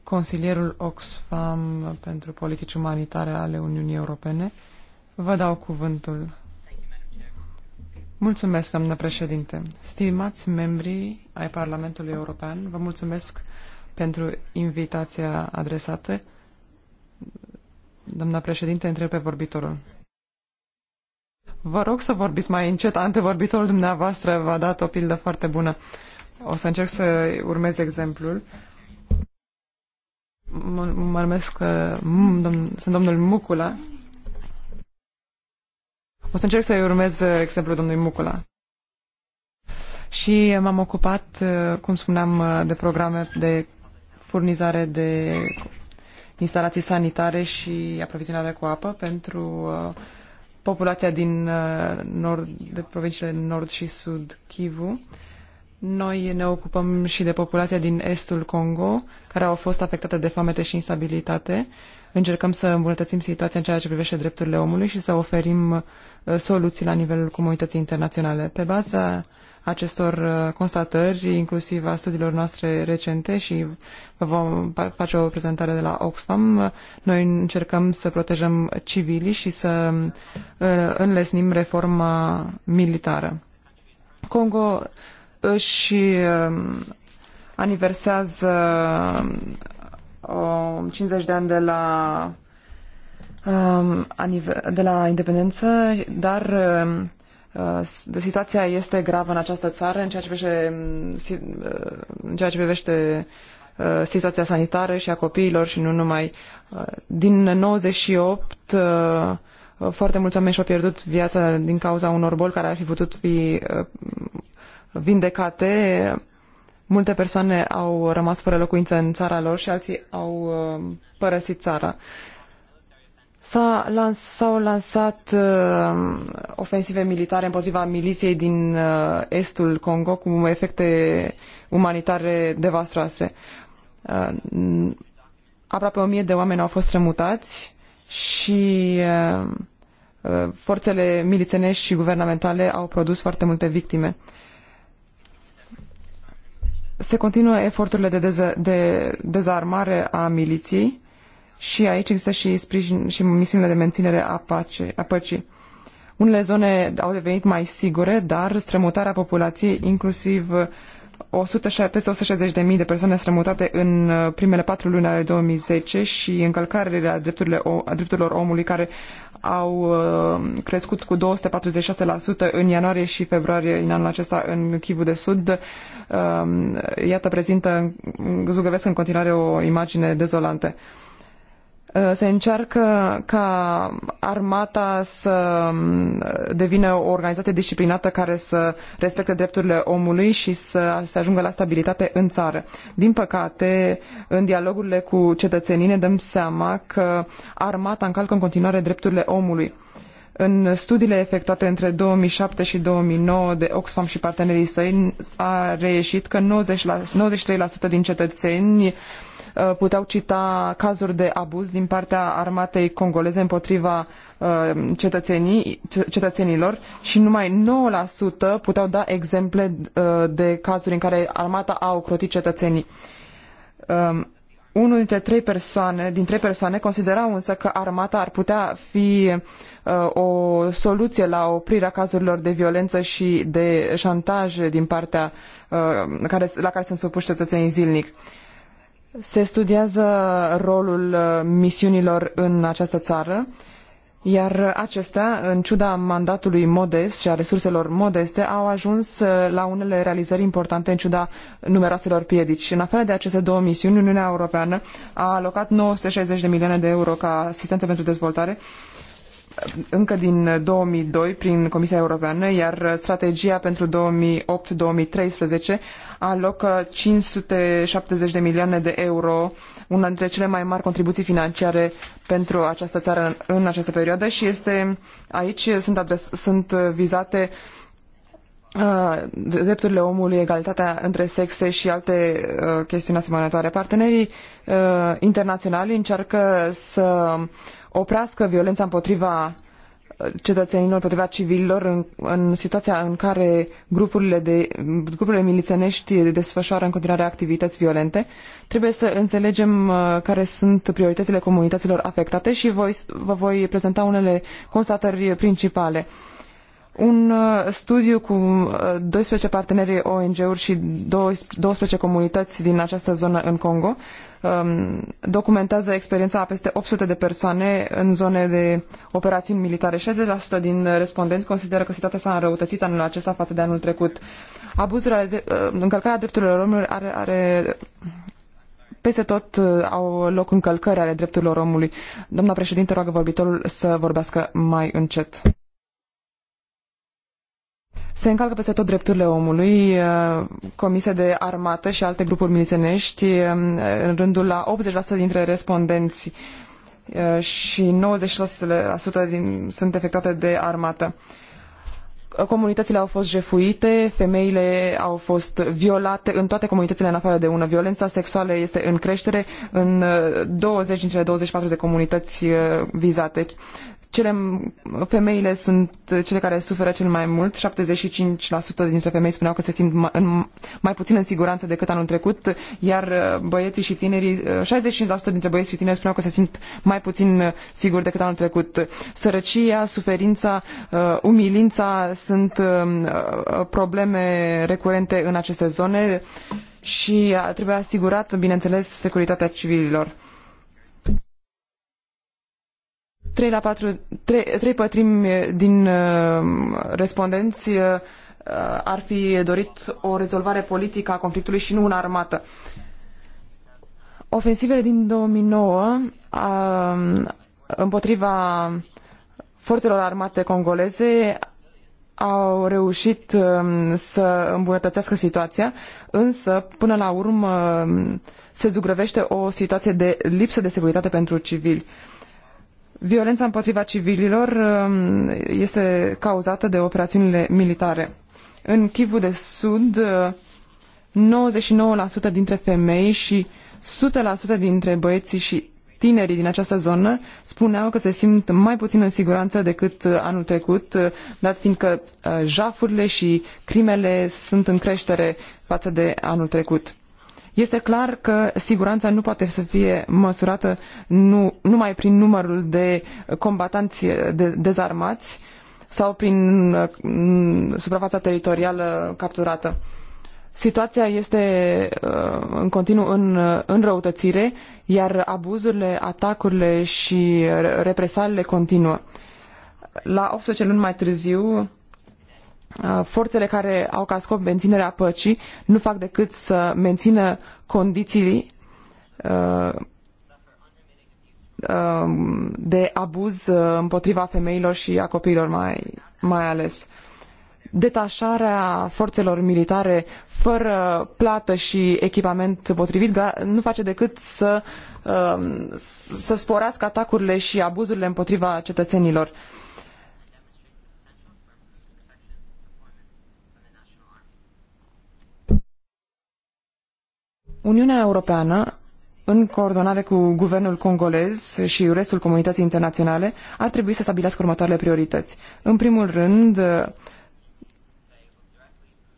S3: consilierul Oxfam pentru politici umanitare ale Uniunii Europene. Vă dau cuvântul. Mulțumesc, doamnă președinte. Stimați membrii ai Parlamentului European, vă mulțumesc pentru invitația adresată Doamna președinte, pe vorbitorul. Vă rog să vorbiți mai încet. Antevorbitorul dumneavoastră v-a dat o pildă foarte bună. O să încerc să urmez exemplul. Mă numesc, uh, sunt domnul Mucula. O să încerc să urmez uh, exemplul domnului Mucula. Și m-am ocupat, uh, cum spuneam, de programe de furnizare de instalații sanitare și aprovizionare cu apă pentru uh, populația din uh, nord, de provinciile Nord și Sud Kivu. Noi ne ocupăm și de populația din estul Congo, care au fost afectată de foamete și instabilitate. Încercăm să îmbunătățim situația în ceea ce privește drepturile omului și să oferim uh, soluții la nivelul comunității internaționale. Pe baza acestor uh, constatări, inclusiv a studiilor noastre recente și vom face o prezentare de la Oxfam. Noi încercăm să protejăm civilii și să uh, înlesnim reforma militară. Congo își um, aniversează 50 um, de ani de la um, de la independență, dar Uh, situația este gravă în această țară în ceea ce privește, în uh, ceea ce privește uh, situația sanitară și a copiilor și nu numai. Din 98 foarte mulți oameni și-au pierdut viața din cauza unor boli care ar fi putut fi vindecate. Multe persoane au rămas fără locuință în țara lor și alții au părăsit țara. S-a lans, s-au lansat uh, ofensive militare împotriva miliției din uh, estul Congo cu efecte umanitare devastroase. Uh, aproape o mie de oameni au fost rămutați și uh, uh, forțele milițenești și guvernamentale au produs foarte multe victime. Se continuă eforturile de, de dezarmare a miliției și aici există și sprijin și misiunile de menținere a, pace, a păcii. Unele zone au devenit mai sigure, dar strămutarea populației, inclusiv 100, uh, peste 160.000 de persoane strămutate în uh, primele patru luni ale 2010 și încălcările a, a drepturilor omului care au uh, crescut cu 246% în ianuarie și februarie în anul acesta în Kivu de Sud. Um, iată, prezintă, zugăvesc în continuare o imagine dezolantă. Uh, se încearcă ca armata să um, devină o organizație disciplinată care să respecte drepturile omului și să se ajungă la stabilitate în țară. Din păcate, în dialogurile cu cetățenii ne dăm seama că armata încalcă în continuare drepturile omului. În studiile efectuate între 2007 și 2009 de Oxfam și partenerii săi a reieșit că 90 la, 93% din cetățeni Uh, puteau cita cazuri de abuz din partea armatei congoleze împotriva uh, cetățenii, cetățenilor și numai 9% puteau da exemple uh, de cazuri în care armata a ocrotit cetățenii. Um, unul dintre trei persoane, din trei persoane considera însă că armata ar putea fi uh, o soluție la oprirea cazurilor de violență și de șantaj din partea uh, care, la care sunt supuși cetățenii zilnic. Se studiază rolul uh, misiunilor în această țară, iar acestea, în ciuda mandatului modest și a resurselor modeste, au ajuns uh, la unele realizări importante în ciuda numeroaselor piedici. În afară de aceste două misiuni, Uniunea Europeană a alocat 960 de milioane de euro ca asistență pentru dezvoltare încă din 2002 prin Comisia Europeană, iar strategia pentru 2008-2013 alocă 570 de milioane de euro, una dintre cele mai mari contribuții financiare pentru această țară în această perioadă și este aici sunt, adres, sunt vizate uh, drepturile omului, egalitatea între sexe și alte uh, chestiuni asemănătoare. Partenerii uh, internaționali încearcă să uh, oprească violența împotriva uh, cetățenilor, împotriva civililor, în, în situația în care grupurile, de, grupurile milițenești desfășoară în continuare activități violente. Trebuie să înțelegem uh, care sunt prioritățile comunităților afectate și voi, vă voi prezenta unele constatări principale un uh, studiu cu 12 uh, parteneri ONG-uri și 12 comunități din această zonă în Congo um, documentează experiența a peste 800 de persoane în zone de operațiuni militare. 60% din respondenți consideră că situația s-a înrăutățit anul acesta față de anul trecut. Abuzul, uh, încălcarea drepturilor omului are, are peste tot au loc încălcări ale drepturilor omului. Doamna președinte, roagă vorbitorul să vorbească mai încet. Se încalcă peste tot drepturile omului, uh, comise de armată și alte grupuri milițenești, um, în rândul la 80% dintre respondenți uh, și 96% din, sunt efectuate de armată. Comunitățile au fost jefuite, femeile au fost violate în toate comunitățile în afară de una. Violența sexuală este în creștere în 20 uh, dintre 24 de comunități vizate. Cele, femeile sunt cele care suferă cel mai mult. 75% dintre femei spuneau că se simt mai, în, mai puțin în siguranță decât anul trecut, iar uh, băieții și tinerii, 65% uh, dintre băieți și tineri spuneau că se simt mai puțin uh, siguri decât anul trecut. Sărăcia, suferința, umilința sunt probleme recurente în aceste zone și trebuie asigurată, bineînțeles, securitatea civililor. 3 la 4, 3, 3 pătrimi eh, din eh, respondenți eh, ar fi dorit o rezolvare politică a conflictului și nu una armată. Ofensivele din 2009 uh, împotriva forțelor armate congoleze au reușit să îmbunătățească situația, însă până la urmă se zugrăvește o situație de lipsă de securitate pentru civili. Violența împotriva civililor um, este cauzată de operațiunile militare. În Kivu de Sud, 99% dintre femei și 100% dintre băieții și tinerii din această zonă spuneau că se simt mai puțin în siguranță decât uh, anul trecut, uh, dat fiindcă uh, jafurile și crimele sunt în creștere față de anul trecut. Este clar că siguranța nu poate să fie măsurată nu, numai prin numărul de combatanți eh, de, dezarmați sau prin mm, suprafața teritorială capturată. Situația este eh, în continuu în eh, iar abuzurile, atacurile și represaliile continuă. La 18 luni mai târziu, forțele care au ca scop menținerea păcii nu fac decât să mențină condiții de abuz împotriva femeilor și a copiilor mai, mai ales. Detașarea forțelor militare fără plată și echipament potrivit nu face decât să, să sporească atacurile și abuzurile împotriva cetățenilor. Uniunea Europeană, în coordonare cu guvernul congolez și restul comunității internaționale, ar trebui să stabilească următoarele priorități. În primul rând,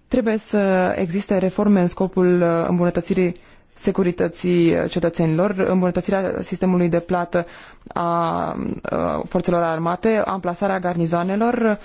S3: trebuie să existe reforme în scopul îmbunătățirii securității cetățenilor, îmbunătățirea sistemului de plată a forțelor armate, amplasarea garnizoanelor,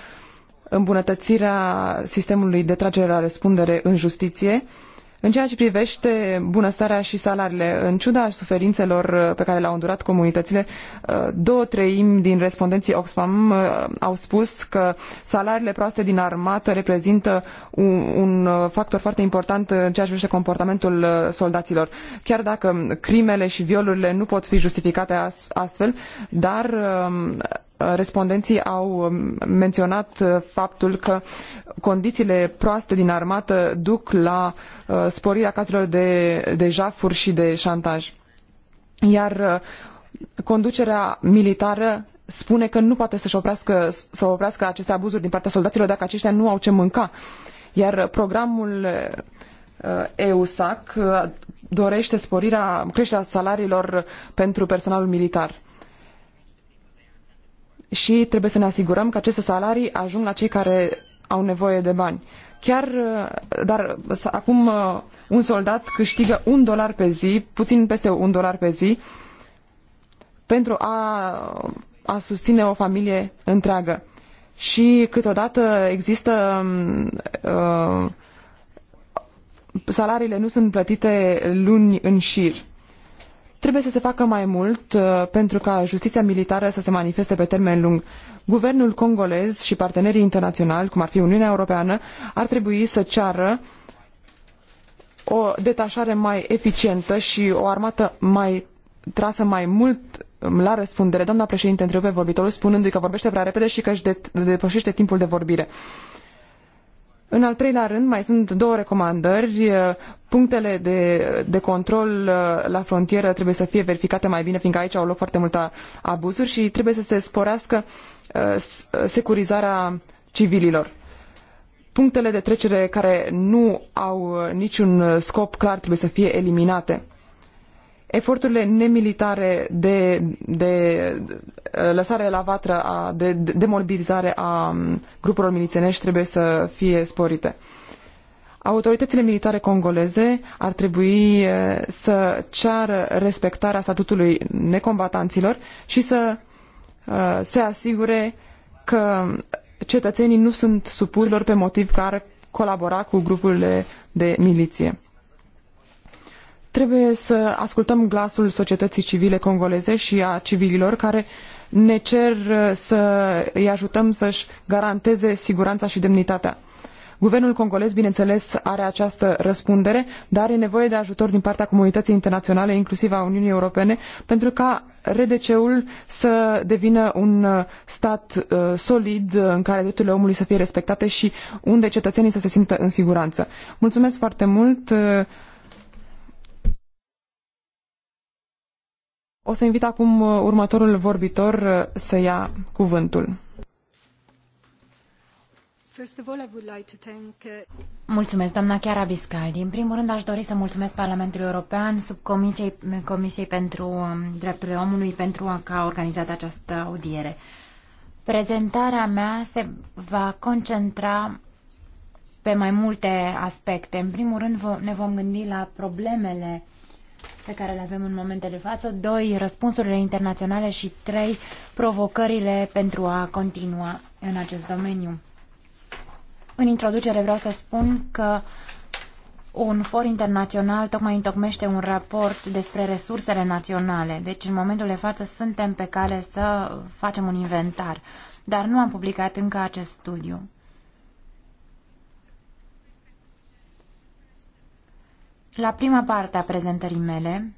S3: îmbunătățirea sistemului de tragere la răspundere în justiție, uh, în ceea ce privește bunăstarea și salariile, în ciuda suferințelor uh, pe care le-au îndurat comunitățile, uh, două treimi din respondenții Oxfam uh, au spus că salariile proaste din armată reprezintă un, un factor foarte important în ceea ce privește comportamentul soldaților. Chiar dacă crimele și violurile nu pot fi justificate astfel, dar um, respondenții au um, menționat uh, faptul că condițiile proaste din armată duc la uh, sporirea cazurilor de, de jafuri și de șantaj. Iar uh, conducerea militară spune că nu poate să-și oprească, să oprească aceste abuzuri din partea soldaților dacă aceștia nu au ce mânca. Iar programul EUSAC dorește sporirea, creșterea salariilor pentru personalul militar și trebuie să ne asigurăm că aceste salarii ajung la cei care au nevoie de bani. Chiar, uh, dar uh, acum uh, un soldat câștigă un dolar pe zi, puțin peste un dolar pe zi, pentru a, a susține o familie întreagă. Și câteodată există um, uh, salariile nu sunt plătite luni în șir. Trebuie să se facă mai mult uh, pentru ca justiția militară să se manifeste pe termen lung. Guvernul congolez și partenerii internaționali, cum ar fi Uniunea Europeană, ar trebui să ceară o detașare mai eficientă și o armată mai trasă mai mult um, la răspundere. Doamna președinte întrerupe vorbitorul spunându-i că vorbește prea repede și că își de- depășește timpul de vorbire. Uh, în al treilea rând, mai sunt două recomandări. Punctele de, de control la frontieră trebuie să fie verificate mai bine, fiindcă aici au loc foarte multe abuzuri și trebuie să se sporească securizarea civililor. Punctele de trecere care nu au niciun scop clar trebuie să fie eliminate eforturile nemilitare de, de uh, lăsare la vatră, a, de, demobilizare a um, grupurilor milițenești trebuie să fie sporite. Autoritățile militare congoleze ar trebui uh, să ceară respectarea statutului necombatanților și să uh, se asigure că cetățenii nu sunt supurilor pe motiv că ar colabora cu grupurile de miliție. Trebuie să ascultăm glasul societății civile congoleze și a civililor care ne cer uh, să îi ajutăm să-și garanteze siguranța și demnitatea. Guvernul congolez, bineînțeles, are această răspundere, dar are nevoie de ajutor din partea comunității internaționale, inclusiv a Uniunii Europene, pentru ca RDC-ul să devină un uh, stat uh, solid în care drepturile omului să fie respectate și unde cetățenii să se simtă în siguranță. Mulțumesc foarte mult! O să invit acum uh, următorul vorbitor uh, să ia cuvântul.
S1: Uh,
S2: mulțumesc, doamna Chiara Biscaldi. În primul rând, aș dori să mulțumesc Parlamentului European, sub Comisiei, Comisiei pentru um, Drepturile Omului, pentru a, că organizat această audiere. Prezentarea mea se va concentra pe mai multe aspecte. În primul rând, ne vom gândi la problemele pe care le avem în momentele față, doi răspunsurile internaționale și trei provocările pentru a continua în acest domeniu. În introducere vreau să spun că un for internațional tocmai întocmește un raport despre resursele naționale. Deci, în momentul de față, suntem pe cale să facem un inventar. Dar nu am publicat încă acest studiu. La prima parte a prezentării mele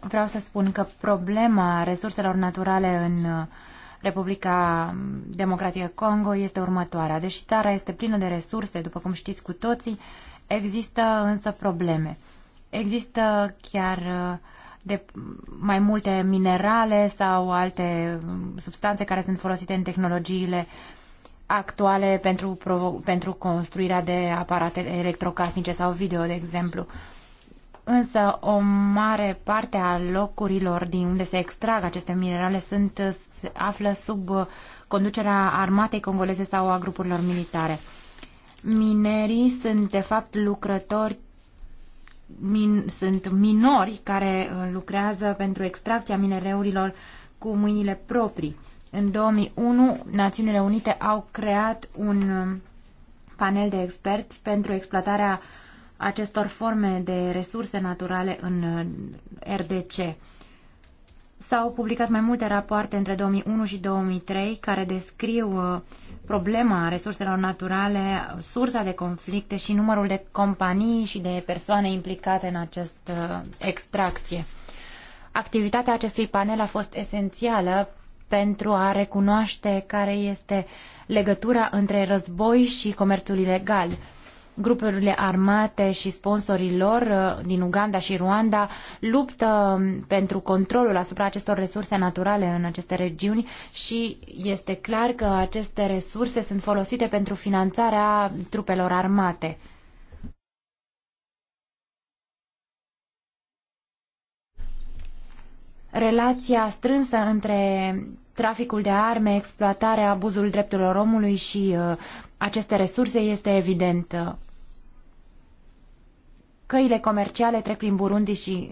S2: vreau să spun că problema resurselor naturale în uh, Republica Democratică Congo este următoarea. Deși țara este plină de resurse, după cum știți cu toții, există însă probleme. Există chiar uh, de mai multe minerale sau alte um, substanțe care sunt folosite în tehnologiile actuale pentru, pentru construirea de aparate electrocasnice sau video, de exemplu. Însă o mare parte a locurilor din unde se extrag aceste minerale sunt, se află sub conducerea armatei congoleze sau a grupurilor militare. Minerii sunt de fapt lucrători min, sunt minori care uh, lucrează pentru extracția minereurilor cu mâinile proprii. În 2001, Națiunile Unite au creat un um, panel de experți pentru exploatarea uh, acestor forme de resurse naturale în uh, RDC. S-au publicat mai multe rapoarte între 2001 și 2003 care descriu uh, problema resurselor naturale, sursa de conflicte și numărul de companii și de persoane implicate în această uh, extracție. Activitatea acestui panel a fost esențială pentru a recunoaște care este legătura între război și comerțul ilegal grupurile armate și sponsorii lor uh, din Uganda și Rwanda luptă um, pentru controlul asupra acestor resurse naturale în aceste regiuni și este clar că aceste resurse sunt folosite pentru finanțarea trupelor armate. Relația strânsă între traficul de arme, exploatarea, abuzul drepturilor omului și uh, aceste resurse este evidentă. Căile comerciale trec prin Burundi și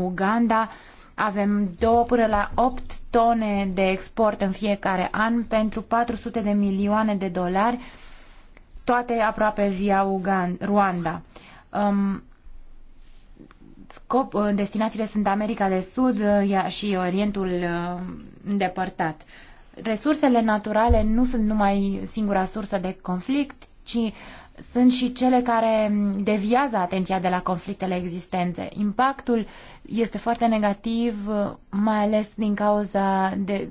S2: Uganda. Avem 2 până la 8 tone de export în fiecare an pentru 400 de milioane de dolari, toate aproape via Uganda, Rwanda. Um, scop, uh, destinațiile sunt America de Sud uh, și Orientul uh, îndepărtat. Resursele naturale nu sunt numai singura sursă de conflict, ci sunt și cele care deviază atenția de la conflictele existente. Impactul este foarte negativ, mai ales din cauza de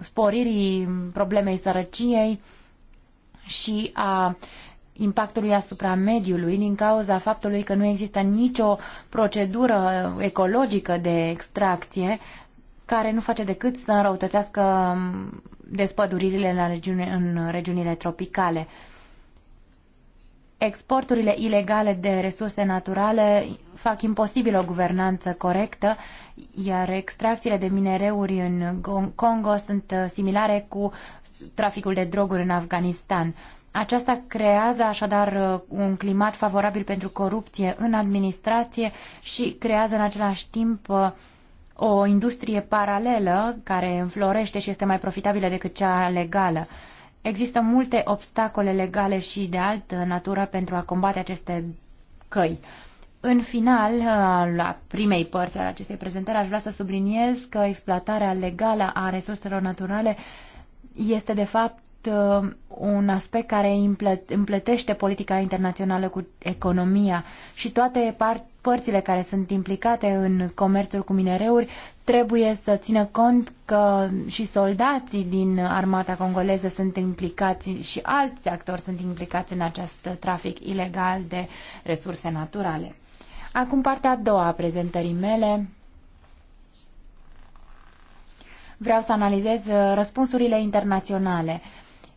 S2: sporirii problemei sărăciei și a impactului asupra mediului din cauza faptului că nu există nicio procedură ecologică de extracție care nu face decât să înrăutățească despăduririle în, regiune, în regiunile tropicale. Uh, exporturile ilegale de resurse naturale fac imposibil o guvernanță corectă, iar extracțiile de minereuri în Congo sunt uh, similare cu traficul de droguri în Afganistan. Aceasta creează așadar uh, un climat favorabil pentru corupție în administrație și creează în același timp uh, o industrie paralelă care înflorește și este mai profitabilă decât cea legală. Există multe obstacole legale și de altă natură pentru a combate aceste căi. În final, la primei părți al acestei prezentări, aș vrea să subliniez că exploatarea legală a resurselor naturale este, de fapt, un aspect care împlătește politica internațională cu economia și toate părțile care sunt implicate în comerțul cu minereuri Trebuie să țină cont că și soldații din armata congoleză sunt implicați și alți actori sunt implicați în acest trafic ilegal de resurse naturale. Acum partea a doua a prezentării mele. Vreau să analizez răspunsurile internaționale.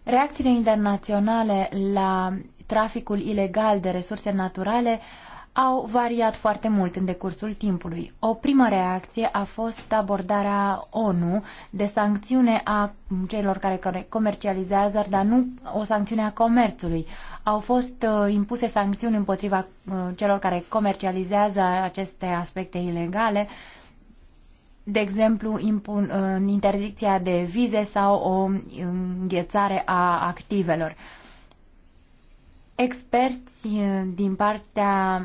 S2: Reacțiile internaționale la traficul ilegal de resurse naturale au variat foarte mult în decursul timpului. O primă reacție a fost abordarea ONU de sancțiune a celor care comercializează, dar nu o sancțiune a comerțului. Au fost uh, impuse sancțiuni împotriva uh, celor care comercializează aceste aspecte ilegale, de exemplu, impun, uh, interzicția de vize sau o înghețare a activelor. Uh, experți uh, din partea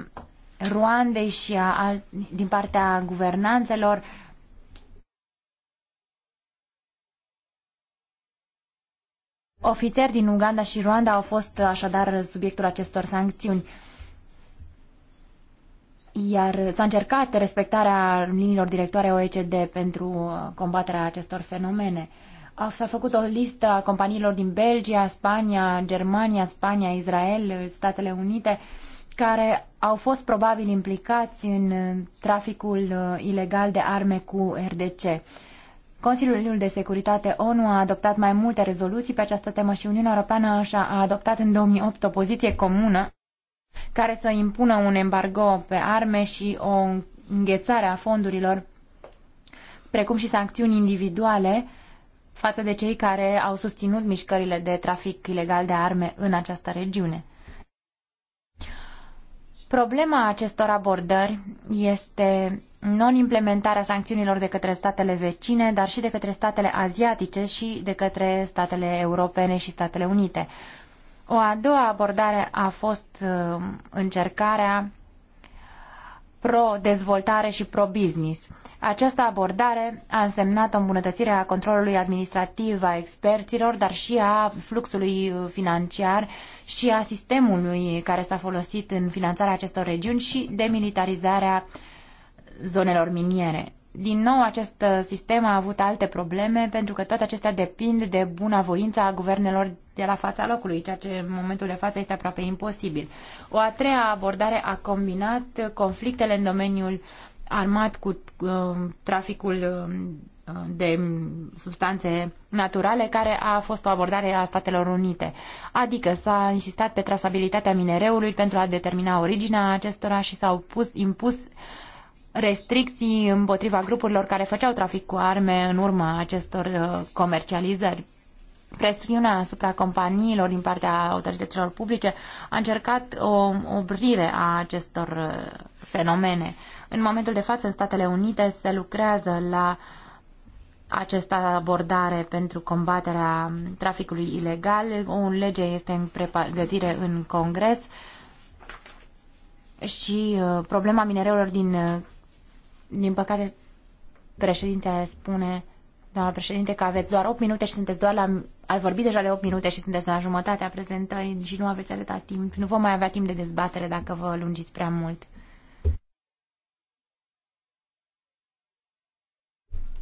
S2: Ruandei și a din partea guvernanțelor Ofițeri din Uganda și Rwanda au fost uh, așadar subiectul acestor sancțiuni. Iar s-a încercat respectarea liniilor directoare OECD pentru uh, combaterea acestor fenomene. S-a făcut o listă a companiilor din Belgia, Spania, Germania, Spania, Israel, Statele Unite, care au fost probabil implicați în traficul uh, ilegal de arme cu RDC. Consiliul de Securitate ONU a adoptat mai multe rezoluții pe această temă și Uniunea Europeană așa a adoptat în 2008 o poziție comună care să impună un embargo pe arme și o înghețare a fondurilor, precum și sancțiuni individuale față de cei care au susținut mișcările de trafic ilegal de arme în această regiune. Problema acestor abordări este non-implementarea sancțiunilor de către statele vecine, dar și de către statele asiatice și de către statele europene și Statele Unite. O a doua abordare a fost uh, încercarea pro-dezvoltare și pro-business. Această abordare a însemnat o îmbunătățire a controlului administrativ a experților, dar și a fluxului financiar și a sistemului care s-a folosit în finanțarea acestor regiuni și demilitarizarea zonelor miniere. Din nou, acest uh, sistem a avut alte probleme pentru că toate acestea depind de buna voință a guvernelor de la fața locului, ceea ce în momentul de față este aproape imposibil. O a treia abordare a combinat conflictele în domeniul armat cu uh, traficul uh, de substanțe naturale, care a fost o abordare a Statelor Unite. Adică s-a insistat pe trasabilitatea minereului pentru a determina originea acestora și s-au pus, impus uh, restricții împotriva grupurilor care făceau trafic cu arme în urma acestor uh, comercializări. Presiunea asupra companiilor din partea autorităților publice a încercat o obrire a acestor uh, fenomene. În momentul de față, în Statele Unite, se lucrează la această abordare pentru combaterea traficului ilegal. O lege este în pregătire în Congres și uh, problema minereurilor din din păcate, președintele spune, doamna președinte, că aveți doar 8 minute și sunteți doar la... Ați vorbit deja de 8 minute și sunteți la jumătatea prezentării și nu aveți atâta timp. Nu vom mai avea timp de dezbatere dacă vă lungiți prea mult.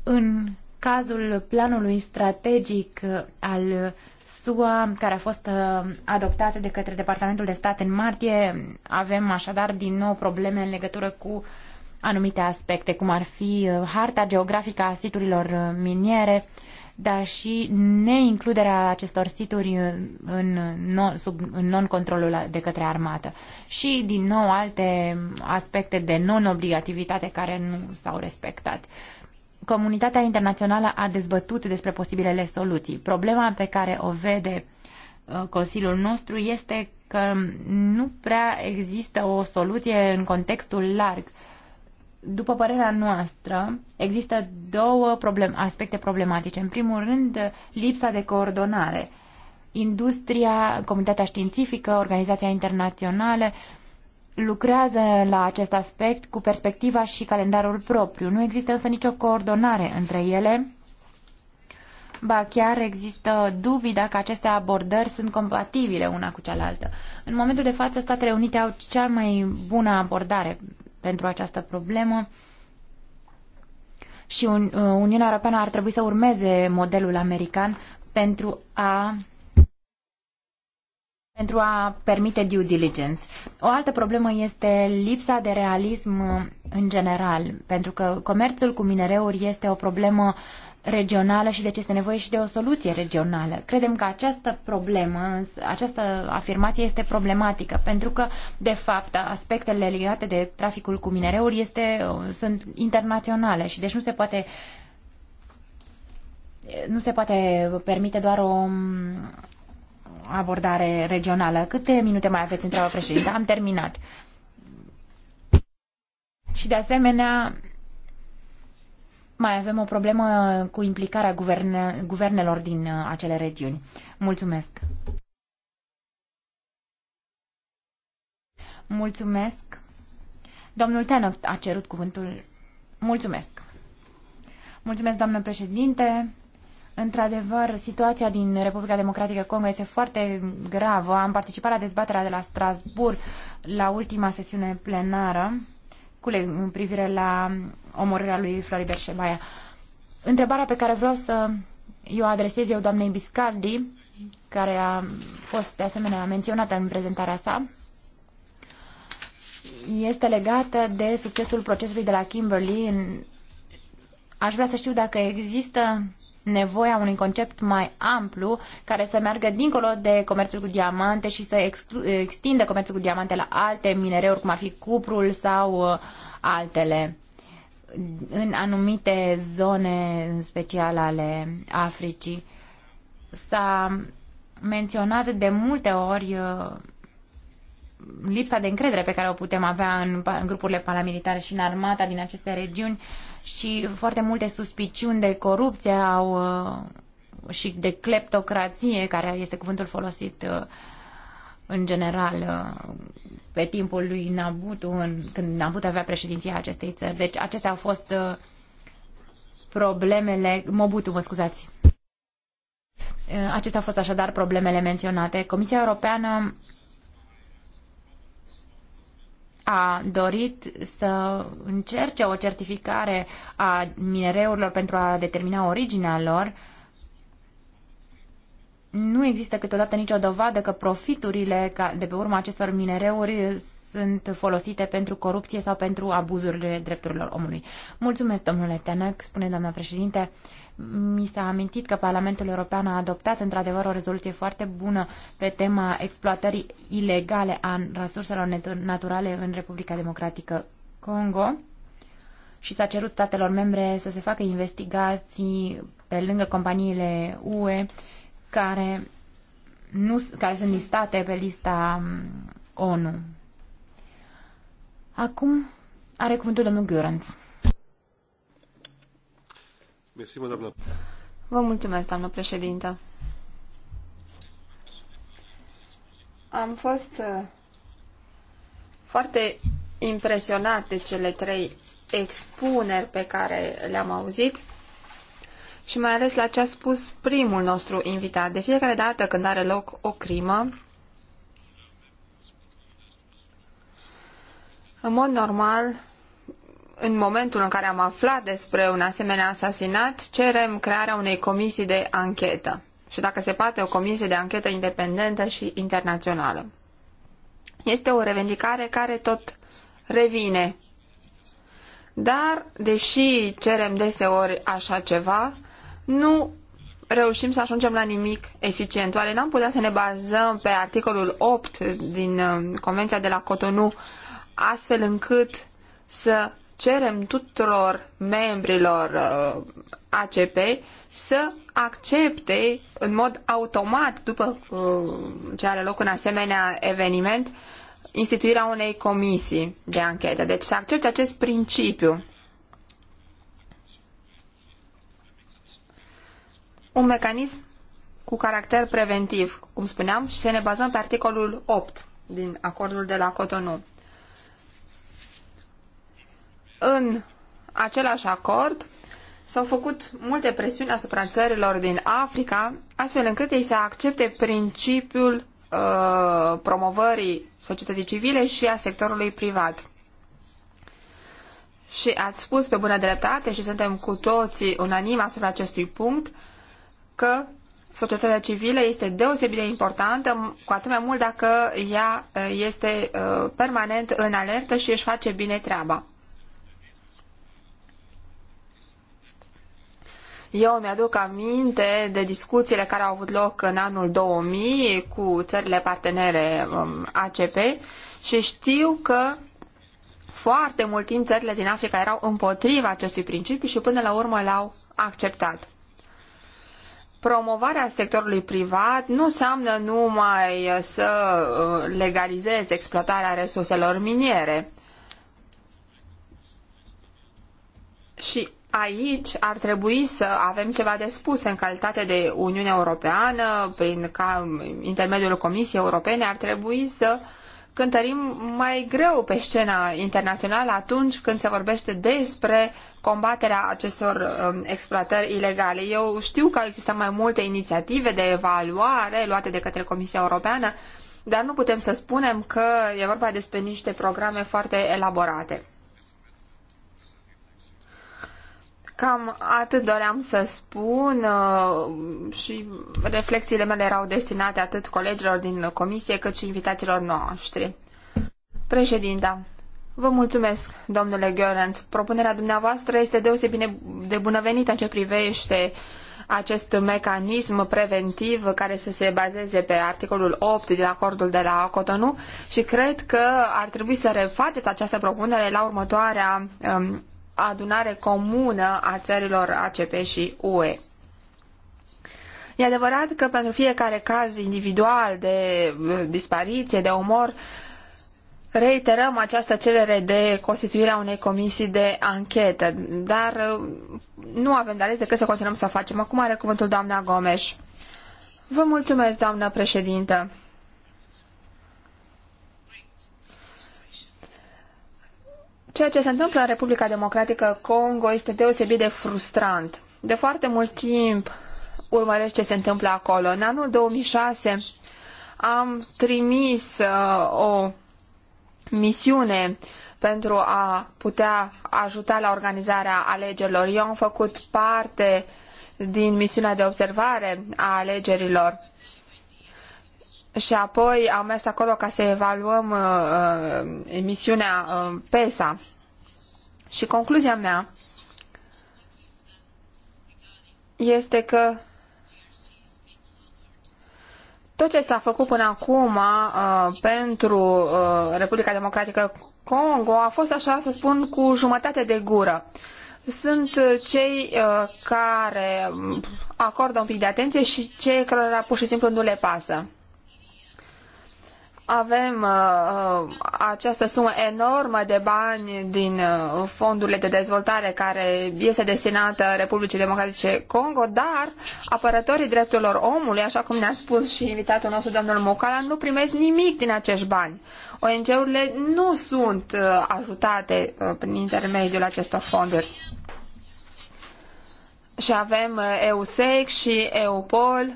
S2: În cazul planului strategic al SUA, care a fost uh, adoptat de către Departamentul de Stat în martie, avem așadar din nou probleme în legătură cu uh, anumite aspecte, cum ar fi uh, harta geografică a siturilor uh, miniere, dar și neincluderea acestor situri uh, în, non, sub, în non-controlul de către armată. Și, din nou, alte aspecte de non-obligativitate care nu s-au respectat. Comunitatea internațională a dezbătut despre posibilele soluții. Problema pe care o vede Consiliul nostru este că nu prea există o soluție în contextul larg. Uh, după părerea noastră, există două problem, aspecte problematice. În primul rând, lipsa de coordonare. Industria, comunitatea științifică, organizația internațională lucrează la acest aspect cu perspectiva și calendarul propriu. Nu există însă nicio coordonare între ele. Ba chiar există dubii dacă aceste abordări sunt compatibile una cu cealaltă. În momentul de față, Statele Unite au cea mai bună abordare pentru această problemă și uh, Uniunea Europeană ar trebui să urmeze modelul american pentru a pentru a permite due diligence. O altă problemă este lipsa de realism uh, în general, pentru că comerțul cu minereuri este o problemă regională și de deci ce este nevoie și de o soluție regională. Credem că această problemă, această afirmație este problematică, pentru că, de fapt, aspectele legate de traficul cu minereuri este, uh, sunt internaționale și deci nu se poate nu se poate permite doar o um, abordare regională. Câte minute mai aveți, întreabă președinte? Am terminat. Și de asemenea, mai avem o problemă cu implicarea guverne, guvernelor din uh, acele regiuni. Mulțumesc! Mulțumesc! Domnul Tenoc a cerut cuvântul. Mulțumesc! Mulțumesc, doamnă președinte! Într-adevăr, situația din Republica Democratică Congo este foarte gravă. Am participat la dezbaterea de la Strasbourg la ultima sesiune plenară cu privire la omorârea lui Floribert Șebaia. Întrebarea pe care vreau să eu adresez eu doamnei Biscardi, care a fost de asemenea menționată în prezentarea sa, este legată de succesul procesului de la Kimberley. Aș vrea să știu dacă există nevoia unui concept mai amplu care să meargă dincolo de comerțul cu diamante și să exclu- extindă comerțul cu diamante la alte minereuri, cum ar fi cuprul sau uh, altele în anumite zone, în special ale Africii. S-a menționat de multe ori uh, lipsa de încredere pe care o putem avea în, grupurile paramilitare și în armata din aceste regiuni și foarte multe suspiciuni de corupție au uh, și de cleptocrație, care este cuvântul folosit uh, în general uh, pe timpul lui Nabutu, în, când Nabutu avea președinția acestei țări. Deci acestea au fost uh, problemele, Mobutu, mă scuzați. Uh, acestea au fost așadar problemele menționate. Comisia Europeană a dorit să încerce o certificare a minereurilor pentru a determina originea lor uh, nu există câteodată nicio dovadă că profiturile de pe urma acestor minereuri sunt folosite pentru corupție sau pentru abuzurile drepturilor omului. Mulțumesc, domnule Tenec, spune doamna președinte. Mi s-a amintit că Parlamentul European a adoptat într-adevăr o rezoluție foarte bună pe tema exploatării ilegale a resurselor naturale în Republica Democratică Congo și s-a cerut statelor membre să se facă investigații pe lângă companiile UE care, nu, care sunt listate pe lista um, ONU. Acum are cuvântul domnul Gurenț. Vă mulțumesc,
S1: doamnă președintă. Am fost uh, foarte impresionat de cele trei expuneri pe care le-am auzit și mai ales la ce a spus primul nostru invitat. De fiecare dată când are loc o crimă, în mod normal, în momentul în care am aflat despre un asemenea asasinat, cerem crearea unei comisii de anchetă. Și dacă se poate, o comisie de anchetă independentă și internațională. Este o revendicare care tot revine. Dar, deși cerem deseori așa ceva, nu reușim să ajungem la nimic eficient. Oare n-am putea să ne bazăm pe articolul 8 din uh, Convenția de la Cotonou astfel încât să cerem tuturor membrilor uh, ACP să accepte în mod automat, după uh, ce are loc un asemenea eveniment, instituirea unei comisii de anchetă. Deci să accepte acest principiu. un mecanism cu caracter preventiv, cum spuneam, și să ne bazăm pe articolul 8 din acordul de la Cotonou. În același acord s-au făcut multe presiuni asupra țărilor din Africa, astfel încât ei să accepte principiul uh, promovării societății civile și a sectorului privat. Și ați spus pe bună dreptate și suntem cu toții unanim asupra acestui punct, uh, că societatea civilă este deosebit de importantă, cu atât mai mult dacă ea uh, este uh, permanent în alertă și își face bine treaba. Eu mi-aduc aminte de discuțiile care au avut loc în anul 2000 cu țările partenere um, ACP și știu că foarte mult timp țările din Africa erau împotriva acestui principiu și până la urmă l-au acceptat promovarea sectorului privat nu înseamnă numai să uh, legalizezi exploatarea resurselor miniere. Și aici ar trebui să avem ceva de spus în calitate de Uniune Europeană, prin ca, intermediul Comisiei Europene, ar trebui să cântărim mai greu pe scena internațională atunci când se vorbește despre combaterea acestor um, exploatări ilegale. Eu știu că au existat mai multe inițiative de evaluare luate de către Comisia Europeană, dar nu putem să spunem că e vorba despre niște programe foarte elaborate. Cam atât doream să spun uh, și reflexiile mele erau destinate atât colegilor din comisie cât și invitațiilor noștri. Președinta, vă mulțumesc, domnule Gheorent. Propunerea dumneavoastră este deosebit de bunăvenită în ce privește acest mecanism preventiv care să se bazeze pe articolul 8 din acordul de la Cotonou și cred că ar trebui să refaceți această propunere la următoarea um, adunare comună a țărilor ACP și UE. E adevărat că pentru fiecare caz individual de uh, dispariție, de omor, reiterăm această cerere de constituirea unei comisii de anchetă, dar uh, nu avem de ales decât să continuăm să o facem. Acum are cuvântul doamna Gomes. Vă mulțumesc, doamnă președintă. Ceea ce se întâmplă în Republica Democratică Congo este deosebit de frustrant. De foarte mult timp urmăresc ce se întâmplă acolo. În anul 2006 am trimis uh, o misiune pentru a putea ajuta la organizarea alegerilor. Eu am făcut parte din misiunea de observare a alegerilor și apoi am mers acolo ca să evaluăm uh, uh, emisiunea uh, PESA. Și concluzia mea este că tot ce s-a făcut până acum uh, pentru uh, Republica Democratică Congo a fost, așa să spun, cu jumătate de gură. Sunt uh, cei uh, care mm, acordă un pic de atenție și cei cărora pur și simplu nu le pasă avem uh, uh, această sumă enormă de bani din uh, fondurile de dezvoltare care este destinată Republicii Democratice Congo, dar apărătorii drepturilor omului, așa cum ne-a spus și invitatul nostru domnul Mocala, nu primesc nimic din acești bani. ONG-urile nu sunt uh, ajutate uh, prin intermediul acestor fonduri. Și avem uh, EUSEC și EUPOL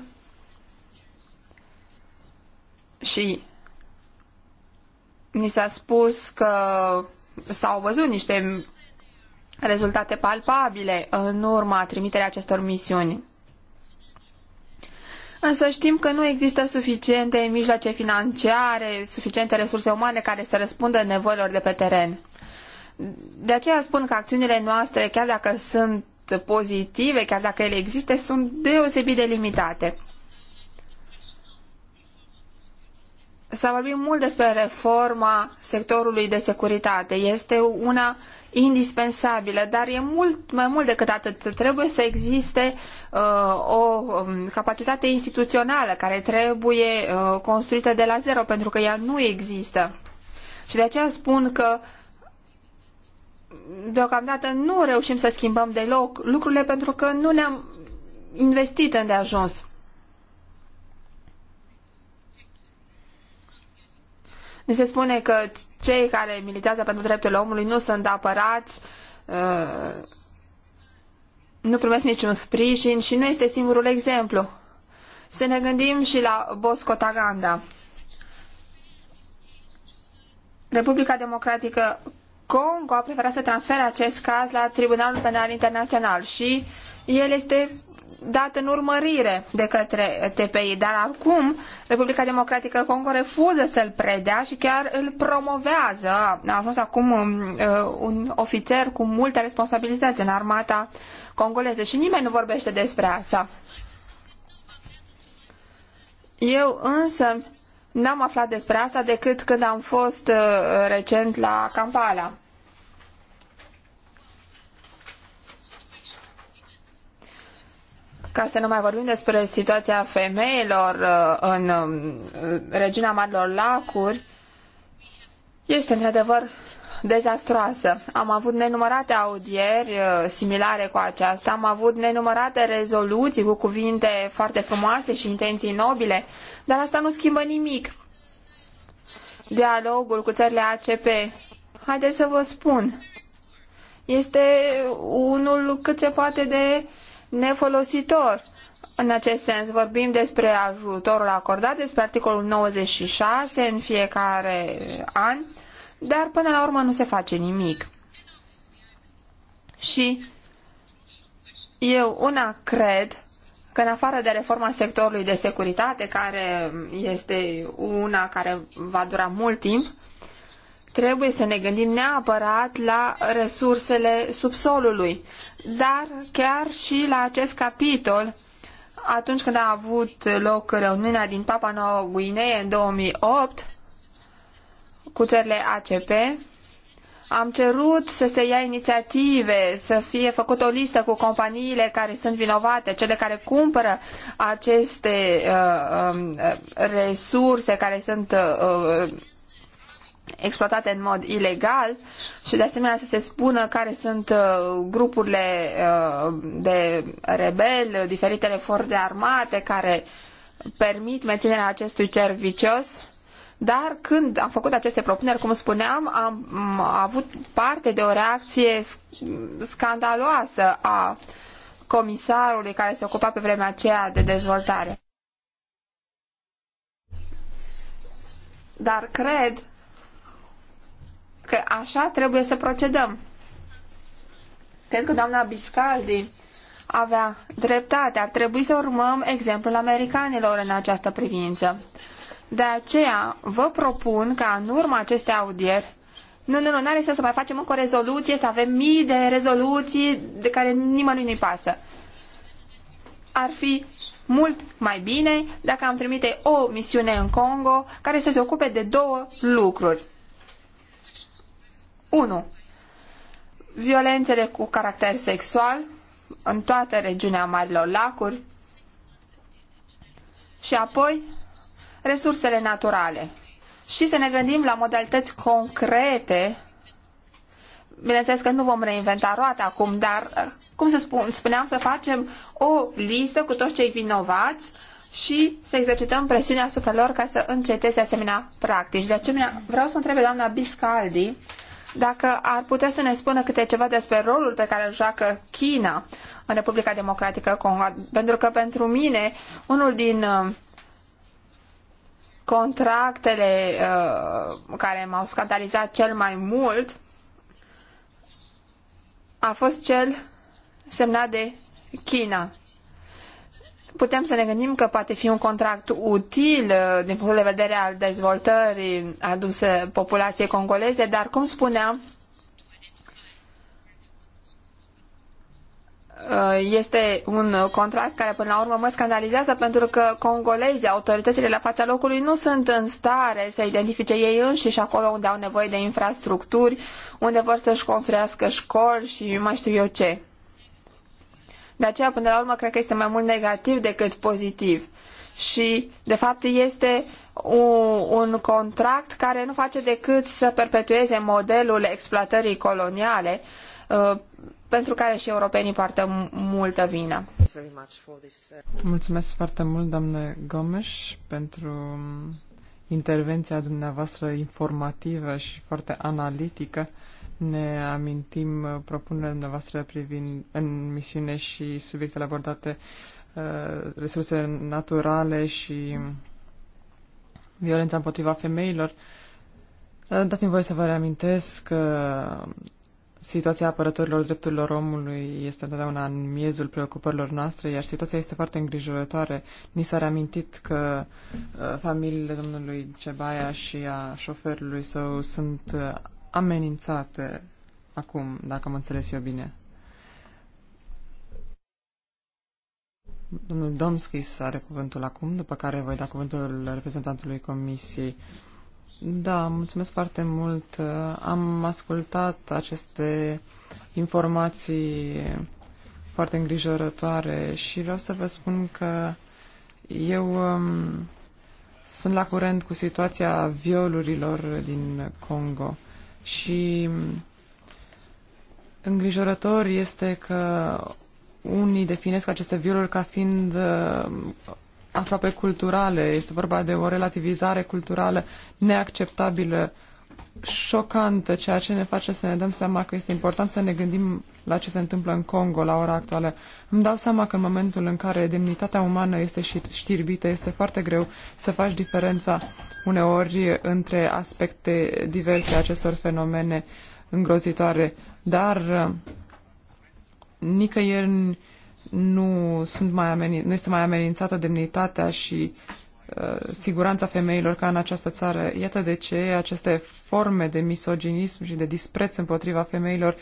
S1: și Ni s-a spus că s-au văzut niște rezultate palpabile în urma trimiterii acestor misiuni. Însă știm că nu există suficiente mijloace financiare, suficiente resurse umane care să răspundă nevoilor de pe teren. De aceea spun că acțiunile noastre, chiar dacă sunt pozitive, chiar dacă ele există, sunt deosebit de limitate. S-a vorbit mult despre reforma sectorului de securitate. Este una indispensabilă, dar e mult mai mult decât atât. Trebuie să existe uh, o um, capacitate instituțională care trebuie uh, construită de la zero, pentru că ea nu există. Și de aceea spun că deocamdată nu reușim să schimbăm deloc lucrurile pentru că nu ne-am investit îndeajuns. Ni se spune că cei care militează pentru drepturile omului nu sunt apărați, uh, nu primesc niciun sprijin și nu este singurul exemplu. Să ne gândim și la Bosco Taganda. Republica Democratică Congo a preferat să transfere acest caz la Tribunalul Penal Internațional și el este dat în urmărire de către TPI, dar acum Republica Democratică Congo refuză să-l predea și chiar îl promovează. A ajuns acum un, um, uh, un ofițer cu multe responsabilități în armata congoleză și nimeni nu vorbește despre asta. Eu însă n-am aflat despre asta decât când am fost uh, recent la Kampala. Ca să nu mai vorbim despre situația femeilor uh, în um, regiunea Marilor Lacuri, este într-adevăr dezastroasă. Am avut nenumărate audieri uh, similare cu aceasta, am avut nenumărate rezoluții cu cuvinte foarte frumoase și intenții nobile, dar asta nu schimbă nimic. Dialogul cu țările ACP, haideți să vă spun, este unul cât se poate de nefolositor. În acest sens vorbim despre ajutorul acordat, despre articolul 96 în fiecare an, dar până la urmă nu se face nimic. Și eu una cred că în afară de reforma sectorului de securitate, care este una care va dura mult timp, trebuie să ne gândim neapărat la resursele subsolului, dar chiar și la acest capitol atunci când a avut loc reuniunea din Papa Noua Guinee în 2008 cu țările ACP, am cerut să se ia inițiative, să fie făcută o listă cu companiile care sunt vinovate, cele care cumpără aceste uh, um, uh, resurse care sunt uh, uh exploatate în mod ilegal și de asemenea să se spună care sunt uh, grupurile uh, de rebeli, diferitele forțe armate care permit menținerea acestui cer vicios. Dar când am făcut aceste propuneri, cum spuneam, am, am avut parte de o reacție scandaloasă a comisarului care se ocupa pe vremea aceea de dezvoltare. Dar cred că așa trebuie să procedăm. Cred că doamna Biscaldi avea dreptate. Ar trebui să urmăm exemplul americanilor în această privință. De aceea vă propun ca în urma acestei audieri nu, nu, nu, nu are să, să mai facem încă o rezoluție, să avem mii de rezoluții de care nimănui nu-i pasă. Ar fi mult mai bine dacă am trimite o misiune în Congo care să se ocupe de două lucruri. 1. Violențele cu caracter sexual în toată regiunea Marilor Lacuri și apoi resursele naturale. Și să ne gândim la modalități concrete. Bineînțeles că nu vom reinventa roata acum, dar, cum să spun, spuneam să facem o listă cu toți cei vinovați și să exercităm presiunea asupra lor ca să înceteze asemenea practici. De asemenea, vreau să întreb doamna Biscaldi dacă ar putea să ne spună câte ceva despre rolul pe care îl joacă China în Republica Democratică Congo. Pentru că pentru mine unul din uh, contractele uh, care m-au scandalizat cel mai mult a fost cel semnat de China putem să ne gândim că poate fi un contract util uh, din punctul de vedere al dezvoltării aduse populației congoleze, dar cum spuneam, uh, este un contract care până la urmă mă scandalizează pentru că congolezii, autoritățile la fața locului nu sunt în stare să identifice ei înșiși acolo unde au nevoie de infrastructuri, unde vor să-și construiască școli și mai știu eu ce. De aceea, până la urmă, cred că este mai mult negativ decât pozitiv. Și, de fapt, este un contract care nu face decât să perpetueze modelul exploatării coloniale, uh, pentru care și europenii poartă multă vină.
S3: Mulțumesc foarte mult, doamne Gomes, pentru intervenția dumneavoastră informativă și foarte analitică. Ne amintim uh, propunerea dumneavoastră privind în misiune și subiectele abordate, uh, resursele naturale și violența împotriva femeilor. Dați-mi voie să vă reamintesc că uh, situația apărătorilor drepturilor omului este întotdeauna în miezul preocupărilor noastre, iar situația este foarte îngrijorătoare. Ni s-a reamintit că familiile domnului Cebaia și a șoferului său sunt amenințate acum, dacă am înțeles eu bine. Domnul Domskis are cuvântul acum, după care voi da cuvântul reprezentantului Comisiei. Da, mulțumesc foarte mult. Am ascultat aceste informații foarte îngrijorătoare și vreau să vă spun că eu um, sunt la curent cu situația violurilor din Congo. Și îngrijorător este că unii definesc aceste violuri ca fiind uh, aproape culturale. Este vorba de o relativizare culturală neacceptabilă șocantă, ceea ce ne face să ne dăm seama că este important să ne gândim la ce se întâmplă în Congo la ora actuală. Îmi dau seama că în momentul în care demnitatea umană este știrbită, este foarte greu să faci diferența uneori între aspecte diverse acestor fenomene îngrozitoare, dar nicăieri nu, sunt mai ameni, nu este mai amenințată demnitatea și Uh, siguranța femeilor ca în această țară. Iată de ce aceste forme de misoginism și de dispreț împotriva femeilor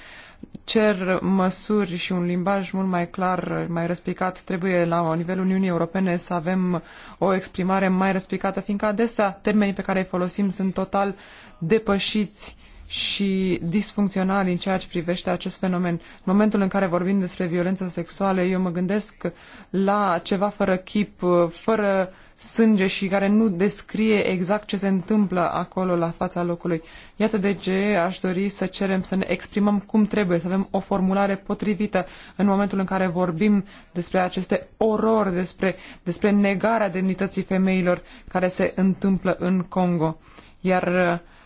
S3: cer măsuri și un limbaj mult mai clar, mai răspicat. Trebuie la nivelul Uniunii Europene să avem o exprimare mai răspicată, fiindcă adesea termenii pe care îi folosim sunt total depășiți și disfuncționali în ceea ce privește acest fenomen. În momentul în care vorbim despre violență sexuală, eu mă gândesc la ceva fără chip, fără sânge și care nu descrie exact ce se întâmplă acolo la fața locului. Iată de ce aș dori să cerem să ne exprimăm cum trebuie, să avem o formulare potrivită în momentul în care vorbim despre aceste orori, despre, despre negarea demnității femeilor care se întâmplă în Congo. Iar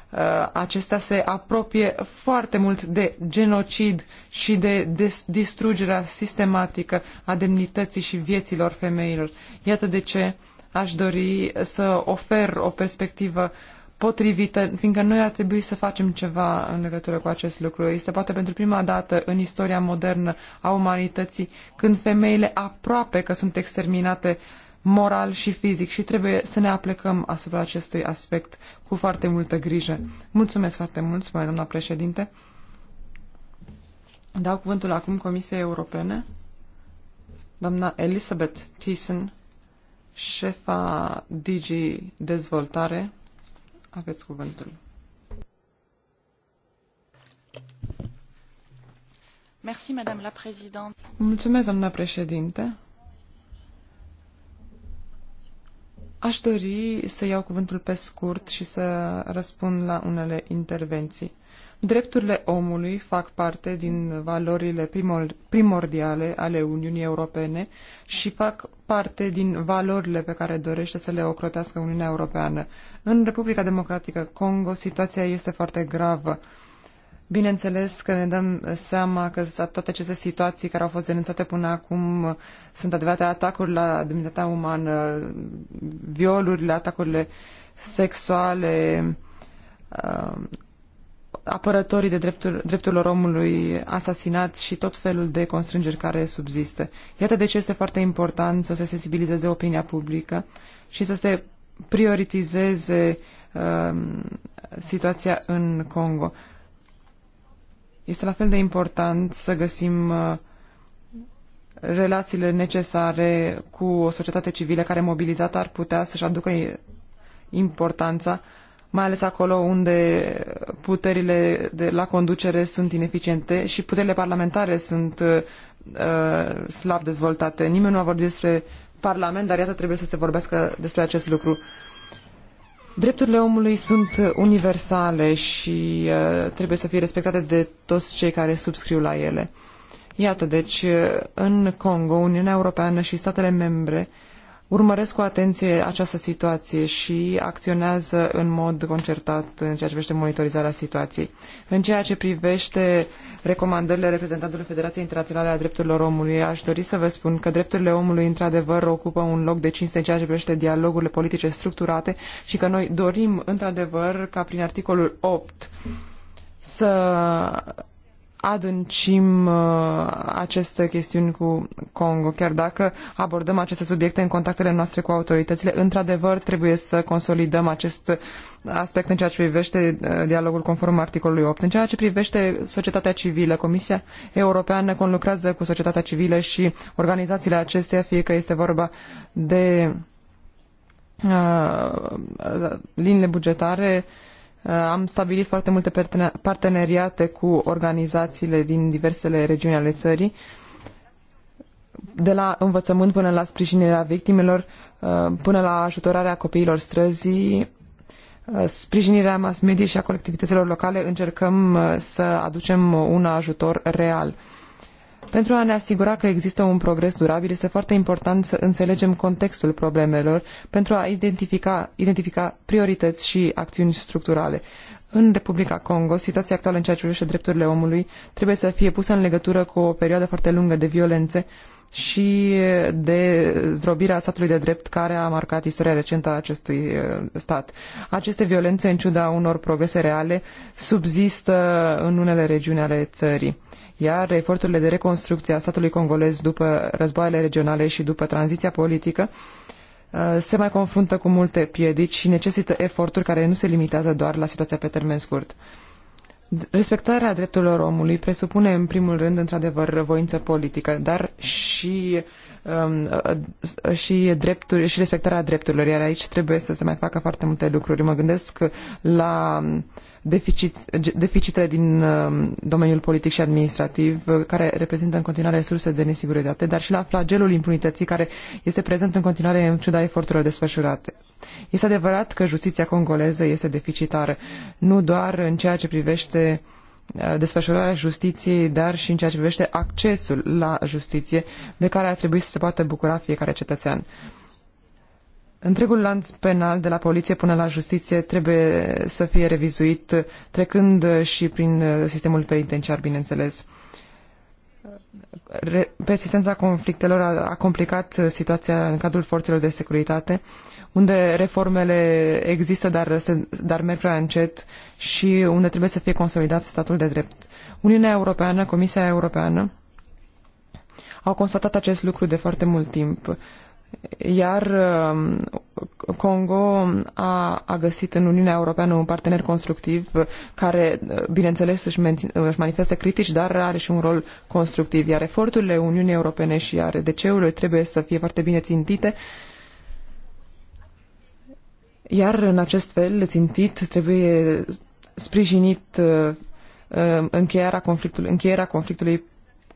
S3: uh, acestea se apropie foarte mult de genocid și de distrugerea sistematică a demnității și vieților femeilor. Iată de ce aș dori să ofer o perspectivă potrivită, fiindcă noi ar trebui să facem ceva în legătură cu acest lucru. Este poate pentru prima dată în istoria modernă a umanității când femeile aproape că sunt exterminate moral și fizic și trebuie să ne aplecăm asupra acestui aspect cu foarte multă grijă. Mulțumesc foarte mult, spune doamna președinte. Dau cuvântul acum Comisiei Europene. Doamna Elizabeth Thyssen șefa Digi Dezvoltare. Aveți cuvântul. Merci, Madame la Présidente. Mulțumesc, doamna președinte. Aș dori să iau cuvântul pe scurt și să răspund la unele intervenții. Drepturile omului fac parte din valorile primordiale ale Uniunii Europene și fac parte din valorile pe care dorește să le ocrotească Uniunea Europeană. În Republica Democratică Congo situația este foarte gravă. Bineînțeles că ne dăm seama că toate aceste situații care au fost denunțate până acum sunt adevărate atacuri la demnitatea umană, violurile, atacurile sexuale, um, apărătorii de dreptul, drepturilor omului asasinați și tot felul de constrângeri care subzistă. Iată de ce este foarte important să se sensibilizeze opinia publică și să se prioritizeze uh, situația în Congo. Este la fel de important să găsim uh, relațiile necesare cu o societate civilă care mobilizată ar putea să-și aducă importanța uh, mai ales acolo unde puterile de la conducere sunt ineficiente și puterile parlamentare sunt uh, slab dezvoltate. Nimeni nu a vorbit despre Parlament, dar iată trebuie să se vorbească despre acest lucru. Drepturile omului sunt universale și uh, trebuie să fie respectate de toți cei care subscriu la ele. Iată, deci, uh, în Congo, Uniunea Europeană și statele membre uh, urmăresc cu atenție această situație și acționează în mod concertat în ceea ce privește monitorizarea situației. În ceea ce privește recomandările reprezentantului Federației Internaționale a Drepturilor Omului, aș dori să vă spun că drepturile omului într-adevăr ocupă un loc de cinste în ceea ce privește dialogurile politice structurate și că noi dorim într-adevăr ca prin articolul 8 să adâncim uh, aceste chestiuni cu Congo. Chiar dacă abordăm aceste subiecte în contactele noastre cu autoritățile, într-adevăr trebuie să consolidăm acest aspect în ceea ce privește uh, dialogul conform articolului 8. În ceea ce privește societatea civilă, Comisia Europeană conlucrează cu societatea civilă și organizațiile acesteia, fie că este vorba de uh, liniile bugetare, uh, Uh, am stabilit foarte multe parteneriate cu organizațiile din diversele regiuni ale țării, de la învățământ până la sprijinirea victimelor, uh, până la ajutorarea copiilor străzii, uh, sprijinirea mass și a colectivităților locale, încercăm să aducem un ajutor real. Pentru a ne asigura că există un progres durabil, este foarte important să înțelegem contextul problemelor pentru a identifica, identifica priorități și acțiuni structurale. În Republica Congo, situația actuală în ceea ce privește drepturile omului trebuie să fie pusă în legătură cu o perioadă foarte lungă de violențe și de zdrobirea statului de drept care a marcat istoria recentă a acestui uh, stat. Aceste violențe, în ciuda unor progrese reale, subzistă în unele regiuni ale țării iar eforturile de reconstrucție a statului congolez după războaiele regionale și după tranziția politică uh, se mai confruntă cu multe piedici și necesită eforturi care nu se limitează doar la situația pe termen scurt. Respectarea drepturilor omului presupune, în primul rând, într-adevăr, voință politică, dar și, um, uh, și, drepturi, și respectarea drepturilor. Iar aici trebuie să se mai facă foarte multe lucruri. Mă gândesc la um, deficit, deficitele din um, domeniul politic și administrativ, uh, care reprezintă în continuare surse de nesiguritate, dar și la flagelul impunității care este prezent în continuare în ciuda eforturilor desfășurate. Este adevărat că justiția congoleză este deficitară, nu doar în ceea ce privește uh, desfășurarea justiției, dar și în ceea ce privește accesul la justiție, de care ar trebui să se poată bucura fiecare cetățean. Întregul lanț penal, de la poliție până la justiție, trebuie să fie revizuit, trecând și prin uh, sistemul penitenciar, bineînțeles. Persistența conflictelor a, a complicat uh, situația în cadrul forțelor de securitate, unde reformele există, dar, se, dar merg prea încet și unde trebuie să fie consolidat statul de drept. Uniunea Europeană, Comisia Europeană, au constatat acest lucru de foarte mult timp iar um, Congo a, a găsit în Uniunea Europeană un partener constructiv care, bineînțeles, își, menține, își manifestă critici, dar are și un rol constructiv. Iar eforturile Uniunii Europene și a RDC-ului trebuie să fie foarte bine țintite iar în acest fel, țintit, trebuie sprijinit uh, uh, încheierea conflictului, încheierea conflictului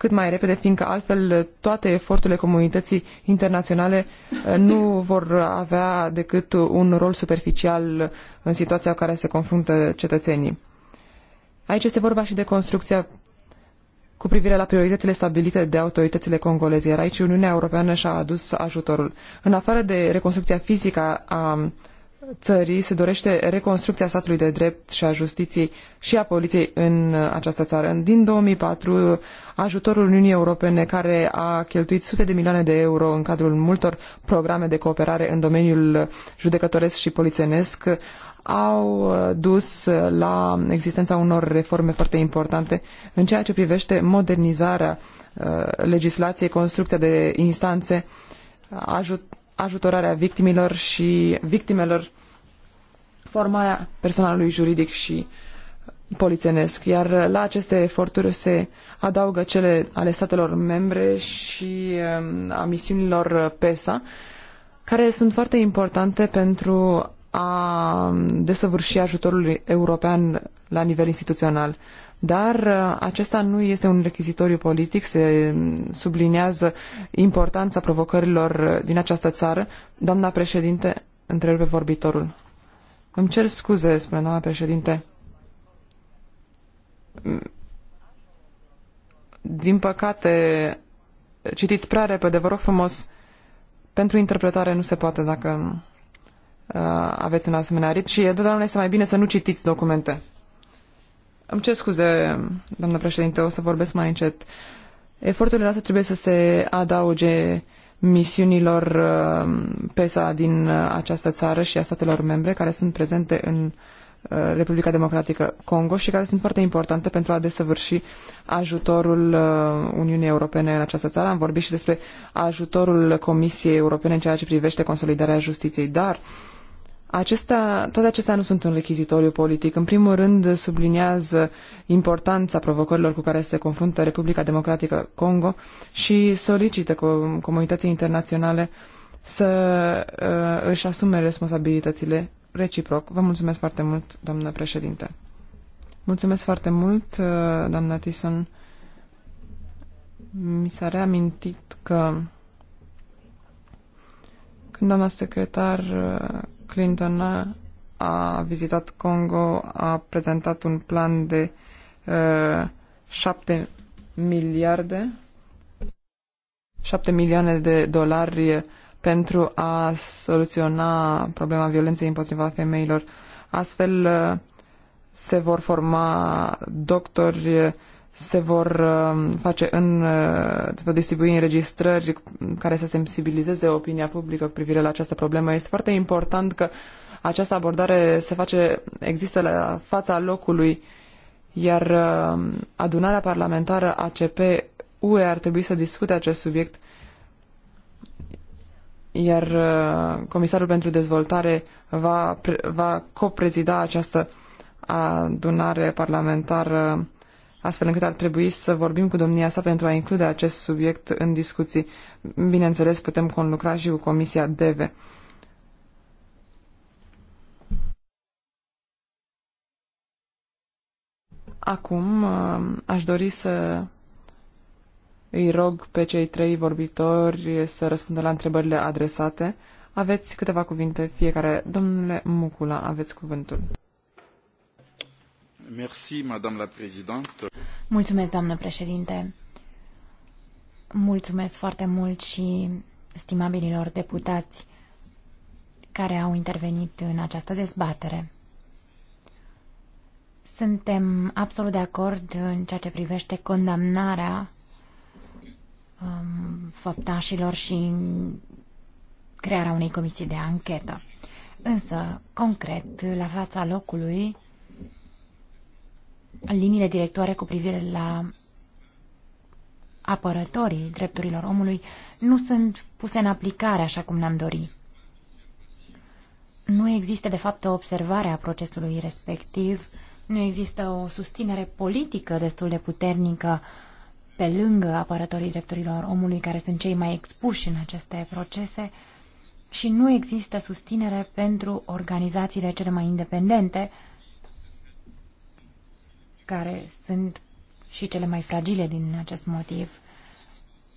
S3: cât mai repede, fiindcă altfel toate eforturile comunității internaționale eh, nu vor avea decât un rol superficial în situația cu care se confruntă cetățenii. Aici este vorba și de construcția cu privire la prioritățile stabilite de autoritățile congoleze, iar aici Uniunea Europeană și-a adus ajutorul. În afară de reconstrucția fizică a țării se dorește reconstrucția statului de drept și a justiției și a poliției în uh, această țară. Din 2004, ajutorul Uniunii Europene, care a cheltuit sute de milioane de euro în cadrul multor programe de cooperare în domeniul judecătoresc și polițenesc, au uh, dus uh, la existența unor reforme foarte importante în ceea ce privește modernizarea legislației, construcția de instanțe, ajut ajutorarea victimilor și victimelor, formarea personalului juridic și polițenesc. Iar la aceste eforturi se adaugă cele ale statelor membre și um, a misiunilor PESA, care sunt foarte importante pentru a um, desăvârși ajutorul european la nivel instituțional dar uh, acesta nu este un rechizitoriu politic, se subliniază importanța provocărilor uh, din această țară. Doamna președinte, întrerupe vorbitorul. Îmi cer scuze, spune doamna președinte. Mm, din păcate, citiți prea repede, vă rog frumos. Pentru interpretare nu se poate dacă uh, aveți un asemenea rit și totdeauna este mai bine să nu citiți documente. Îmi cer scuze, doamnă președinte, o să vorbesc mai încet. Eforturile noastre trebuie să se adauge misiunilor uh, PESA din uh, această țară și a statelor membre care sunt prezente în uh, Republica Democratică Congo și care sunt foarte importante pentru a desăvârși ajutorul Uniunii Europene în această țară. Am vorbit și despre ajutorul Comisiei Europene în ceea ce privește consolidarea justiției, dar uh, acesta, toate acestea nu sunt un rechizitoriu politic. În primul rând, subliniază importanța provocărilor cu care se confruntă Republica Democratică Congo și solicită comunității internaționale să uh, își asume responsabilitățile reciproc. Vă mulțumesc foarte mult, doamnă președinte. Mulțumesc foarte mult, uh, doamna Tison. Mi s-a reamintit că când doamna secretar uh, Clinton a vizitat Congo, a prezentat un plan de uh, 7 miliarde, 7 milioane de dolari pentru a soluționa problema violenței împotriva femeilor. Astfel uh, se vor forma doctori se vor uh, face în, uh, se vor distribui înregistrări care să sensibilizeze opinia publică cu privire la această problemă. Este foarte important că această abordare se face, există la fața locului, iar uh, adunarea parlamentară ACP UE ar trebui să discute acest subiect, iar Comisarul pentru Dezvoltare va, va coprezida această adunare parlamentară astfel încât ar trebui să vorbim cu domnia sa pentru a include acest subiect în discuții. Bineînțeles, putem conlucra și cu Comisia DEVE. Acum uh, aș dori să îi rog pe cei trei vorbitori să răspundă la întrebările adresate. Aveți câteva cuvinte fiecare. Domnule Mucula, aveți cuvântul. Mulțumesc, doamnă președinte.
S2: Mulțumesc foarte mult și stimabililor deputați care au intervenit în această dezbatere. Suntem absolut de acord în ceea ce privește condamnarea um, făptașilor și crearea unei comisii de anchetă. Însă, concret, la fața locului, liniile directoare cu privire la apărătorii drepturilor omului nu sunt puse în aplicare așa cum ne-am dorit. Nu există, de fapt, o observare a procesului respectiv, nu există o susținere politică destul de puternică pe lângă apărătorii drepturilor omului care sunt cei mai expuși în aceste procese și nu există susținere pentru organizațiile cele mai independente care sunt și cele mai fragile din acest motiv,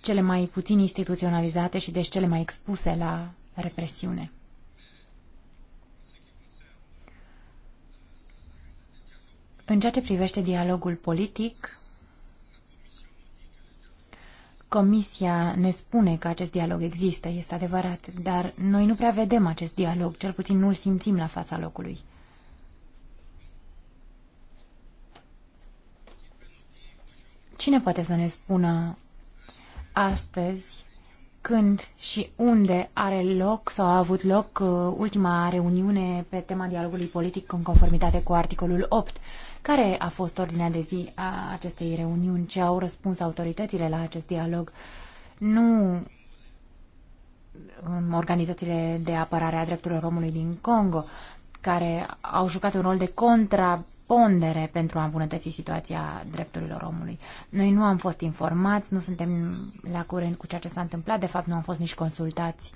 S2: cele mai puțin instituționalizate și deci cele mai expuse la represiune. În ceea ce privește dialogul politic, Comisia ne spune că acest dialog există, este adevărat, dar noi nu prea vedem acest dialog, cel puțin nu-l simțim la fața locului. Cine poate să ne spună astăzi când și unde are loc sau a avut loc uh, ultima reuniune pe tema dialogului politic în conformitate cu articolul 8? Care a fost ordinea de zi a acestei reuniuni? Ce au răspuns autoritățile la acest dialog? Nu organizațiile de apărare a drepturilor omului din Congo, care au jucat un rol de contra pondere pentru a îmbunătăți situația drepturilor omului. Noi nu am fost informați, nu suntem la curent cu ceea ce s-a întâmplat, de fapt nu am fost nici consultați.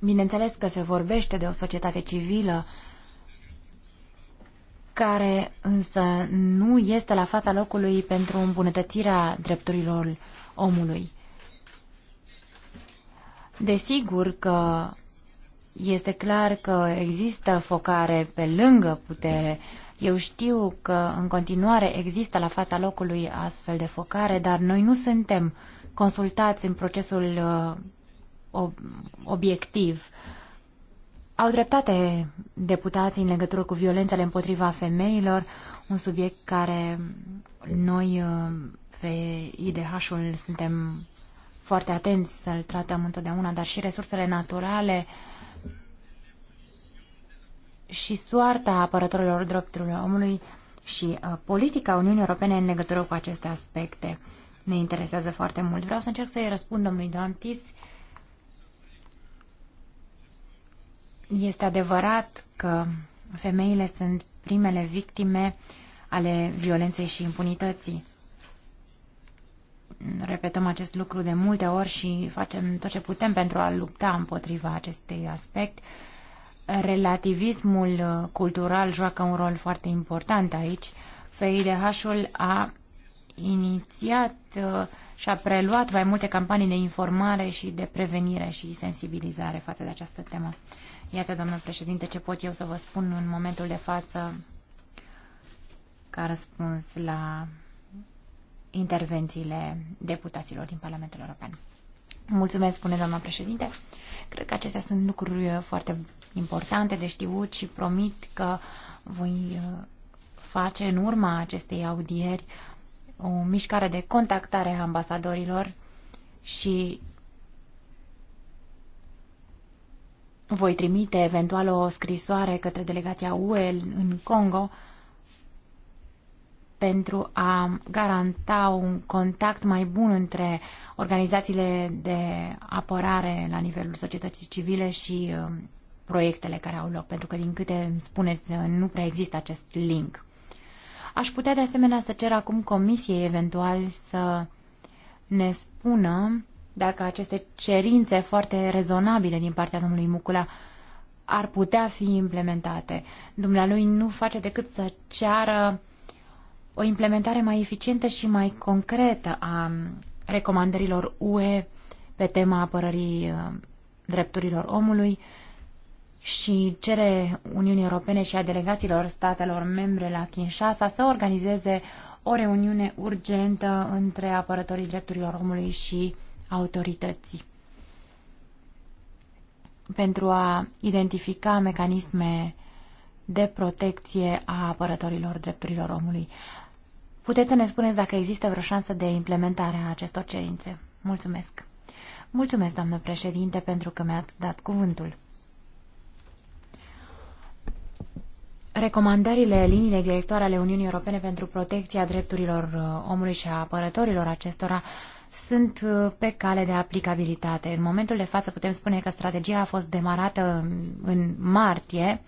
S2: Bineînțeles că se vorbește de o societate civilă care însă nu este la fața locului pentru îmbunătățirea drepturilor omului. Desigur că este clar că există focare pe lângă putere. Eu știu că în continuare există la fața locului astfel de focare, dar noi nu suntem consultați în procesul uh, obiectiv. Au dreptate deputații în legătură cu violențele împotriva femeilor, un subiect care noi uh, pe IDH-ul suntem foarte atenți să-l tratăm întotdeauna, dar și resursele naturale uh, și soarta apărătorilor drepturilor omului și uh, politica Uniunii Europene în legătură cu aceste aspecte. Ne interesează foarte mult. Vreau să încerc să-i răspund domnului Dantis. Este adevărat că femeile sunt primele victime ale violenței și impunității. Repetăm acest lucru de multe ori și facem tot ce putem pentru a lupta împotriva acestui aspect. Uh, relativismul cultural joacă un rol foarte important aici. FIDH-ul a inițiat și a preluat mai multe campanii de informare și de prevenire și sensibilizare față de această temă. Iată, domnul președinte, ce pot eu să vă spun în momentul de față ca răspuns la intervențiile deputaților din Parlamentul European. Mulțumesc, spune doamna președinte. Cred că acestea sunt lucruri foarte importante de știut și promit că voi uh, face în urma acestei audieri o mișcare de contactare a ambasadorilor și voi trimite eventual o scrisoare către delegația UE în Congo pentru a garanta un contact mai bun între organizațiile de apărare la nivelul societății civile și uh, proiectele care au loc, pentru că, din câte spuneți, nu prea există acest link. Aș putea, de asemenea, să cer acum comisiei, eventual, să ne spună dacă aceste cerințe foarte rezonabile din partea domnului Mucula ar putea fi implementate. Dumnealui nu face decât să ceară o implementare mai eficientă și mai concretă a recomandărilor UE pe tema apărării uh, drepturilor omului și cere Uniunii Europene și a delegațiilor statelor membre la Kinshasa să organizeze o reuniune urgentă între apărătorii drepturilor omului și autorității pentru a identifica mecanisme de protecție a apărătorilor drepturilor omului. Puteți să ne spuneți dacă există vreo șansă de implementare a acestor cerințe. Mulțumesc! Mulțumesc, doamnă președinte, pentru că mi-ați dat cuvântul. recomandările, liniile directoare ale Uniunii Europene pentru protecția drepturilor uh, omului și a apărătorilor acestora sunt uh, pe cale de aplicabilitate. În momentul de față putem spune că strategia a fost demarată mm, în martie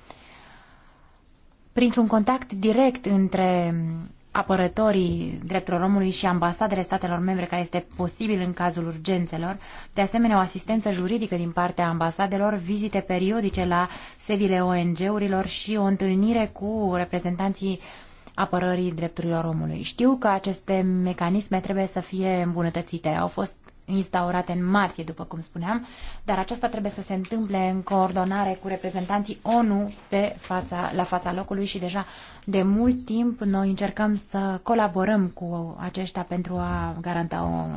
S2: printr-un contact direct între mm, apărătorii drepturilor omului și ambasadele statelor membre, care este posibil în cazul urgențelor, de asemenea o asistență juridică din partea ambasadelor, vizite periodice la sediile ONG-urilor și o întâlnire cu reprezentanții apărării drepturilor omului. Știu că aceste mecanisme trebuie să fie îmbunătățite. Au fost instaurate în martie, după cum spuneam, dar aceasta trebuie să se întâmple în coordonare cu reprezentanții ONU pe fața, la fața locului și deja de mult timp noi încercăm să colaborăm cu aceștia pentru a garanta o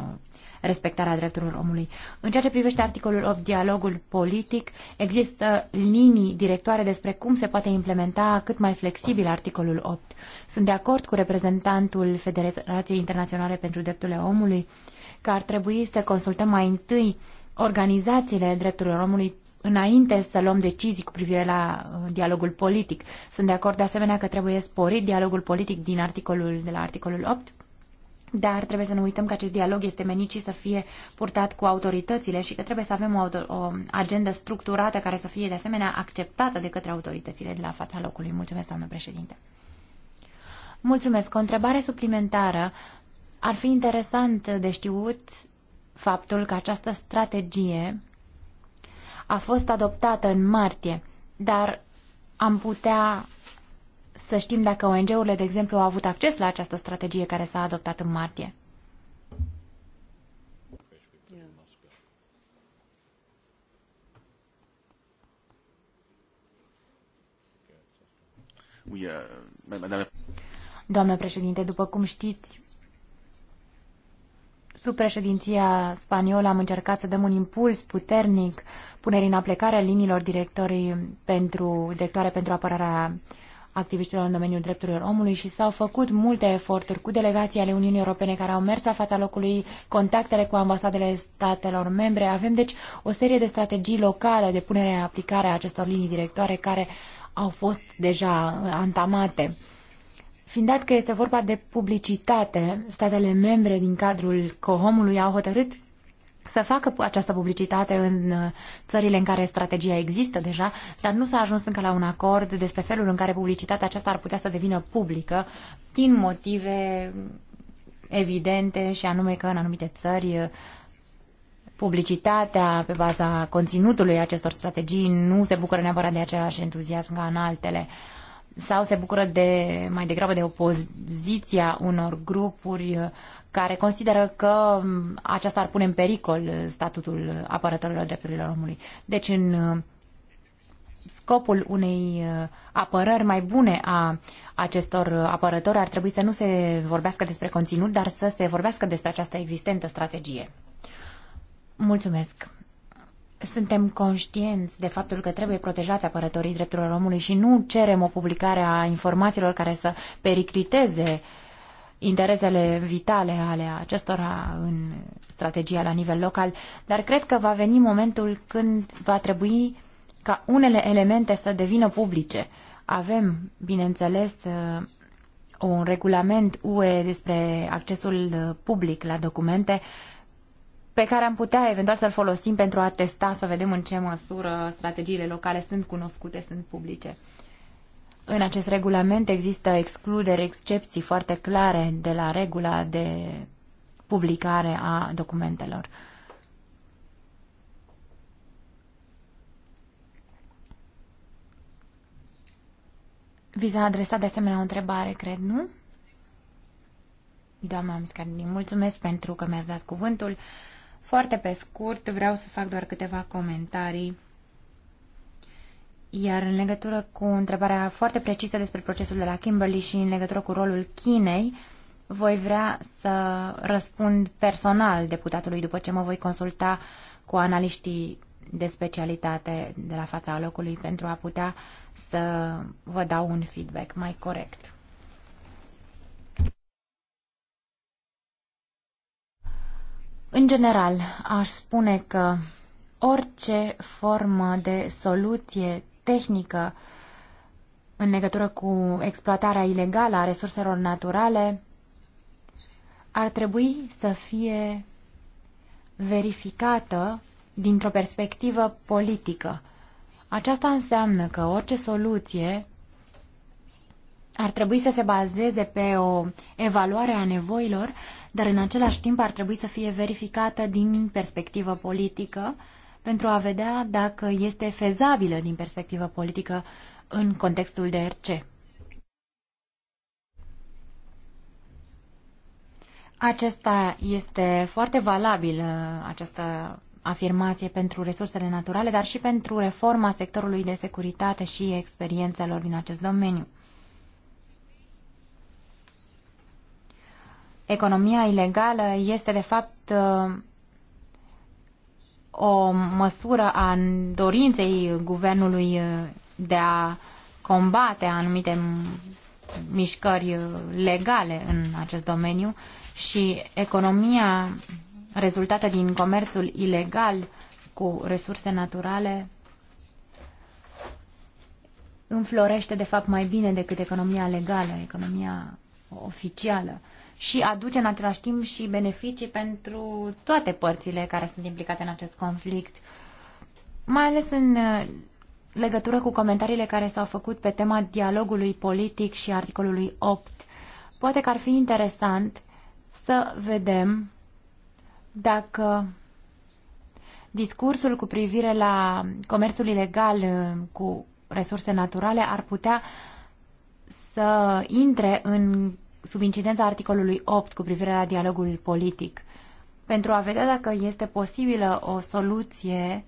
S2: respectarea drepturilor omului. În ceea ce privește articolul 8, dialogul politic, există linii directoare despre cum se poate implementa cât mai flexibil articolul 8. Sunt de acord cu reprezentantul Federației Internaționale pentru Drepturile Omului uh, că ar trebui să consultăm mai întâi organizațiile drepturilor omului înainte să luăm decizii cu privire la uh, dialogul politic. Sunt de acord de asemenea că trebuie sporit dialogul politic din articolul de la articolul 8, dar trebuie să nu uităm că acest dialog este menit și să fie purtat cu autoritățile și că trebuie să avem o, o agendă structurată care să fie de asemenea acceptată de către autoritățile de la fața locului. Mulțumesc, doamnă președinte. Mulțumesc. O întrebare suplimentară ar fi interesant de știut faptul că această strategie a fost adoptată în martie, dar am putea să știm dacă ONG-urile, de exemplu, au avut acces la această strategie care s-a adoptat în martie.
S1: Euh,
S2: Doamnă președinte, după cum știți, Sub președinția spaniolă am încercat să dăm un impuls puternic punerii în aplicare a liniilor directorii pentru, directoare pentru apărarea activiștilor în domeniul drepturilor omului și s-au făcut multe eforturi cu delegații ale Uniunii Europene care au mers la fața locului, contactele cu ambasadele statelor membre. Avem deci o serie de strategii locale de punere în aplicare a acestor linii directoare care au fost deja antamate. Fiind dat că este vorba de publicitate, statele membre din cadrul COHOM-ului au hotărât să facă această publicitate în uh, țările în care strategia există deja, dar nu s-a ajuns încă la un acord despre felul în care publicitatea aceasta ar putea să devină publică din motive evidente și anume că în anumite țări uh, publicitatea pe baza conținutului acestor strategii nu se bucură neapărat de același entuziasm ca în altele. Uh, sau se bucură de, mai degrabă de opoziția unor grupuri care consideră că aceasta ar pune în pericol statutul apărătorilor drepturilor omului. Deci, în uh, scopul unei uh, apărări mai bune a acestor apărători ar trebui să nu se vorbească despre conținut, dar să se vorbească despre această existentă strategie. Mulțumesc! suntem conștienți de faptul că trebuie protejați apărătorii drepturilor omului și nu cerem o publicare a informațiilor care să pericliteze interesele vitale ale acestora în strategia la nivel local, dar cred că va veni momentul când va trebui ca unele elemente să devină publice. Avem, bineînțeles, uh, un regulament UE despre accesul uh, public la documente pe care am putea eventual să-l folosim pentru a testa, să vedem în ce măsură strategiile locale sunt cunoscute, sunt publice. În acest regulament există excluderi, excepții foarte clare de la regula de publicare a documentelor. Vi s-a adresat de asemenea o întrebare, cred, nu? Doamna Miscardini, mulțumesc pentru că mi-ați dat cuvântul. Foarte pe scurt, vreau să fac doar câteva comentarii. Iar în legătură cu întrebarea foarte precisă despre procesul de la Kimberley și în legătură cu rolul Chinei, voi vrea să răspund personal deputatului după ce mă voi consulta cu analiștii de specialitate de la fața locului pentru a putea să vă dau un feedback mai corect. În general, aș spune că orice formă de soluție tehnică în legătură cu exploatarea ilegală a resurselor naturale ar trebui să fie verificată dintr-o perspectivă politică. Aceasta înseamnă că orice soluție ar trebui să se bazeze pe o evaluare a nevoilor dar în același timp ar trebui să fie verificată din perspectivă politică pentru a vedea dacă este fezabilă din perspectivă politică în contextul de RC. Acesta este foarte valabil, uh, această afirmație pentru resursele naturale, dar și pentru reforma sectorului de securitate și experiențelor din acest domeniu. economia ilegală este de fapt uh, o măsură a dorinței guvernului uh, de a combate anumite mișcări uh, legale în acest domeniu și economia rezultată din comerțul ilegal cu resurse naturale înflorește de fapt mai bine decât economia legală, economia oficială și aduce în același timp și beneficii pentru toate părțile care sunt implicate în acest conflict. Mai ales în uh, legătură cu comentariile care s-au făcut pe tema dialogului politic și articolului 8. Poate că ar fi interesant să vedem dacă discursul cu privire la comerțul ilegal uh, cu resurse naturale ar putea să intre în sub incidența articolului 8 cu privire la dialogul politic pentru a vedea dacă este posibilă o soluție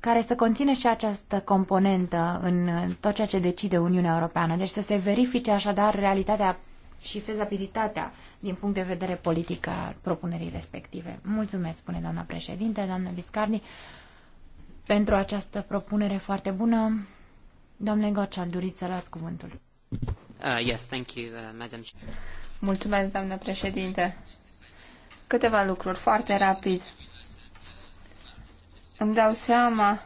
S2: care să conține și această componentă în tot ceea ce decide Uniunea Europeană. Deci să se verifice așadar realitatea și fezabilitatea din punct de vedere politic a propunerii respective. Mulțumesc, spune doamna președinte, doamna Biscardi, pentru această propunere foarte bună. Domnule Goccial, doriți să luați cuvântul. Uh, uh,
S1: Mulțumesc, doamnă președinte. Câteva lucruri, foarte rapid. Îmi dau seama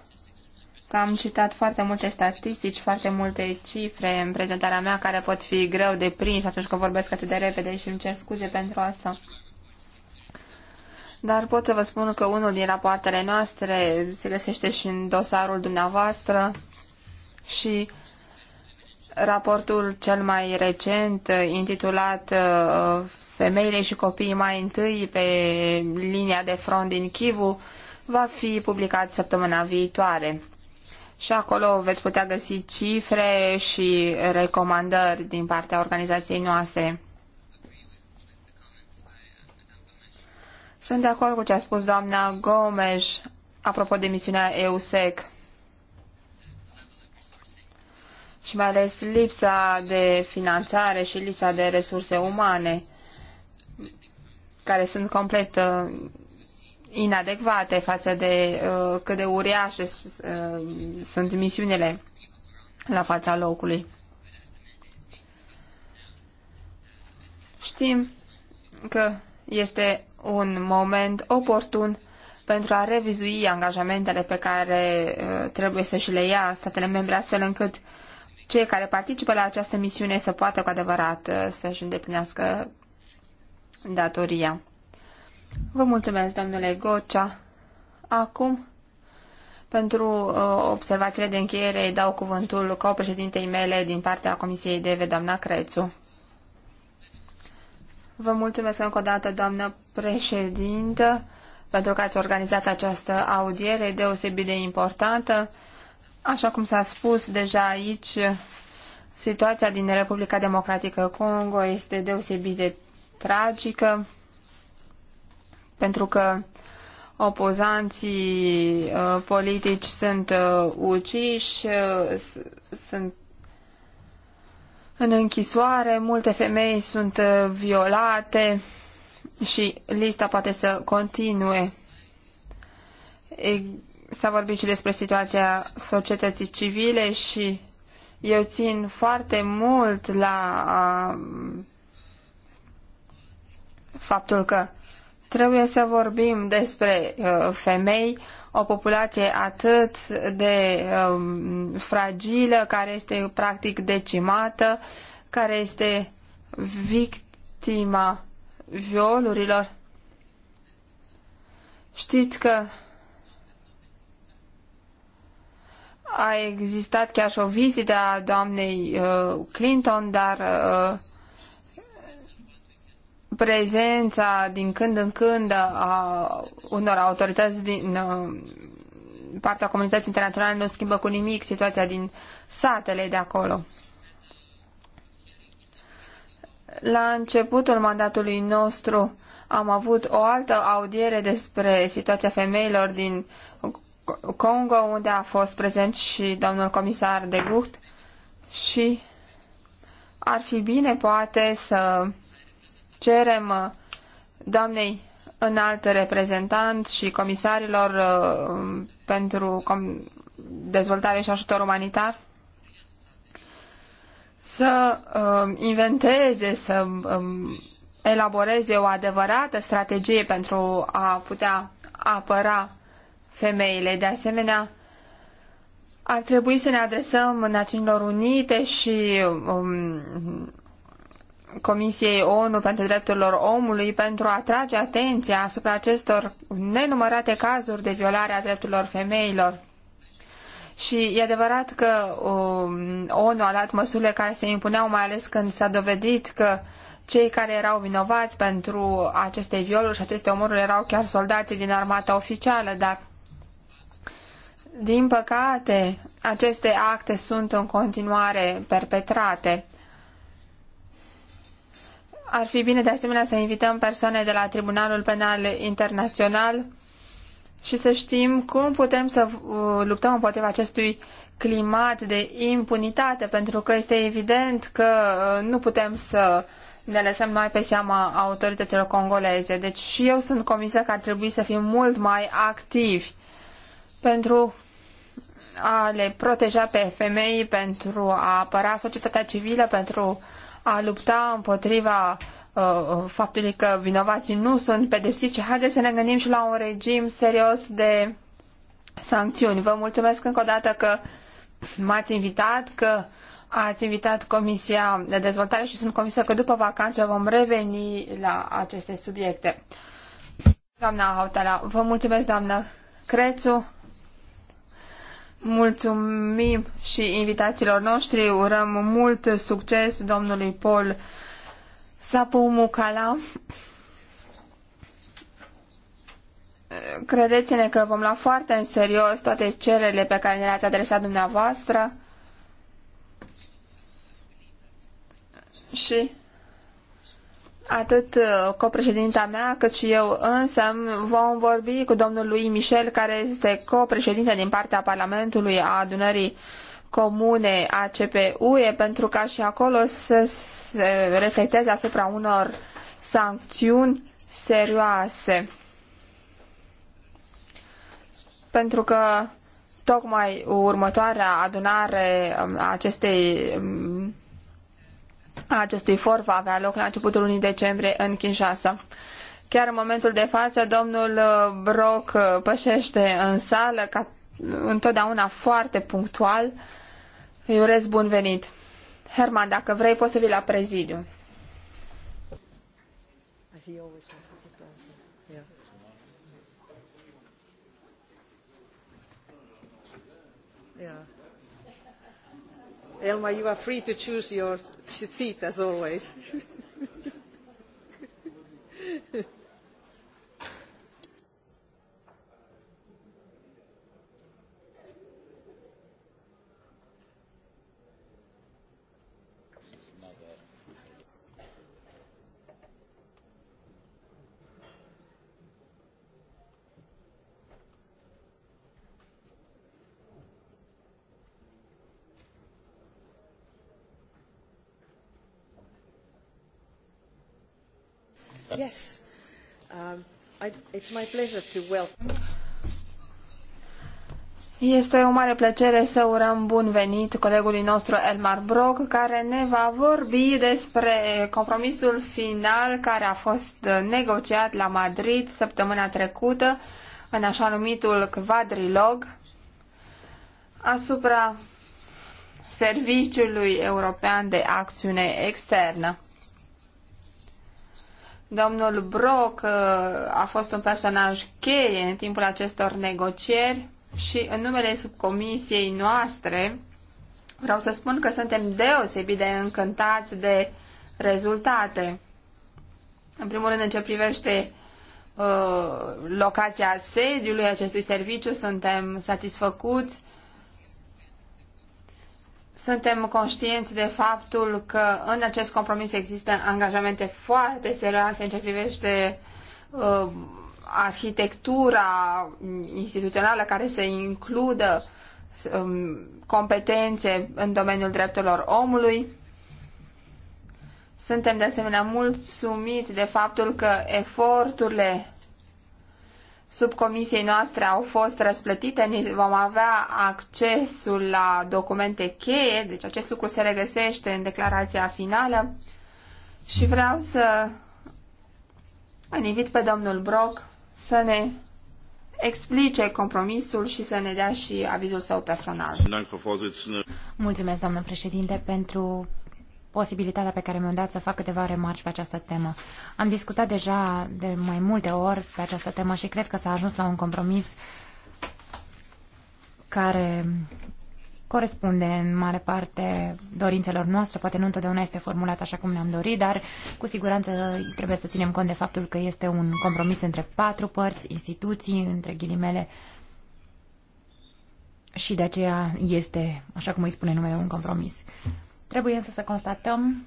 S1: că am citat foarte multe statistici, foarte multe cifre în prezentarea mea care pot fi greu de prins atunci când vorbesc atât de repede și îmi cer scuze pentru asta. Dar pot să vă spun că unul din rapoartele noastre se găsește și în dosarul dumneavoastră și Raportul cel mai recent, uh, intitulat uh, Femeile și copiii mai întâi pe linia de front din Kivu, va fi publicat săptămâna viitoare. Și acolo veți putea găsi cifre și recomandări din partea organizației noastre. Sunt de acord cu ce a spus doamna Gomes apropo de misiunea EUSEC. și mai ales lipsa de finanțare și lipsa de resurse umane, care sunt complet uh, inadecvate față de uh, cât de uriașe uh, sunt misiunile la fața locului. Știm că este un moment oportun pentru a revizui angajamentele pe care uh, trebuie să și le ia statele membre, astfel încât cei care participă la această misiune să poată cu adevărat uh, să-și îndeplinească datoria. Vă mulțumesc, domnule Gocea. Acum, pentru uh, observațiile de încheiere, îi dau cuvântul ca președintei mele din partea Comisiei DV, doamna Crețu. Vă mulțumesc încă o dată, doamnă președintă, pentru că ați organizat această audiere deosebit de importantă Așa cum s-a spus deja aici, situația din Republica Democratică Congo este deosebit de tragică, pentru că opozanții uh, politici sunt uh, uciși, uh, sunt în închisoare, multe femei sunt uh, violate și lista poate să continue. E S-a vorbit și despre situația societății civile și eu țin foarte mult la a, faptul că trebuie să vorbim despre uh, femei, o populație atât de um, fragilă, care este practic decimată, care este victima violurilor. Știți că a existat chiar și o vizită a doamnei uh, Clinton, dar uh, prezența din când în când a unor autorități din uh, partea comunității internaționale nu schimbă cu nimic situația din satele de acolo. La începutul mandatului nostru am avut o altă audiere despre situația femeilor din Congo, unde a fost prezent și domnul comisar de Gucht și ar fi bine poate să cerem uh, doamnei înalt reprezentant și comisarilor uh, pentru dezvoltare și ajutor umanitar să uh, inventeze, să um, elaboreze o adevărată strategie pentru a putea apăra femeile. De asemenea, ar trebui să ne adresăm Națiunilor Unite și um, Comisiei ONU pentru drepturile omului pentru a atrage atenția asupra acestor nenumărate cazuri de violare a drepturilor femeilor. Și e adevărat că um, ONU a luat măsurile care se impuneau, mai ales când s-a dovedit că cei care erau vinovați pentru aceste violuri și aceste omoruri erau chiar soldații din armata oficială, dar din păcate, aceste acte sunt în continuare perpetrate. Ar fi bine de asemenea să invităm persoane de la Tribunalul Penal Internațional și să știm cum putem să uh, luptăm împotriva acestui climat de impunitate, pentru că este evident că uh, nu putem să ne lăsăm mai pe seama autorităților congoleze. Deci și eu sunt convinsă că ar trebui să fim mult mai activi pentru a le proteja pe femei, pentru a apăra societatea civilă, pentru a lupta împotriva uh, faptului că vinovații nu sunt pedepsiți. Haideți să ne gândim și la un regim serios de sancțiuni. Vă mulțumesc încă o dată că m-ați invitat, că ați invitat Comisia de Dezvoltare și sunt convinsă că după vacanță vom reveni la aceste subiecte. Doamna Hautala, vă mulțumesc, doamna Crețu. Mulțumim și invitațiilor noștri. Urăm mult succes domnului Paul Sapu Mucala. Credeți-ne că vom lua foarte în serios toate cererile pe care ne le-ați adresat dumneavoastră și atât uh, copreședinta mea cât și eu însă vom vorbi cu domnul lui Michel, care este copreședinte din partea Parlamentului a adunării comune a CPUE, pentru ca și acolo să se reflecteze asupra unor sancțiuni serioase. Pentru că tocmai următoarea adunare um, a acestei um, a acestui for va avea loc la începutul lunii decembrie în Kinshasa. Chiar în momentul de față, domnul uh, Brock uh, pășește în sală, ca uh, întotdeauna foarte punctual. Îi urez bun venit. Herman, dacă vrei, poți să vii la prezidiu.
S3: Elmar, you are free to choose your seat as always. Yes. Um, I, it's my pleasure to welcome.
S1: Este o mare plăcere să urăm bun venit colegului nostru Elmar Brok, care ne va vorbi despre compromisul final care a fost negociat la Madrid săptămâna trecută, în așa numitul quadrilog, asupra Serviciului European de Acțiune Externă. Domnul Brock uh, a fost un personaj cheie în timpul acestor negocieri și în numele subcomisiei noastre vreau să spun că suntem deosebit de încântați de rezultate. În primul rând, în ce privește uh, locația sediului acestui serviciu, suntem satisfăcuți suntem conștienți de faptul că în acest compromis există angajamente foarte serioase în ce privește uh, arhitectura instituțională care să includă um, competențe în domeniul drepturilor omului. Suntem de asemenea mulțumiți de faptul că eforturile subcomisiei noastre au fost răsplătite, vom avea accesul la documente cheie, deci acest lucru se regăsește în declarația finală și vreau să îl invit pe domnul Brock să ne explice
S2: compromisul și să ne dea și avizul său personal. Mulțumesc, doamnă președinte, pentru posibilitatea pe care mi-o dat să fac câteva remarci pe această temă. Am discutat deja de mai multe ori pe această temă și cred că s-a ajuns la un compromis care corespunde în mare parte dorințelor noastre, poate nu întotdeauna este formulat așa cum ne-am dorit, dar cu siguranță trebuie să ținem cont de faptul că este un compromis între patru părți, instituții, între ghilimele, și de aceea este, așa cum îi spune numele, un compromis. Trebuie însă să constatăm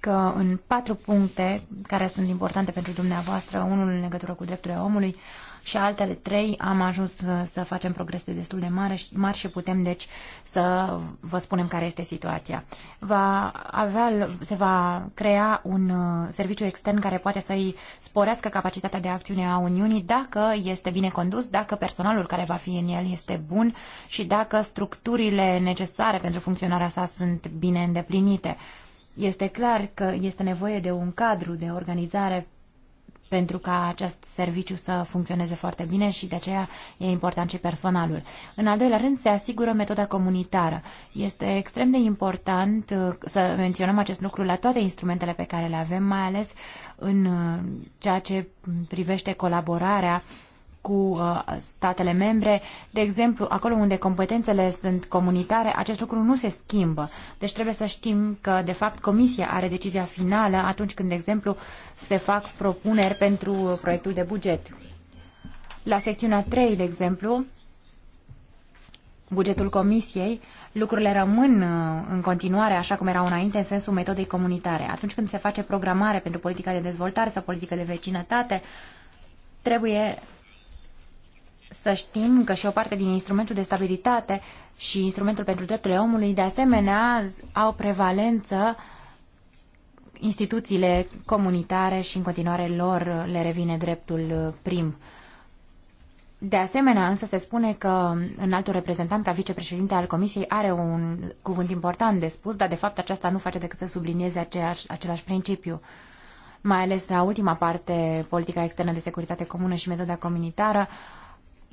S2: că în patru puncte care sunt importante pentru dumneavoastră, unul în legătură cu drepturile omului, și altele trei am ajuns să, să facem progrese destul de mari, și mari și putem deci să vă spunem care este situația. Va avea, se va crea un uh, serviciu extern care poate să-i sporească capacitatea de acțiune a Uniunii dacă este bine condus, dacă personalul care va fi în el este bun și dacă structurile necesare pentru funcționarea sa sunt bine îndeplinite. Este clar că este nevoie de un cadru de organizare pentru ca acest serviciu să funcționeze foarte bine și de aceea e important și personalul. În al doilea rând, se asigură metoda comunitară. Este extrem de important uh, să menționăm acest lucru la toate instrumentele pe care le avem, mai ales în uh, ceea ce privește colaborarea cu uh, statele membre. De exemplu, acolo unde competențele sunt comunitare, acest lucru nu se schimbă. Deci trebuie să știm că, de fapt, Comisia are decizia finală atunci când, de exemplu, se fac propuneri pentru proiectul de buget. La secțiunea 3, de exemplu, bugetul Comisiei, lucrurile rămân uh, în continuare așa cum erau înainte în sensul metodei comunitare. Atunci când se face programare pentru politica de dezvoltare sau politică de vecinătate, trebuie să știm că și o parte din instrumentul de stabilitate și instrumentul pentru drepturile omului, de asemenea, au prevalență instituțiile comunitare și în continuare lor le revine dreptul prim. De asemenea, însă se spune că altul reprezentant ca vicepreședinte al Comisiei are un cuvânt important de spus, dar de fapt aceasta nu face decât să sublinieze aceeași, același principiu. Mai ales la ultima parte, politica externă de securitate comună și metoda comunitară, uh,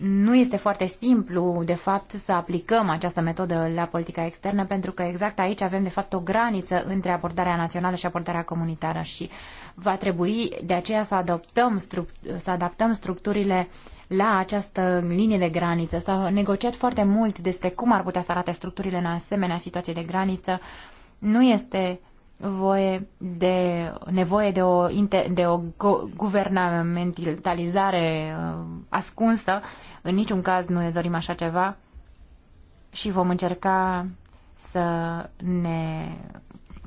S2: nu este foarte simplu, de fapt, să aplicăm această metodă la politica externă, pentru că exact aici avem, de fapt, o graniță între abordarea națională și abordarea comunitară și va trebui de aceea să, adoptăm să adaptăm structurile la această linie de graniță. S-a negociat foarte mult despre cum ar putea să arate structurile în asemenea situație de graniță. Nu este voie de, nevoie de o, de o guvernamentalizare uh, ascunsă. În niciun caz nu ne dorim așa ceva și vom încerca să ne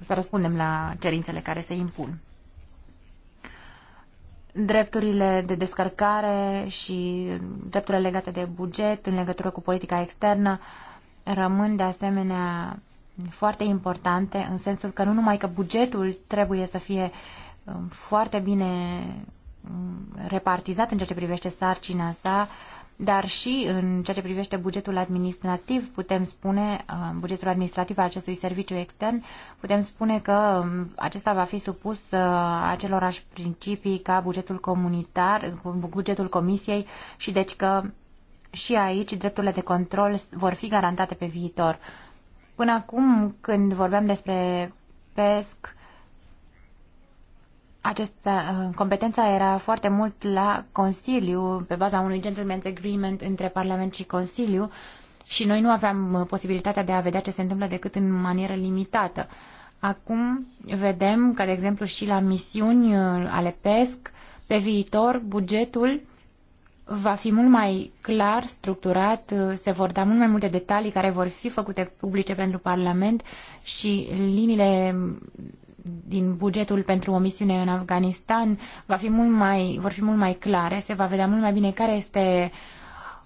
S2: să răspundem la cerințele care se impun. Drepturile de descărcare și drepturile legate de buget în legătură cu politica externă rămân de asemenea foarte importante, în sensul că nu numai că bugetul trebuie să fie um, foarte bine um, repartizat în ceea ce privește sarcina sa, dar și în ceea ce privește bugetul administrativ, putem spune, um, bugetul administrativ al acestui serviciu extern, putem spune că acesta va fi supus uh, acelorași principii ca bugetul comunitar, bugetul comisiei și deci că și aici drepturile de control vor fi garantate pe viitor. Până acum, când vorbeam despre PESC, această uh, competența era foarte mult la Consiliu, pe baza unui gentleman's agreement între Parlament și Consiliu și noi nu aveam uh, posibilitatea de a vedea ce se întâmplă decât în manieră limitată. Acum vedem că, de exemplu, și la misiuni uh, ale PESC, pe viitor, bugetul va fi mult mai clar structurat, uh, se vor da mult mai multe detalii care vor fi făcute publice pentru Parlament și liniile mm, din bugetul pentru o misiune în Afganistan va fi mult mai, vor fi mult mai clare, se va vedea mult mai bine care este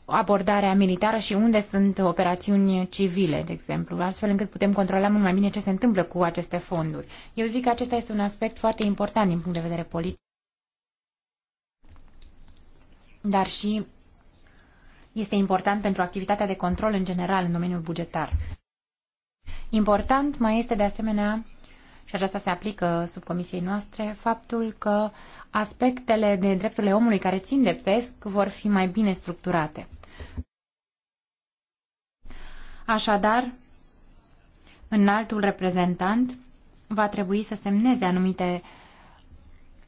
S2: abordarea militară și unde sunt operațiuni civile, de exemplu, astfel încât putem controla mult mai bine ce se întâmplă cu aceste fonduri. Eu zic că acesta este un aspect foarte important din punct de vedere politic dar și este important pentru activitatea de control în general în domeniul bugetar. Important mai este de asemenea, și aceasta se aplică sub comisiei noastre, faptul că aspectele de drepturile omului care țin de PESC vor fi mai bine structurate. Așadar, înaltul reprezentant va trebui să semneze anumite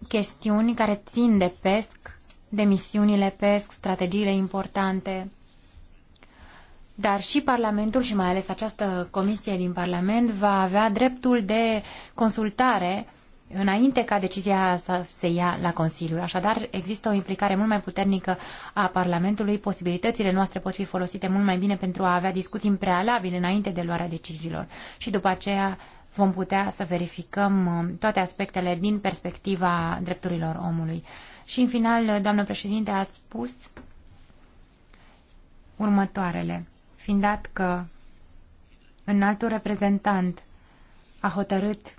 S2: chestiuni care țin de PESC demisiunile PESC, strategiile importante, dar și Parlamentul și mai ales această comisie din Parlament va avea dreptul de consultare înainte ca decizia să se ia la Consiliu. Așadar, există o implicare mult mai puternică a Parlamentului, posibilitățile noastre pot fi folosite mult mai bine pentru a avea discuții în prealabil înainte de luarea deciziilor și după aceea vom putea să verificăm uh, toate aspectele din perspectiva drepturilor omului. Și în final, doamnă președinte, ați spus următoarele. Fiind dat că în altul reprezentant a hotărât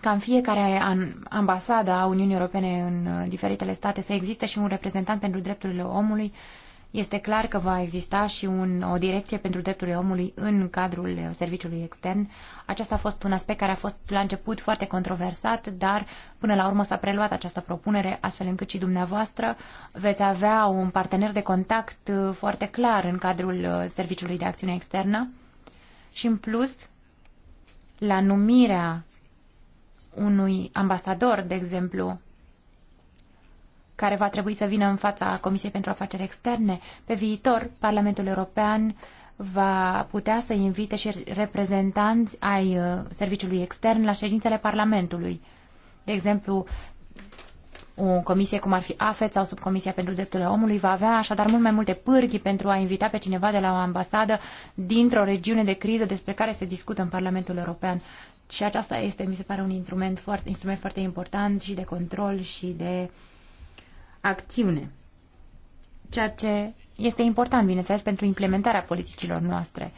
S2: ca în fiecare ambasadă a Uniunii Europene în uh, diferitele state să existe și un reprezentant pentru drepturile omului, este clar că va exista și un, o direcție pentru drepturile omului în cadrul uh, serviciului extern. Acesta a fost un aspect care a fost la început foarte controversat, dar până la urmă s-a preluat această propunere, astfel încât și dumneavoastră veți avea un partener de contact uh, foarte clar în cadrul uh, serviciului de acțiune externă. Și în plus, la numirea unui ambasador, de exemplu, care va trebui să vină în fața Comisiei pentru Afaceri Externe. Pe viitor, Parlamentul European va putea să invite și reprezentanți ai uh, serviciului extern la ședințele Parlamentului. De exemplu, o comisie cum ar fi AFET sau Subcomisia pentru Drepturile Omului va avea așadar mult mai multe pârghii pentru a invita pe cineva de la o ambasadă dintr-o regiune de criză despre care se discută în Parlamentul European. Și aceasta este, mi se pare, un instrument foarte, instrument foarte important și de control și de uh, acțiune, ceea ce este important, bineînțeles, pentru implementarea politicilor noastre.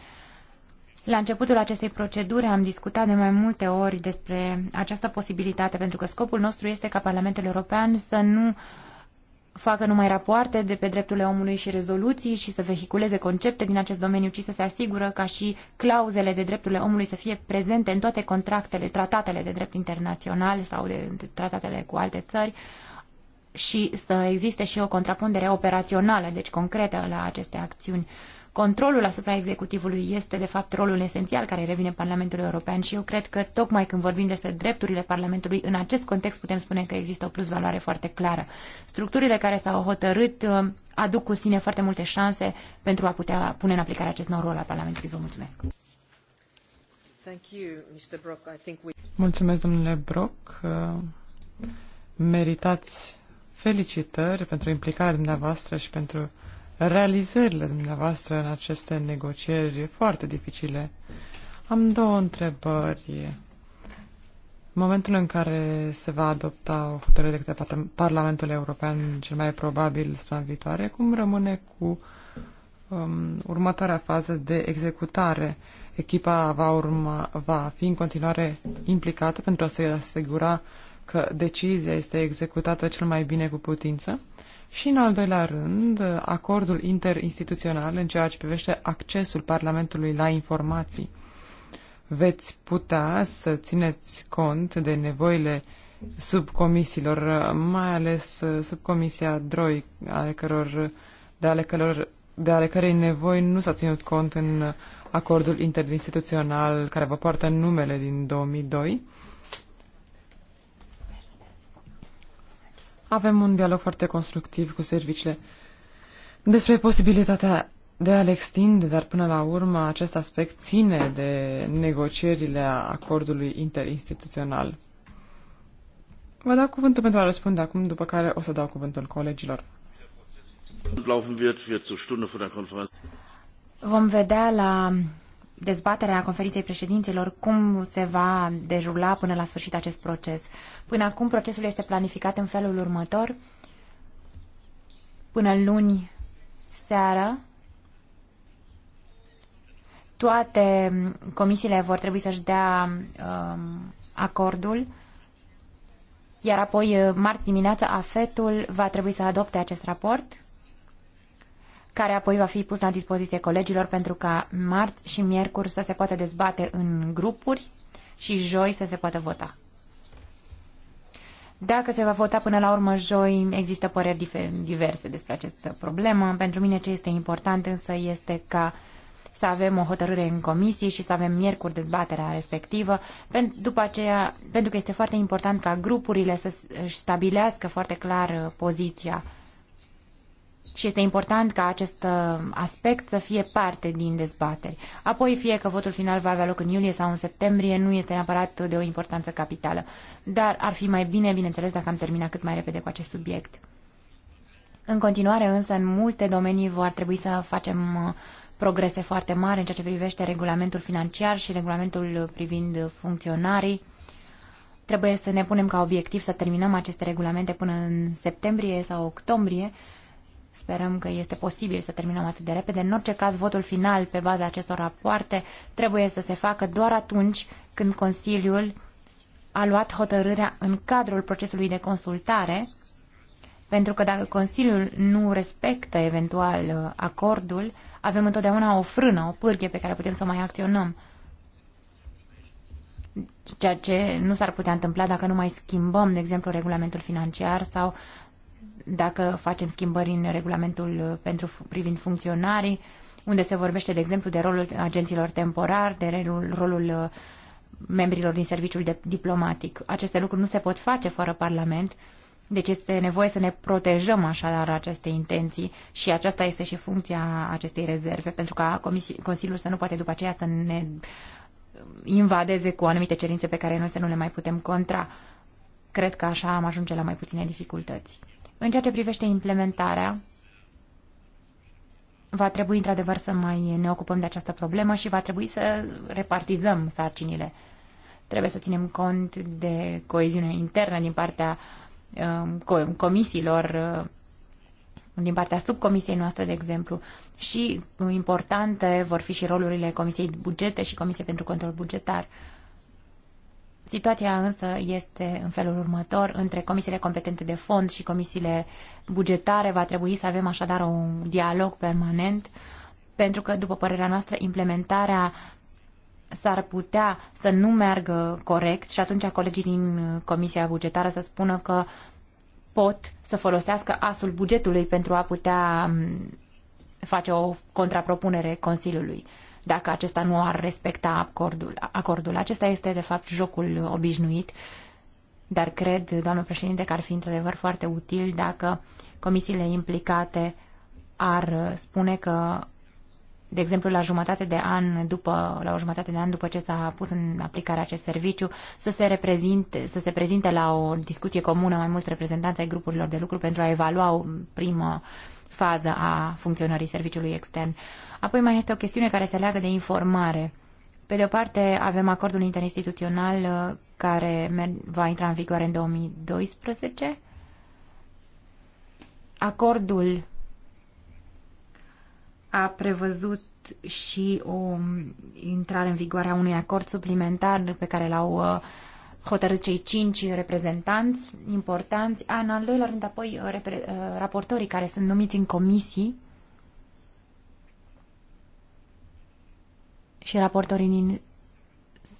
S2: La începutul acestei proceduri am discutat de mai multe ori despre această posibilitate, pentru că scopul nostru este ca Parlamentul European să nu facă numai rapoarte de pe drepturile omului și rezoluții și să vehiculeze concepte din acest domeniu, ci să se asigură ca și clauzele de drepturile omului să fie prezente în toate contractele, tratatele de drept internațional sau de tratatele cu alte țări, și să existe și o contrapunere operațională, deci concretă, la aceste acțiuni. Controlul asupra executivului este, de fapt, rolul esențial care revine Parlamentului European și eu cred că, tocmai când vorbim despre drepturile Parlamentului, în acest context putem spune că există o plusvaloare foarte clară. Structurile care s-au hotărât uh, aduc cu sine foarte multe șanse pentru a putea pune în aplicare acest nou rol al Parlamentului. Vă mulțumesc!
S3: Mulțumesc, domnule Brock. Uh, meritați felicitări pentru implicarea dumneavoastră și pentru realizările dumneavoastră în aceste negocieri foarte dificile. Am două întrebări. În momentul în care se va adopta o hotărâre de către Parlamentul European, cel mai probabil spre viitoare, cum rămâne cu um, următoarea fază de executare? Echipa va, urma, va fi în continuare implicată pentru a se asigura uh, că decizia este executată cel mai bine cu putință și, în al doilea rând, acordul interinstituțional în ceea ce privește accesul Parlamentului la informații. Veți putea să țineți cont de nevoile subcomisiilor, mai ales subcomisia DROI, ale căror, de, ale căror, de ale cărei nevoi nu s-a ținut cont în acordul interinstituțional care vă poartă numele din 2002 Avem un dialog foarte constructiv cu serviciile despre posibilitatea de a le extinde, dar până la urmă acest aspect ține de negocierile acordului interinstituțional. Vă dau cuvântul pentru a răspunde acum, după care o să dau cuvântul colegilor. Vom vedea la
S2: dezbaterea conferinței președinților cum se va derula până la sfârșit acest proces. Până acum procesul este planificat în felul următor. Până luni seara, toate comisiile vor trebui să-și dea um, acordul, iar apoi uh, marți dimineața afetul va trebui să adopte acest raport care apoi va fi pus la dispoziție colegilor pentru ca marți și miercuri să se poată dezbate în grupuri și joi să se poată vota. Dacă se va vota până la urmă joi, există păreri diverse despre această problemă. Pentru mine ce este important însă este ca să avem o hotărâre în comisie și să avem miercuri dezbaterea respectivă. După aceea, pentru că este foarte important ca grupurile să își stabilească foarte clar uh, poziția și este important ca acest uh, aspect să fie parte din dezbateri. Apoi, fie că votul final va avea loc în iulie sau în septembrie, nu este neapărat de o importanță capitală, dar ar fi mai bine, bineînțeles, dacă am terminat cât mai repede cu acest subiect. În continuare, însă, în multe domenii vor trebui să facem uh, progrese foarte mari în ceea ce privește regulamentul financiar și regulamentul privind funcționarii. Trebuie să ne punem ca obiectiv să terminăm aceste regulamente până în septembrie sau octombrie, Sperăm că este posibil să terminăm atât de repede. În orice caz, votul final pe baza acestor rapoarte trebuie să se facă doar atunci când Consiliul a luat hotărârea în cadrul procesului de consultare, pentru că dacă Consiliul nu respectă eventual uh, acordul, avem întotdeauna o frână, o pârghie pe care putem să o mai acționăm. Ceea ce nu s-ar putea întâmpla dacă nu mai schimbăm, de exemplu, regulamentul financiar sau dacă facem schimbări în regulamentul pentru privind funcționarii, unde se vorbește, de exemplu, de rolul agenților temporari, de rolul, rolul uh, membrilor din serviciul de, diplomatic. Aceste lucruri nu se pot face fără Parlament, deci este nevoie să ne protejăm așadar aceste intenții și aceasta este și funcția acestei rezerve, pentru ca Consiliul să nu poate după aceea să ne uh, invadeze cu anumite cerințe pe care noi să nu le mai putem contra. Cred că așa am ajunge la mai puține dificultăți. În ceea ce privește implementarea, va trebui într-adevăr să mai ne ocupăm de această problemă și va trebui să repartizăm sarcinile. Trebuie să ținem cont de coeziunea internă din partea um, comisiilor, um, din partea subcomisiei noastre, de exemplu, și importante vor fi și rolurile Comisiei Bugete și Comisiei pentru Control Bugetar. Uh, Situația însă este în felul următor. Între comisiile competente de fond și comisiile bugetare va trebui să avem așadar un dialog permanent, pentru că, după părerea noastră, implementarea s-ar putea să nu meargă corect și atunci colegii din Comisia Bugetară să spună că pot să folosească asul bugetului pentru a putea mm, face o contrapropunere Consiliului dacă acesta nu ar respecta acordul. acordul. Acesta este, de fapt, jocul obișnuit, dar cred, doamnă președinte, că ar fi într-adevăr foarte util dacă comisiile implicate ar spune că de exemplu, la jumătate de an după, la o jumătate de an după ce s-a pus în aplicare acest serviciu, să se, reprezinte, să se prezinte la o discuție comună mai mulți reprezentanți ai grupurilor de lucru pentru a evalua o primă fază a funcționării serviciului extern. Apoi mai este o chestiune care se leagă de informare. Pe de o parte, avem acordul interinstituțional uh, care va intra în vigoare în 2012. Acordul a prevăzut și o um, intrare în vigoare a unui acord suplimentar pe care l-au uh, hotărât cei cinci reprezentanți importanți. În al doilea rând, apoi uh, raportorii care sunt numiți în comisii și raportorii din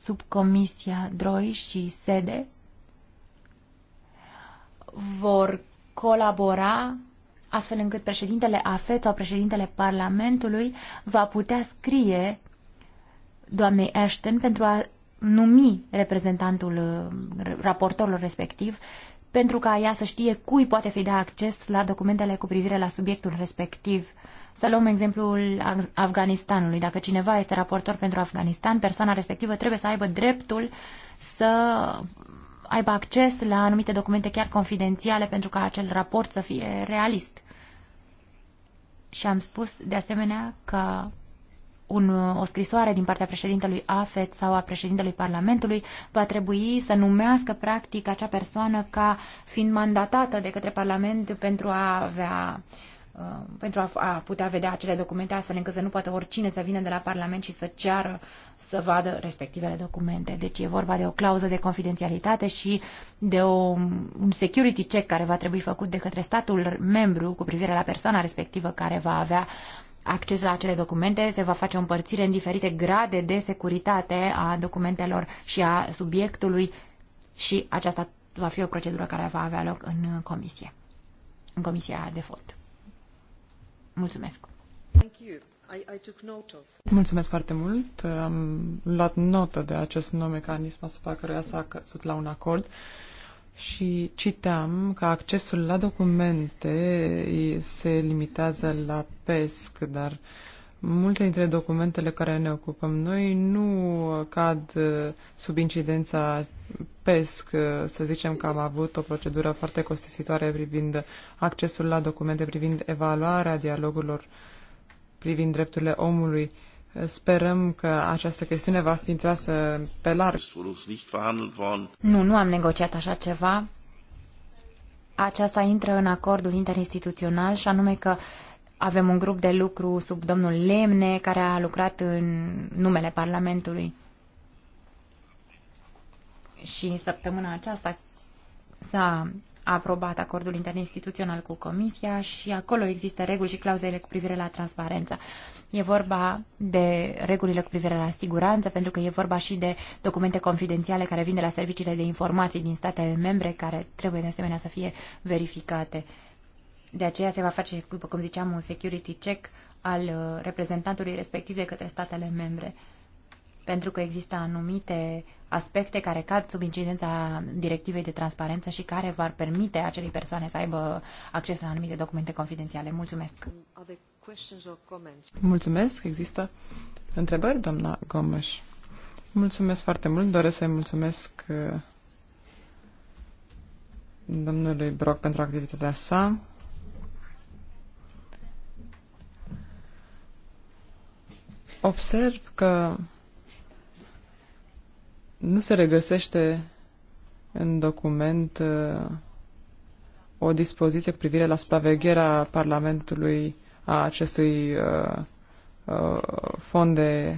S2: subcomisia DROI și SEDE vor colabora astfel încât președintele AFET sau președintele Parlamentului va putea scrie doamnei Ashton pentru a numi reprezentantul uh, raportorului respectiv pentru ca ea să știe cui poate să-i dea acces la documentele cu privire la subiectul respectiv să luăm exemplul Afganistanului. Dacă cineva este raportor pentru Afganistan, persoana respectivă trebuie să aibă dreptul să aibă acces la anumite documente chiar confidențiale pentru ca acel raport să fie realist. Și am spus de asemenea că un, o scrisoare din partea președintelui AFET sau a președintelui Parlamentului va trebui să numească practic acea persoană ca fiind mandatată de către Parlament pentru a avea uh, Uh, pentru a, a putea vedea acele documente astfel încât să nu poată oricine să vină de la Parlament și să ceară să vadă respectivele documente. Deci e vorba de o clauză de confidențialitate și de o, un security check care va trebui făcut de către statul membru cu privire la persoana respectivă care va avea acces la acele documente, se va face o împărțire în diferite grade de securitate a documentelor și a subiectului și aceasta va fi o procedură care va avea loc în comisie, în comisia de fond.
S3: Mulțumesc! Mulțumesc foarte mult. Am luat notă de acest nou mecanism asupra căruia s-a căzut la un acord și citeam că accesul la documente se limitează la PESC, dar uh, Multe dintre documentele care ne ocupăm noi nu cad eh, sub incidența PESC. Să zicem că am avut o procedură foarte costisitoare privind accesul la documente, privind evaluarea dialogurilor, privind drepturile omului. Sperăm că această chestiune va fi trasă pe larg. Nu, nu am negociat așa
S2: ceva. Aceasta intră în acordul interinstituțional și anume că avem un grup de lucru sub domnul Lemne care a lucrat în numele Parlamentului. Și săptămâna aceasta s-a aprobat acordul interinstituțional cu Comisia și acolo există reguli și clauzele cu privire la transparență. E vorba de regulile cu privire la siguranță, pentru că e vorba și de documente confidențiale care vin de la serviciile de informații din statele membre, care trebuie de asemenea să fie verificate. Uh, de aceea se va face, după cum ziceam, un security check al uh, reprezentantului respectiv de către statele membre. Pentru că există anumite aspecte care cad sub incidența directivei de transparență și care vor permite acelei persoane să aibă acces la anumite documente confidențiale. Mulțumesc!
S3: Mulțumesc! Există întrebări, doamna Gomes? Mulțumesc foarte mult! Doresc să-i mulțumesc uh, domnului Brock pentru activitatea sa. observ că nu se regăsește în document uh, o dispoziție cu privire la supravegherea Parlamentului a acestui uh, uh, fond de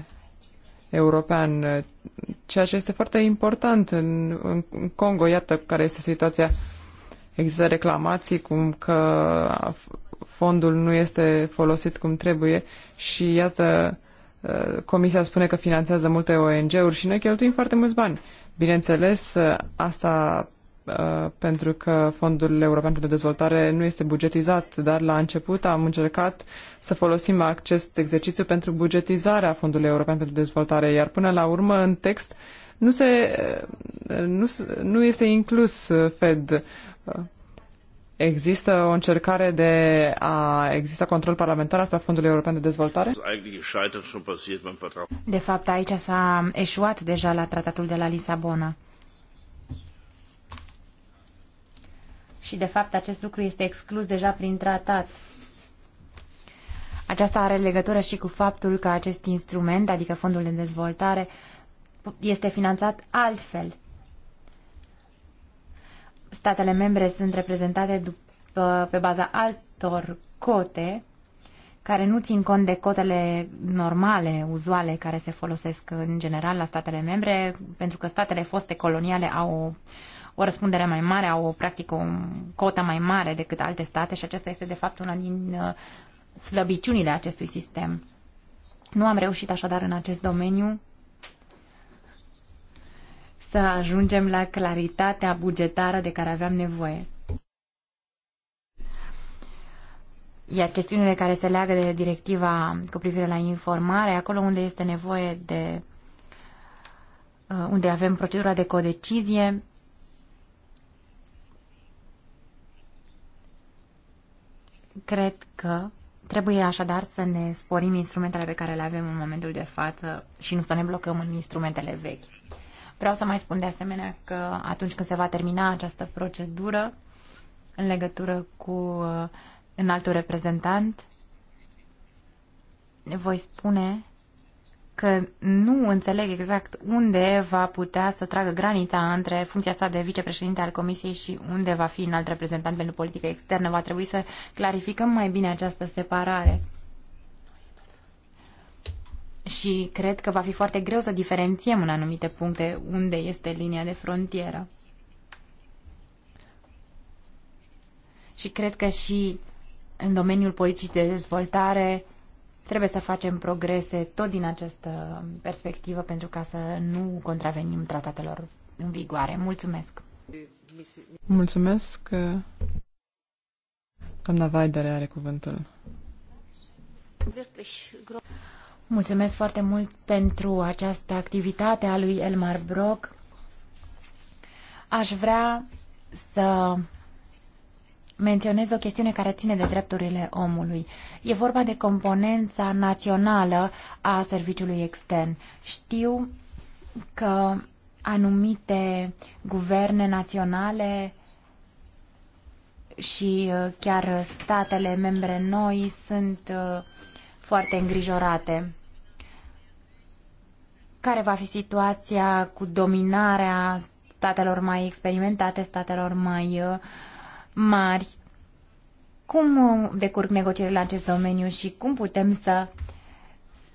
S3: european, ceea ce este foarte important în, în Congo, iată care este situația. Există reclamații cum că fondul nu este folosit cum trebuie și iată Uh, comisia spune că finanțează multe ONG-uri și noi cheltuim foarte mulți bani. Bineînțeles, uh, asta uh, pentru că Fondul European pentru Dezvoltare nu este bugetizat, dar la început am încercat să folosim acest exercițiu pentru bugetizarea Fondului European pentru Dezvoltare, iar până la urmă, în text, nu, se, nu, nu este inclus FED. Există o încercare de a exista control parlamentar asupra Fondului European de Dezvoltare? De fapt, aici
S2: s-a eșuat deja la tratatul de la Lisabona. Și, de fapt, acest lucru este exclus deja prin tratat. Aceasta are legătură și cu faptul că acest instrument, adică Fondul de Dezvoltare, este finanțat altfel statele membre sunt reprezentate după, pe baza altor cote care nu țin cont de cotele normale, uzuale, care se folosesc în general la statele membre, pentru că statele foste coloniale au o, o răspundere mai mare, au o practică, o cotă mai mare decât alte state și acesta este de fapt una din uh, slăbiciunile acestui sistem. Nu am reușit așadar în acest domeniu să ajungem la claritatea bugetară de care aveam nevoie. Iar chestiunile care se leagă de directiva cu privire la informare, acolo unde este nevoie de uh, unde avem procedura de codecizie, cred că trebuie așadar să ne sporim instrumentele pe care le avem în momentul de față și nu să ne blocăm în instrumentele vechi. Vreau să mai spun de asemenea că atunci când se va termina această procedură în legătură cu uh, înaltul reprezentant, voi spune că nu înțeleg exact unde va putea să tragă granița între funcția sa de vicepreședinte al Comisiei și unde va fi înalt reprezentant pentru politică externă. Va trebui să clarificăm mai bine această separare și cred că va fi foarte greu să diferențiem în anumite puncte unde este linia de frontieră. Și cred că și în domeniul politicii de dezvoltare trebuie să facem progrese tot din această perspectivă pentru ca să nu contravenim tratatelor în vigoare. Mulțumesc!
S3: Mulțumesc! Doamna Vaidere are cuvântul. Mulțumesc foarte mult pentru
S2: această activitate a lui Elmar Brock. Aș vrea să menționez o chestiune care ține de drepturile omului. E vorba de componența națională a serviciului extern. Știu că anumite guverne naționale și uh, chiar statele membre noi sunt uh, foarte îngrijorate care va fi situația cu dominarea statelor mai experimentate, statelor mai uh, mari. Cum uh, decurg negocierile în acest domeniu și cum putem să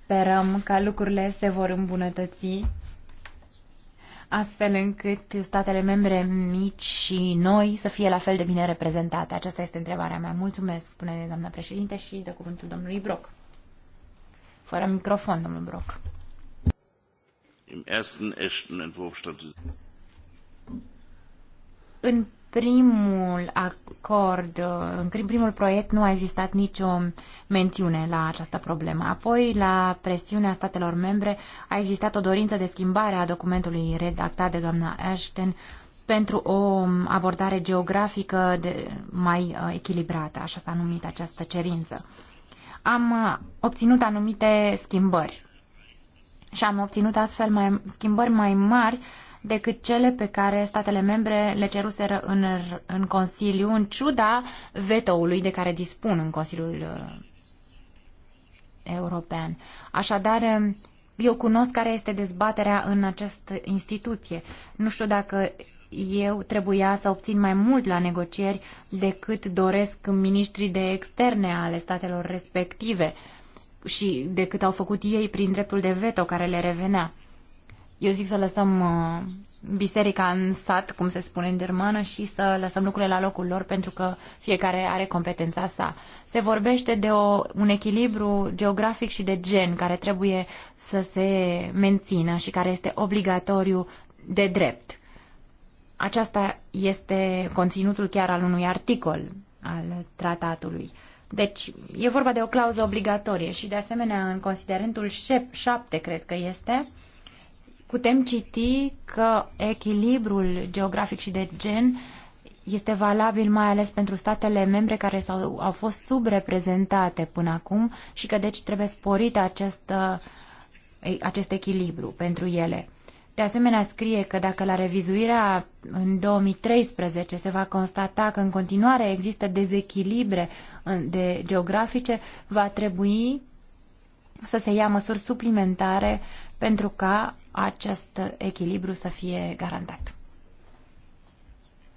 S2: sperăm că lucrurile se vor îmbunătăți astfel încât statele membre mici și noi să fie la fel de bine reprezentate? Aceasta este întrebarea mea. Mulțumesc, spune doamna președinte și de cuvântul domnului Broc. Fără microfon, domnul Broc im ersten Ashton-Entwurf stattgefunden. În primul acord, în primul proiect nu a existat nicio mențiune la această problemă. Apoi, la presiunea statelor membre, a existat o dorință de schimbare a documentului redactat de doamna Ashton pentru o abordare geografică de, mai uh, echilibrată, așa s-a numit această cerință. Am uh, obținut anumite schimbări și am obținut astfel mai, schimbări mai mari decât cele pe care statele membre le ceruseră în, în Consiliu, în ciuda vetoului de care dispun în Consiliul uh, European. Așadar, eu cunosc care este dezbaterea în această instituție. Nu știu dacă eu trebuia să obțin mai mult la negocieri decât doresc ministrii de externe ale statelor respective. Uh, și decât au făcut ei prin dreptul de veto care le revenea. Eu zic să lăsăm uh, biserica în sat, cum se spune în germană, și să lăsăm lucrurile la locul lor, pentru că fiecare are competența sa. Se vorbește de o, un echilibru geografic și de gen care trebuie să se mențină și care este obligatoriu de drept. Aceasta este conținutul chiar al unui articol al tratatului. Deci, e vorba de o clauză obligatorie și, de asemenea, în considerentul 7, cred că este, putem citi că echilibrul geografic și de gen este valabil mai ales pentru statele membre care s-au, au fost subreprezentate până acum și că deci trebuie sporit acest, uh, acest echilibru pentru ele. De asemenea, scrie că dacă la revizuirea în 2013 se va constata că în continuare există dezechilibre de geografice, va trebui să se ia măsuri suplimentare pentru ca acest echilibru să fie garantat.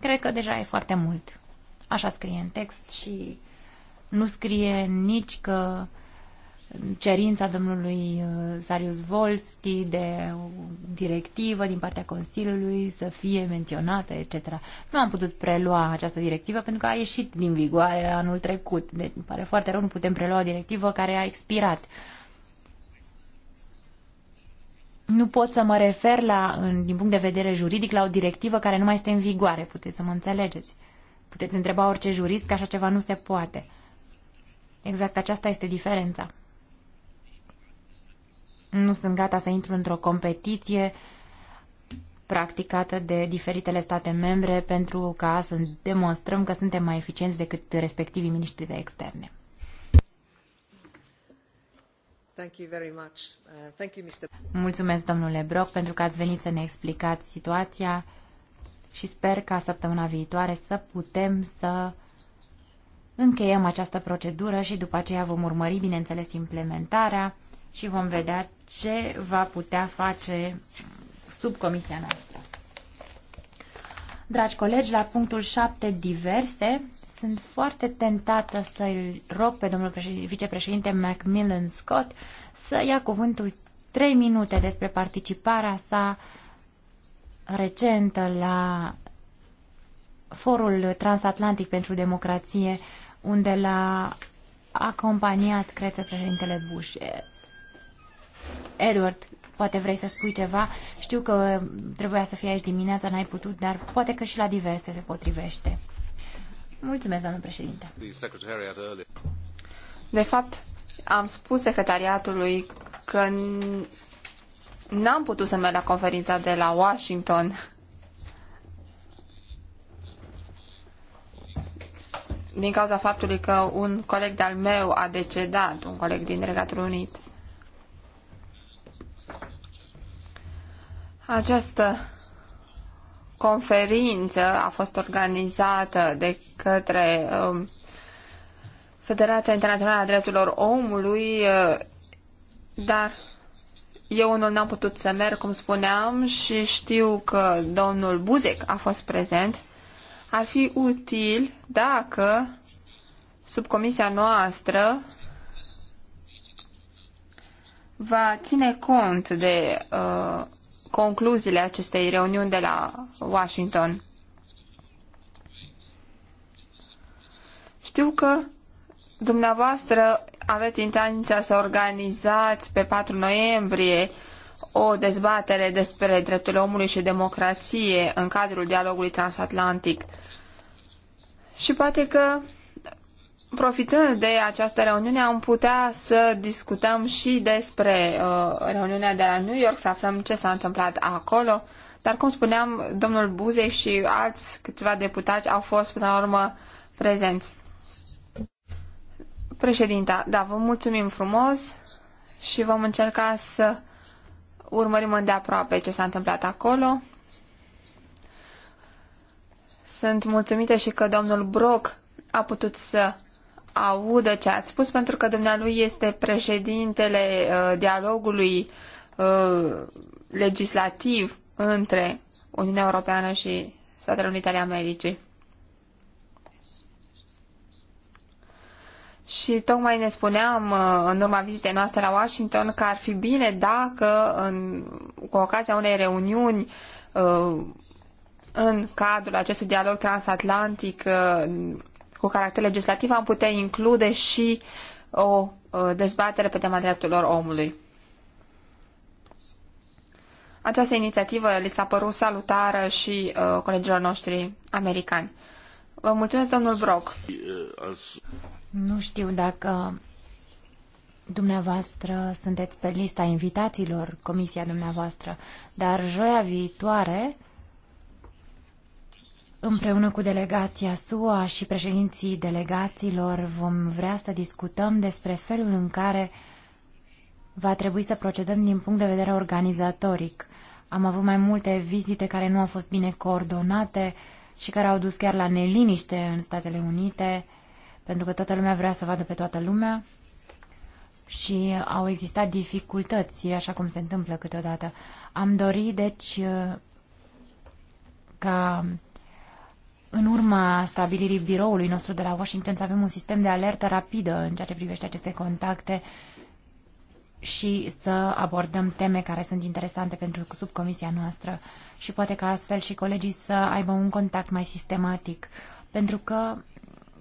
S2: Cred că deja e foarte mult. Așa scrie în text și nu scrie nici că cerința domnului uh, Sarius Volski de o directivă din partea Consiliului să fie menționată, etc. Nu am putut prelua această directivă pentru că a ieșit din vigoare anul trecut. Deci îmi pare foarte rău, nu putem prelua o directivă care a expirat. Nu pot să mă refer la, în, din punct de vedere juridic la o directivă care nu mai este în vigoare, puteți să mă înțelegeți. Puteți întreba orice jurist că așa ceva nu se poate. Exact aceasta este diferența nu sunt gata să intru într-o competiție practicată de diferitele state membre pentru ca să demonstrăm că suntem mai eficienți decât respectivii miniștri de externe.
S3: Uh,
S2: Mulțumesc, domnule Brock, pentru că ați venit să ne explicați situația și sper ca săptămâna viitoare să putem să încheiem această procedură și după aceea vom urmări, bineînțeles, implementarea și vom vedea ce va putea face subcomisia noastră. Dragi colegi, la punctul 7 diverse, sunt foarte tentată să i rog pe domnul vicepreședinte Macmillan Scott să ia cuvântul 3 minute despre participarea sa recentă la Forul Transatlantic pentru Democrație, unde l-a acompaniat, cred, președintele Bush. Edward, poate vrei să spui ceva. Știu că trebuia să fii aici dimineața, n-ai putut, dar poate că și la diverse se potrivește. Mulțumesc, doamnă președinte.
S1: De fapt, am spus secretariatului că n-am putut să merg la conferința de la Washington. Din cauza faptului că un coleg de-al meu a decedat, un coleg din Regatul Unit. Această conferință a fost organizată de către um, Federația Internațională a Drepturilor Omului, uh, dar eu unul n-am putut să merg, cum spuneam, și știu că domnul Buzek a fost prezent. Ar fi util dacă subcomisia noastră va ține cont de uh, concluziile acestei reuniuni de la Washington. Știu că dumneavoastră aveți intenția să organizați pe 4 noiembrie o dezbatere despre drepturile omului și democrație în cadrul dialogului transatlantic. Și poate că profitând de această reuniune, am putea să discutăm și despre uh, reuniunea de la New York, să aflăm ce s-a întâmplat acolo. Dar, cum spuneam, domnul Buzei și alți câțiva deputați au fost, până la urmă, prezenți. Președinta, da, vă mulțumim frumos și vom încerca să urmărim îndeaproape ce s-a întâmplat acolo. Sunt mulțumită și că domnul Brock a putut să audă ce ați spus, pentru că dumnealui este președintele uh, dialogului uh, legislativ între Uniunea Europeană și Statele Unite ale Americii. Și tocmai ne spuneam uh, în urma vizitei noastre la Washington că ar fi bine dacă în, cu ocazia unei reuniuni uh, în cadrul acestui dialog transatlantic uh, cu caracter legislativ am putea include și o uh, dezbatere pe tema drepturilor omului. Această inițiativă li s-a părut salutară și uh, colegilor noștri americani.
S2: Vă mulțumesc, domnul Brock. Nu știu dacă dumneavoastră sunteți pe lista invitațiilor, comisia dumneavoastră, dar joia viitoare Împreună cu delegația SUA și președinții delegațiilor vom vrea să discutăm despre felul în care va trebui să procedăm din punct de vedere organizatoric. Am avut mai multe vizite care nu au fost bine coordonate și care au dus chiar la neliniște în Statele Unite, pentru că toată lumea vrea să vadă pe toată lumea și au existat dificultăți, așa cum se întâmplă câteodată. Am dorit, deci, ca în urma stabilirii biroului nostru de la Washington să avem un sistem de alertă rapidă în ceea ce privește aceste contacte și să abordăm teme care sunt interesante pentru subcomisia noastră și poate că astfel și colegii să aibă un contact mai sistematic. Pentru că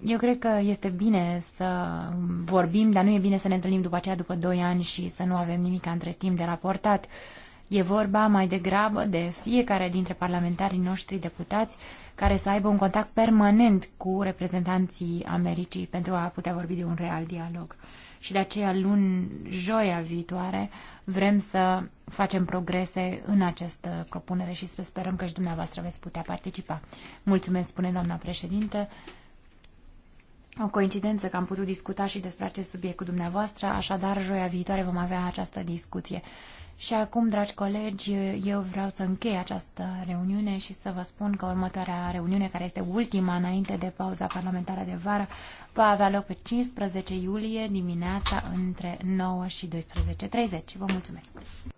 S2: eu cred că este bine să vorbim, dar nu e bine să ne întâlnim după aceea după 2 ani și să nu avem nimic între timp de raportat. E vorba mai degrabă de fiecare dintre parlamentarii noștri deputați care să aibă un contact permanent cu reprezentanții Americii pentru a putea vorbi de un real dialog. Și de aceea, luni, joia viitoare, vrem să facem progrese în această propunere și să sperăm că și dumneavoastră veți putea participa. Mulțumesc, spune doamna președinte. O coincidență că am putut discuta și despre acest subiect cu dumneavoastră, așadar, joia viitoare vom avea această discuție. Și acum, dragi colegi, eu vreau să închei această reuniune și să vă spun că următoarea reuniune, care este ultima înainte de pauza parlamentară de vară, va avea loc pe 15 iulie dimineața între 9 și 12.30. Vă mulțumesc!